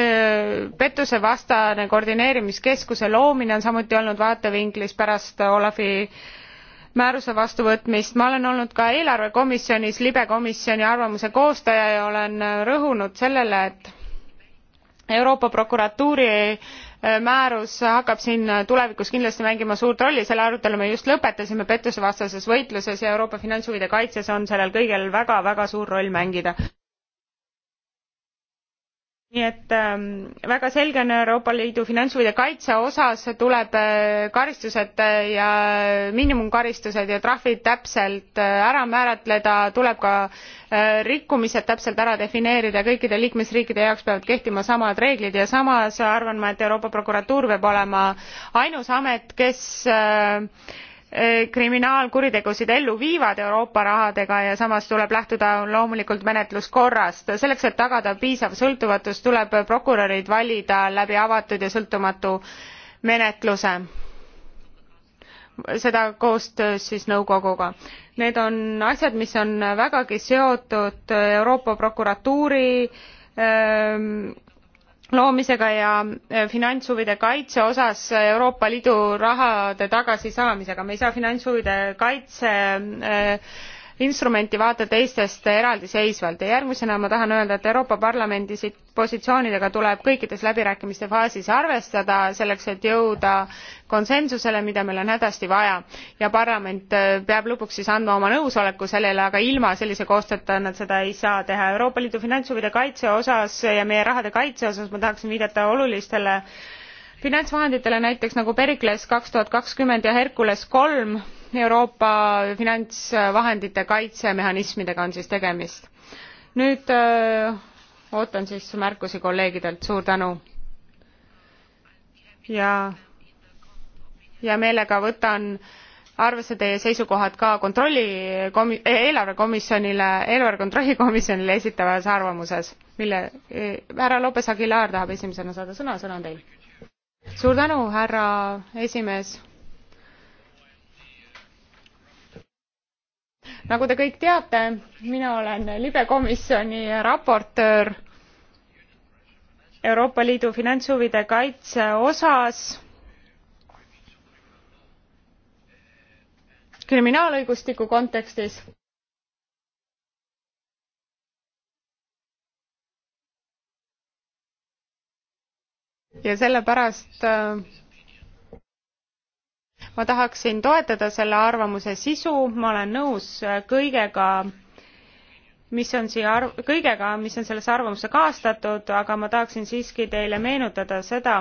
pettusevastane koordineerimiskeskuse loomine on samuti olnud vaatevinklis pärast olafi määruse vastuvõtmist. ma olen olnud ka eelarvekomisjonis libe komisjoni arvamuse koostaja ja olen rõhunud sellele et euroopa prokuratuuri äh, määrus hakkab siin tulevikus kindlasti mängima suurt rolli selle arutelu me just lõpetasime pettusevastases võitluses ja euroopa finantshuvide kaitses on sellel kõigel väga väga suur roll mängida nii et ähm, väga selge on euroopa liidu finantshuvide kaitse osas tuleb äh, karistused äh, ja miinimumkaristused ja trahvid täpselt äh, ära määratleda tuleb ka äh, rikkumised täpselt ära defineerida kõikide liikmesriikide jaoks peavad kehtima samad reeglid ja samas arvan ma et euroopa prokuratuur peab olema ainus amet kes äh, Eh, kriminaalkuritegusid ellu viivad euroopa rahadega ja samas tuleb lähtuda loomulikult menetluskorrast. selleks et tagada piisav sõltumatus tuleb prokurörid valida läbi avatud ja sõltumatu menetluse seda koostöös siis nõukoguga. need on asjad mis on vägagi seotud euroopa prokuratuuri öö, ehm, loomisega ja äh, finantshuvide kaitse osas euroopa liidu rahade tagasisaamisega. me ei saa finantshuvide kaitse äh, instrumenti vaata teistest eraldiseisvalt ja järgmisena ma tahan öelda et euroopa parlamendi positsioonidega tuleb kõikides läbirääkimiste faasis arvestada selleks et jõuda konsensusele mida meil on hädasti vaja ja parlament äh, peab lõpuks siis andma oma nõusoleku sellele aga ilma sellise koostööta nad seda ei saa teha euroopa liidu finantshuvide kaitse osas ja meie rahade kaitse osas ma tahaksin viidata olulistele finantsvahenditele näiteks nagu Pericles kaks tuhat kakskümmend ja Hercules kolm Euroopa finantsvahendite kaitsemehhanismidega on siis tegemist. nüüd öö, ootan siis märkusi kolleegidelt, suur tänu. ja, ja meelega võtan arvesse teie seisukohad ka kontrolli komi-, e-, eelarvekomisjonile, eelarve kontrolli komisjonile esitavas arvamuses, mille e, härra Lopes Aguilar tahab esimesena saada sõna, sõna on teil suur tänu, härra esimees. nagu te kõik teate, mina olen libekomisjoni raportöör Euroopa Liidu finantshuvide kaitse osas kriminaalõigustiku kontekstis. ja sellepärast äh, ma tahaksin toetada selle arvamuse sisu, ma olen nõus äh, kõigega, mis on siia arv-, kõigega, mis on sellesse arvamusse kaastatud, aga ma tahaksin siiski teile meenutada seda,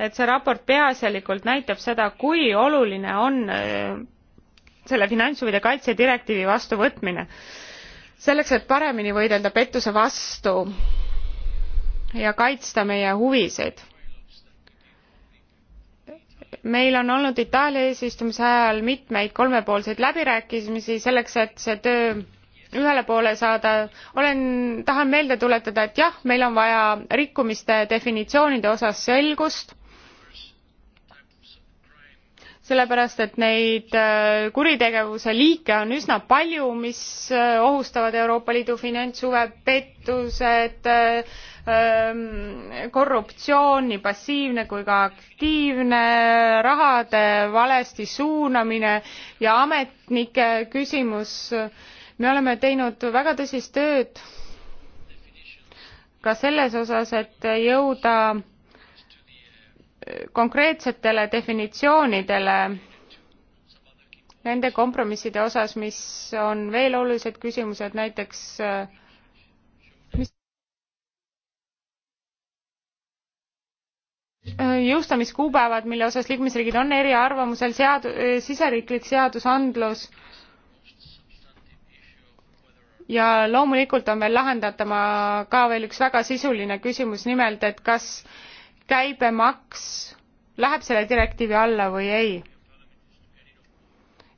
et see raport peaasjalikult näitab seda, kui oluline on äh, selle finantshuvide kaitse direktiivi vastuvõtmine selleks, et paremini võidelda pettuse vastu ja kaitsta meie huvisid. meil on olnud Itaalia eesistumise ajal mitmeid kolmepoolseid läbirääkimisi selleks, et see töö ühele poole saada. olen, tahan meelde tuletada, et jah, meil on vaja rikkumiste definitsioonide osas selgust sellepärast et neid äh, kuritegevuse liike on üsna palju mis äh, ohustavad euroopa liidu finantshuve pettused äh, korruptsioon, nii passiivne kui ka aktiivne, rahade valesti suunamine ja ametnike küsimus. me oleme teinud väga tõsist tööd ka selles osas, et jõuda konkreetsetele definitsioonidele nende kompromisside osas, mis on veel olulised küsimused, näiteks äh, Äh, jõustamiskuupäevad, mille osas liikmesriigid on eriarvamusel, sead-, äh, siseriiklik seadusandlus ja loomulikult on veel lahendatama ka veel üks väga sisuline küsimus, nimelt et kas käibemaks läheb selle direktiivi alla või ei.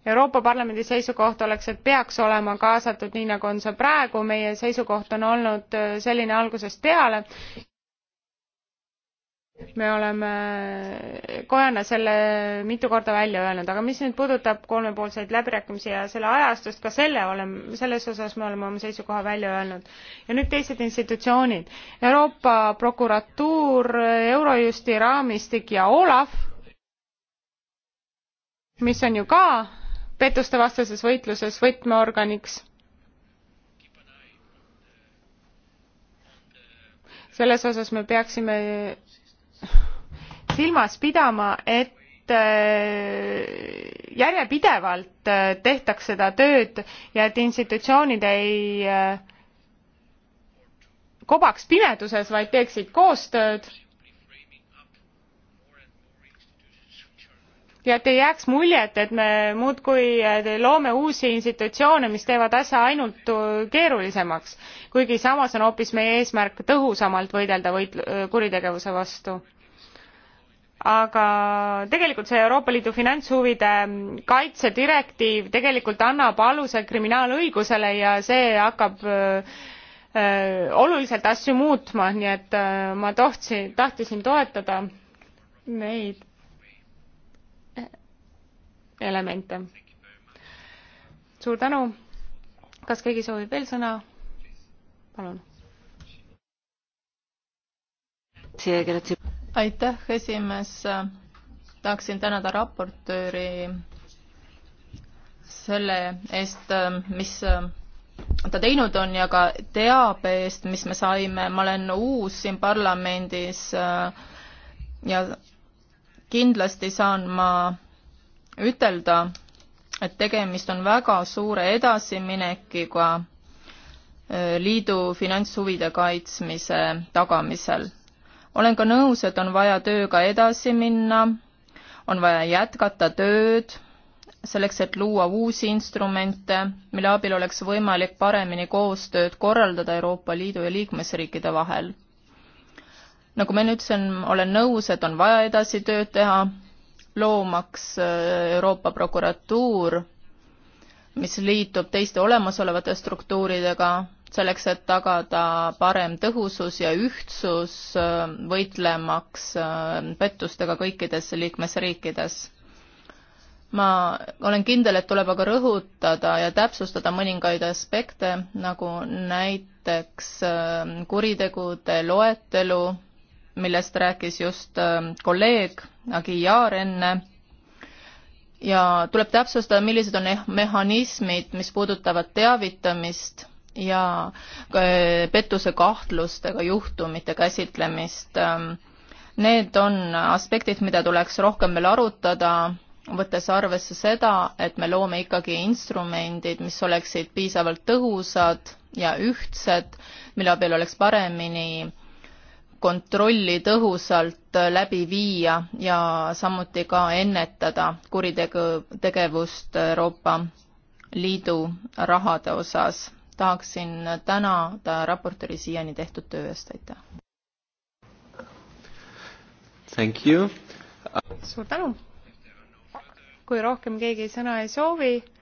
Euroopa Parlamendi seisukoht oleks, et peaks olema kaasatud nii, nagu on see praegu, meie seisukoht on olnud äh, selline algusest peale me oleme kojana selle mitu korda välja öelnud, aga mis nüüd puudutab kolmepoolseid läbirääkimisi ja selle ajastust, ka selle oleme, selles osas me oleme oma seisukoha välja öelnud. ja nüüd teised institutsioonid, Euroopa Prokuratuur, Eurojusti raamistik ja Olav, mis on ju ka pettustevastases võitluses võtmeorganiks selles osas me peaksime silmas pidama, et äh, järjepidevalt äh, tehtaks seda tööd ja et institutsioonid ei äh, kobaks pimeduses, vaid teeksid koostööd. ja et ei jääks muljet, et me muudkui loome uusi institutsioone, mis teevad asja ainult keerulisemaks, kuigi samas on hoopis meie eesmärk tõhusamalt võidelda võit-, kuritegevuse vastu aga tegelikult see euroopa liidu finantshuvide kaitse direktiiv tegelikult annab aluse kriminaalõigusele ja see hakkab öö, äh, oluliselt asju muutma nii et öö, äh, ma tohtsin tahtisin toetada neid äh, elemente suur tänu kas keegi soovib veel sõna palun grazie grazie aitäh, esimees. tahaksin tänada raportööri selle eest, mis ta teinud on ja ka teabe eest, mis me saime, ma olen uus siin parlamendis ja kindlasti saan ma ütelda, et tegemist on väga suure edasiminekuga liidu finantshuvide kaitsmise tagamisel olen ka nõus, et on vaja tööga edasi minna, on vaja jätkata tööd, selleks, et luua uusi instrumente, mille abil oleks võimalik paremini koostööd korraldada Euroopa Liidu ja liikmesriikide vahel. nagu ma ütlesin, olen nõus, et on vaja edasi tööd teha, loomaks äh, Euroopa prokuratuur, mis liitub teiste olemasolevate struktuuridega, selleks, et tagada parem tõhusus ja ühtsus äh, võitlemaks äh, pettustega kõikides liikmesriikides. ma olen kindel, et tuleb aga rõhutada ja täpsustada mõningaid aspekte, nagu näiteks äh, kuritegude loetelu, millest rääkis just kolleeg Agi Jaar enne ja tuleb täpsustada, millised on mehhanismid, mis puudutavad teavitamist ja äh, pettuse kahtlustega juhtumite käsitlemist. Ähm, need on aspektid, mida tuleks rohkem veel arutada, võttes arvesse seda, et me loome ikkagi instrumendid, mis oleksid piisavalt tõhusad ja ühtsed, mille abil oleks paremini kontrolli tõhusalt läbi viia ja samuti ka ennetada kuritegu, tegevust Euroopa Liidu rahade osas tahaksin tänada ta raportööri siiani tehtud töö eest, aitäh! Thank you! suur tänu! kui rohkem keegi sõna ei soovi, siis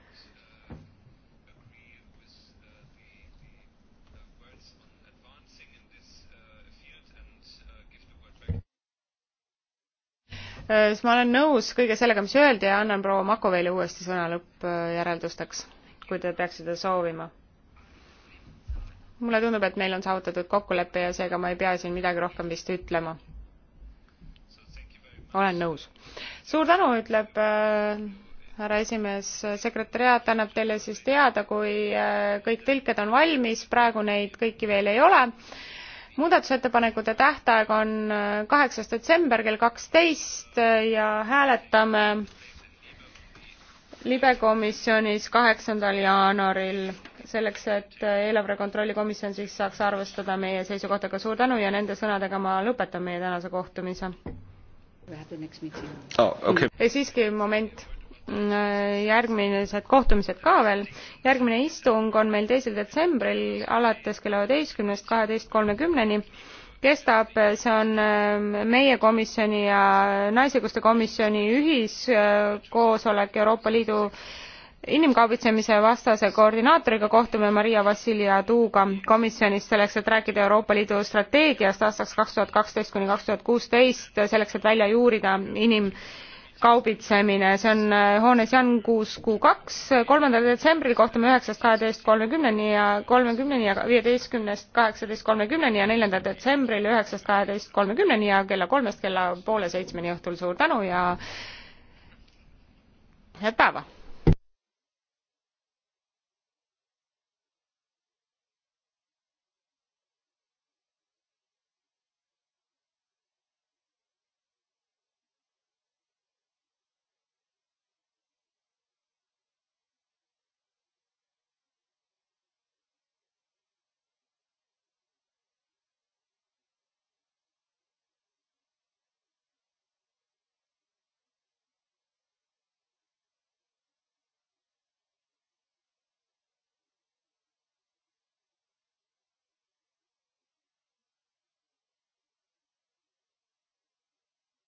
ma olen nõus kõige sellega, mis öeldi ja annan proua Makoveile uuesti sõna lõppjäreldusteks, kui te peaksite soovima mulle tundub, et meil on saavutatud kokkulepe ja seega ma ei pea siin midagi rohkem vist ütlema. olen nõus. suur tänu, ütleb äh, härra esimees, sekretäriaat annab teile siis teada, kui äh, kõik tõlked on valmis, praegu neid kõiki veel ei ole. muudatusettepanekute tähtaeg on äh, kaheksas detsember kell kaksteist äh, ja hääletame libekomisjonis kaheksandal jaanuaril selleks, et eelarve kontrolli komisjon siis saaks arvestada meie seisukohtaga. suur tänu ja nende sõnadega ma lõpetan meie tänase kohtumise. Oh, okay. Ja siiski moment, järgmised kohtumised ka veel. järgmine istung on meil teisel detsembril alates kella üheteistkümnest kaheteist kolmekümneni kestab, see on ähm, meie komisjoni ja Naisõiguste komisjoni ühiskoosolek Euroopa Liidu inimkaubitsemise vastase koordinaatoriga kohtume maria vassiliaduga komisjonis selleks et rääkida euroopa liidu strateegiast aastaks 2012 kuni 2016 selleks et välja juurida inimkaubitsemine see on äh, hoones jan 662 3 detsembril kohtume 9-st 12.30 ja 30 ja 15-st 18.30 ja 4 detsembril 9-st 12.30 ja kella 3-st kella poole seitsmeni õhtul suur tänu ja head päeva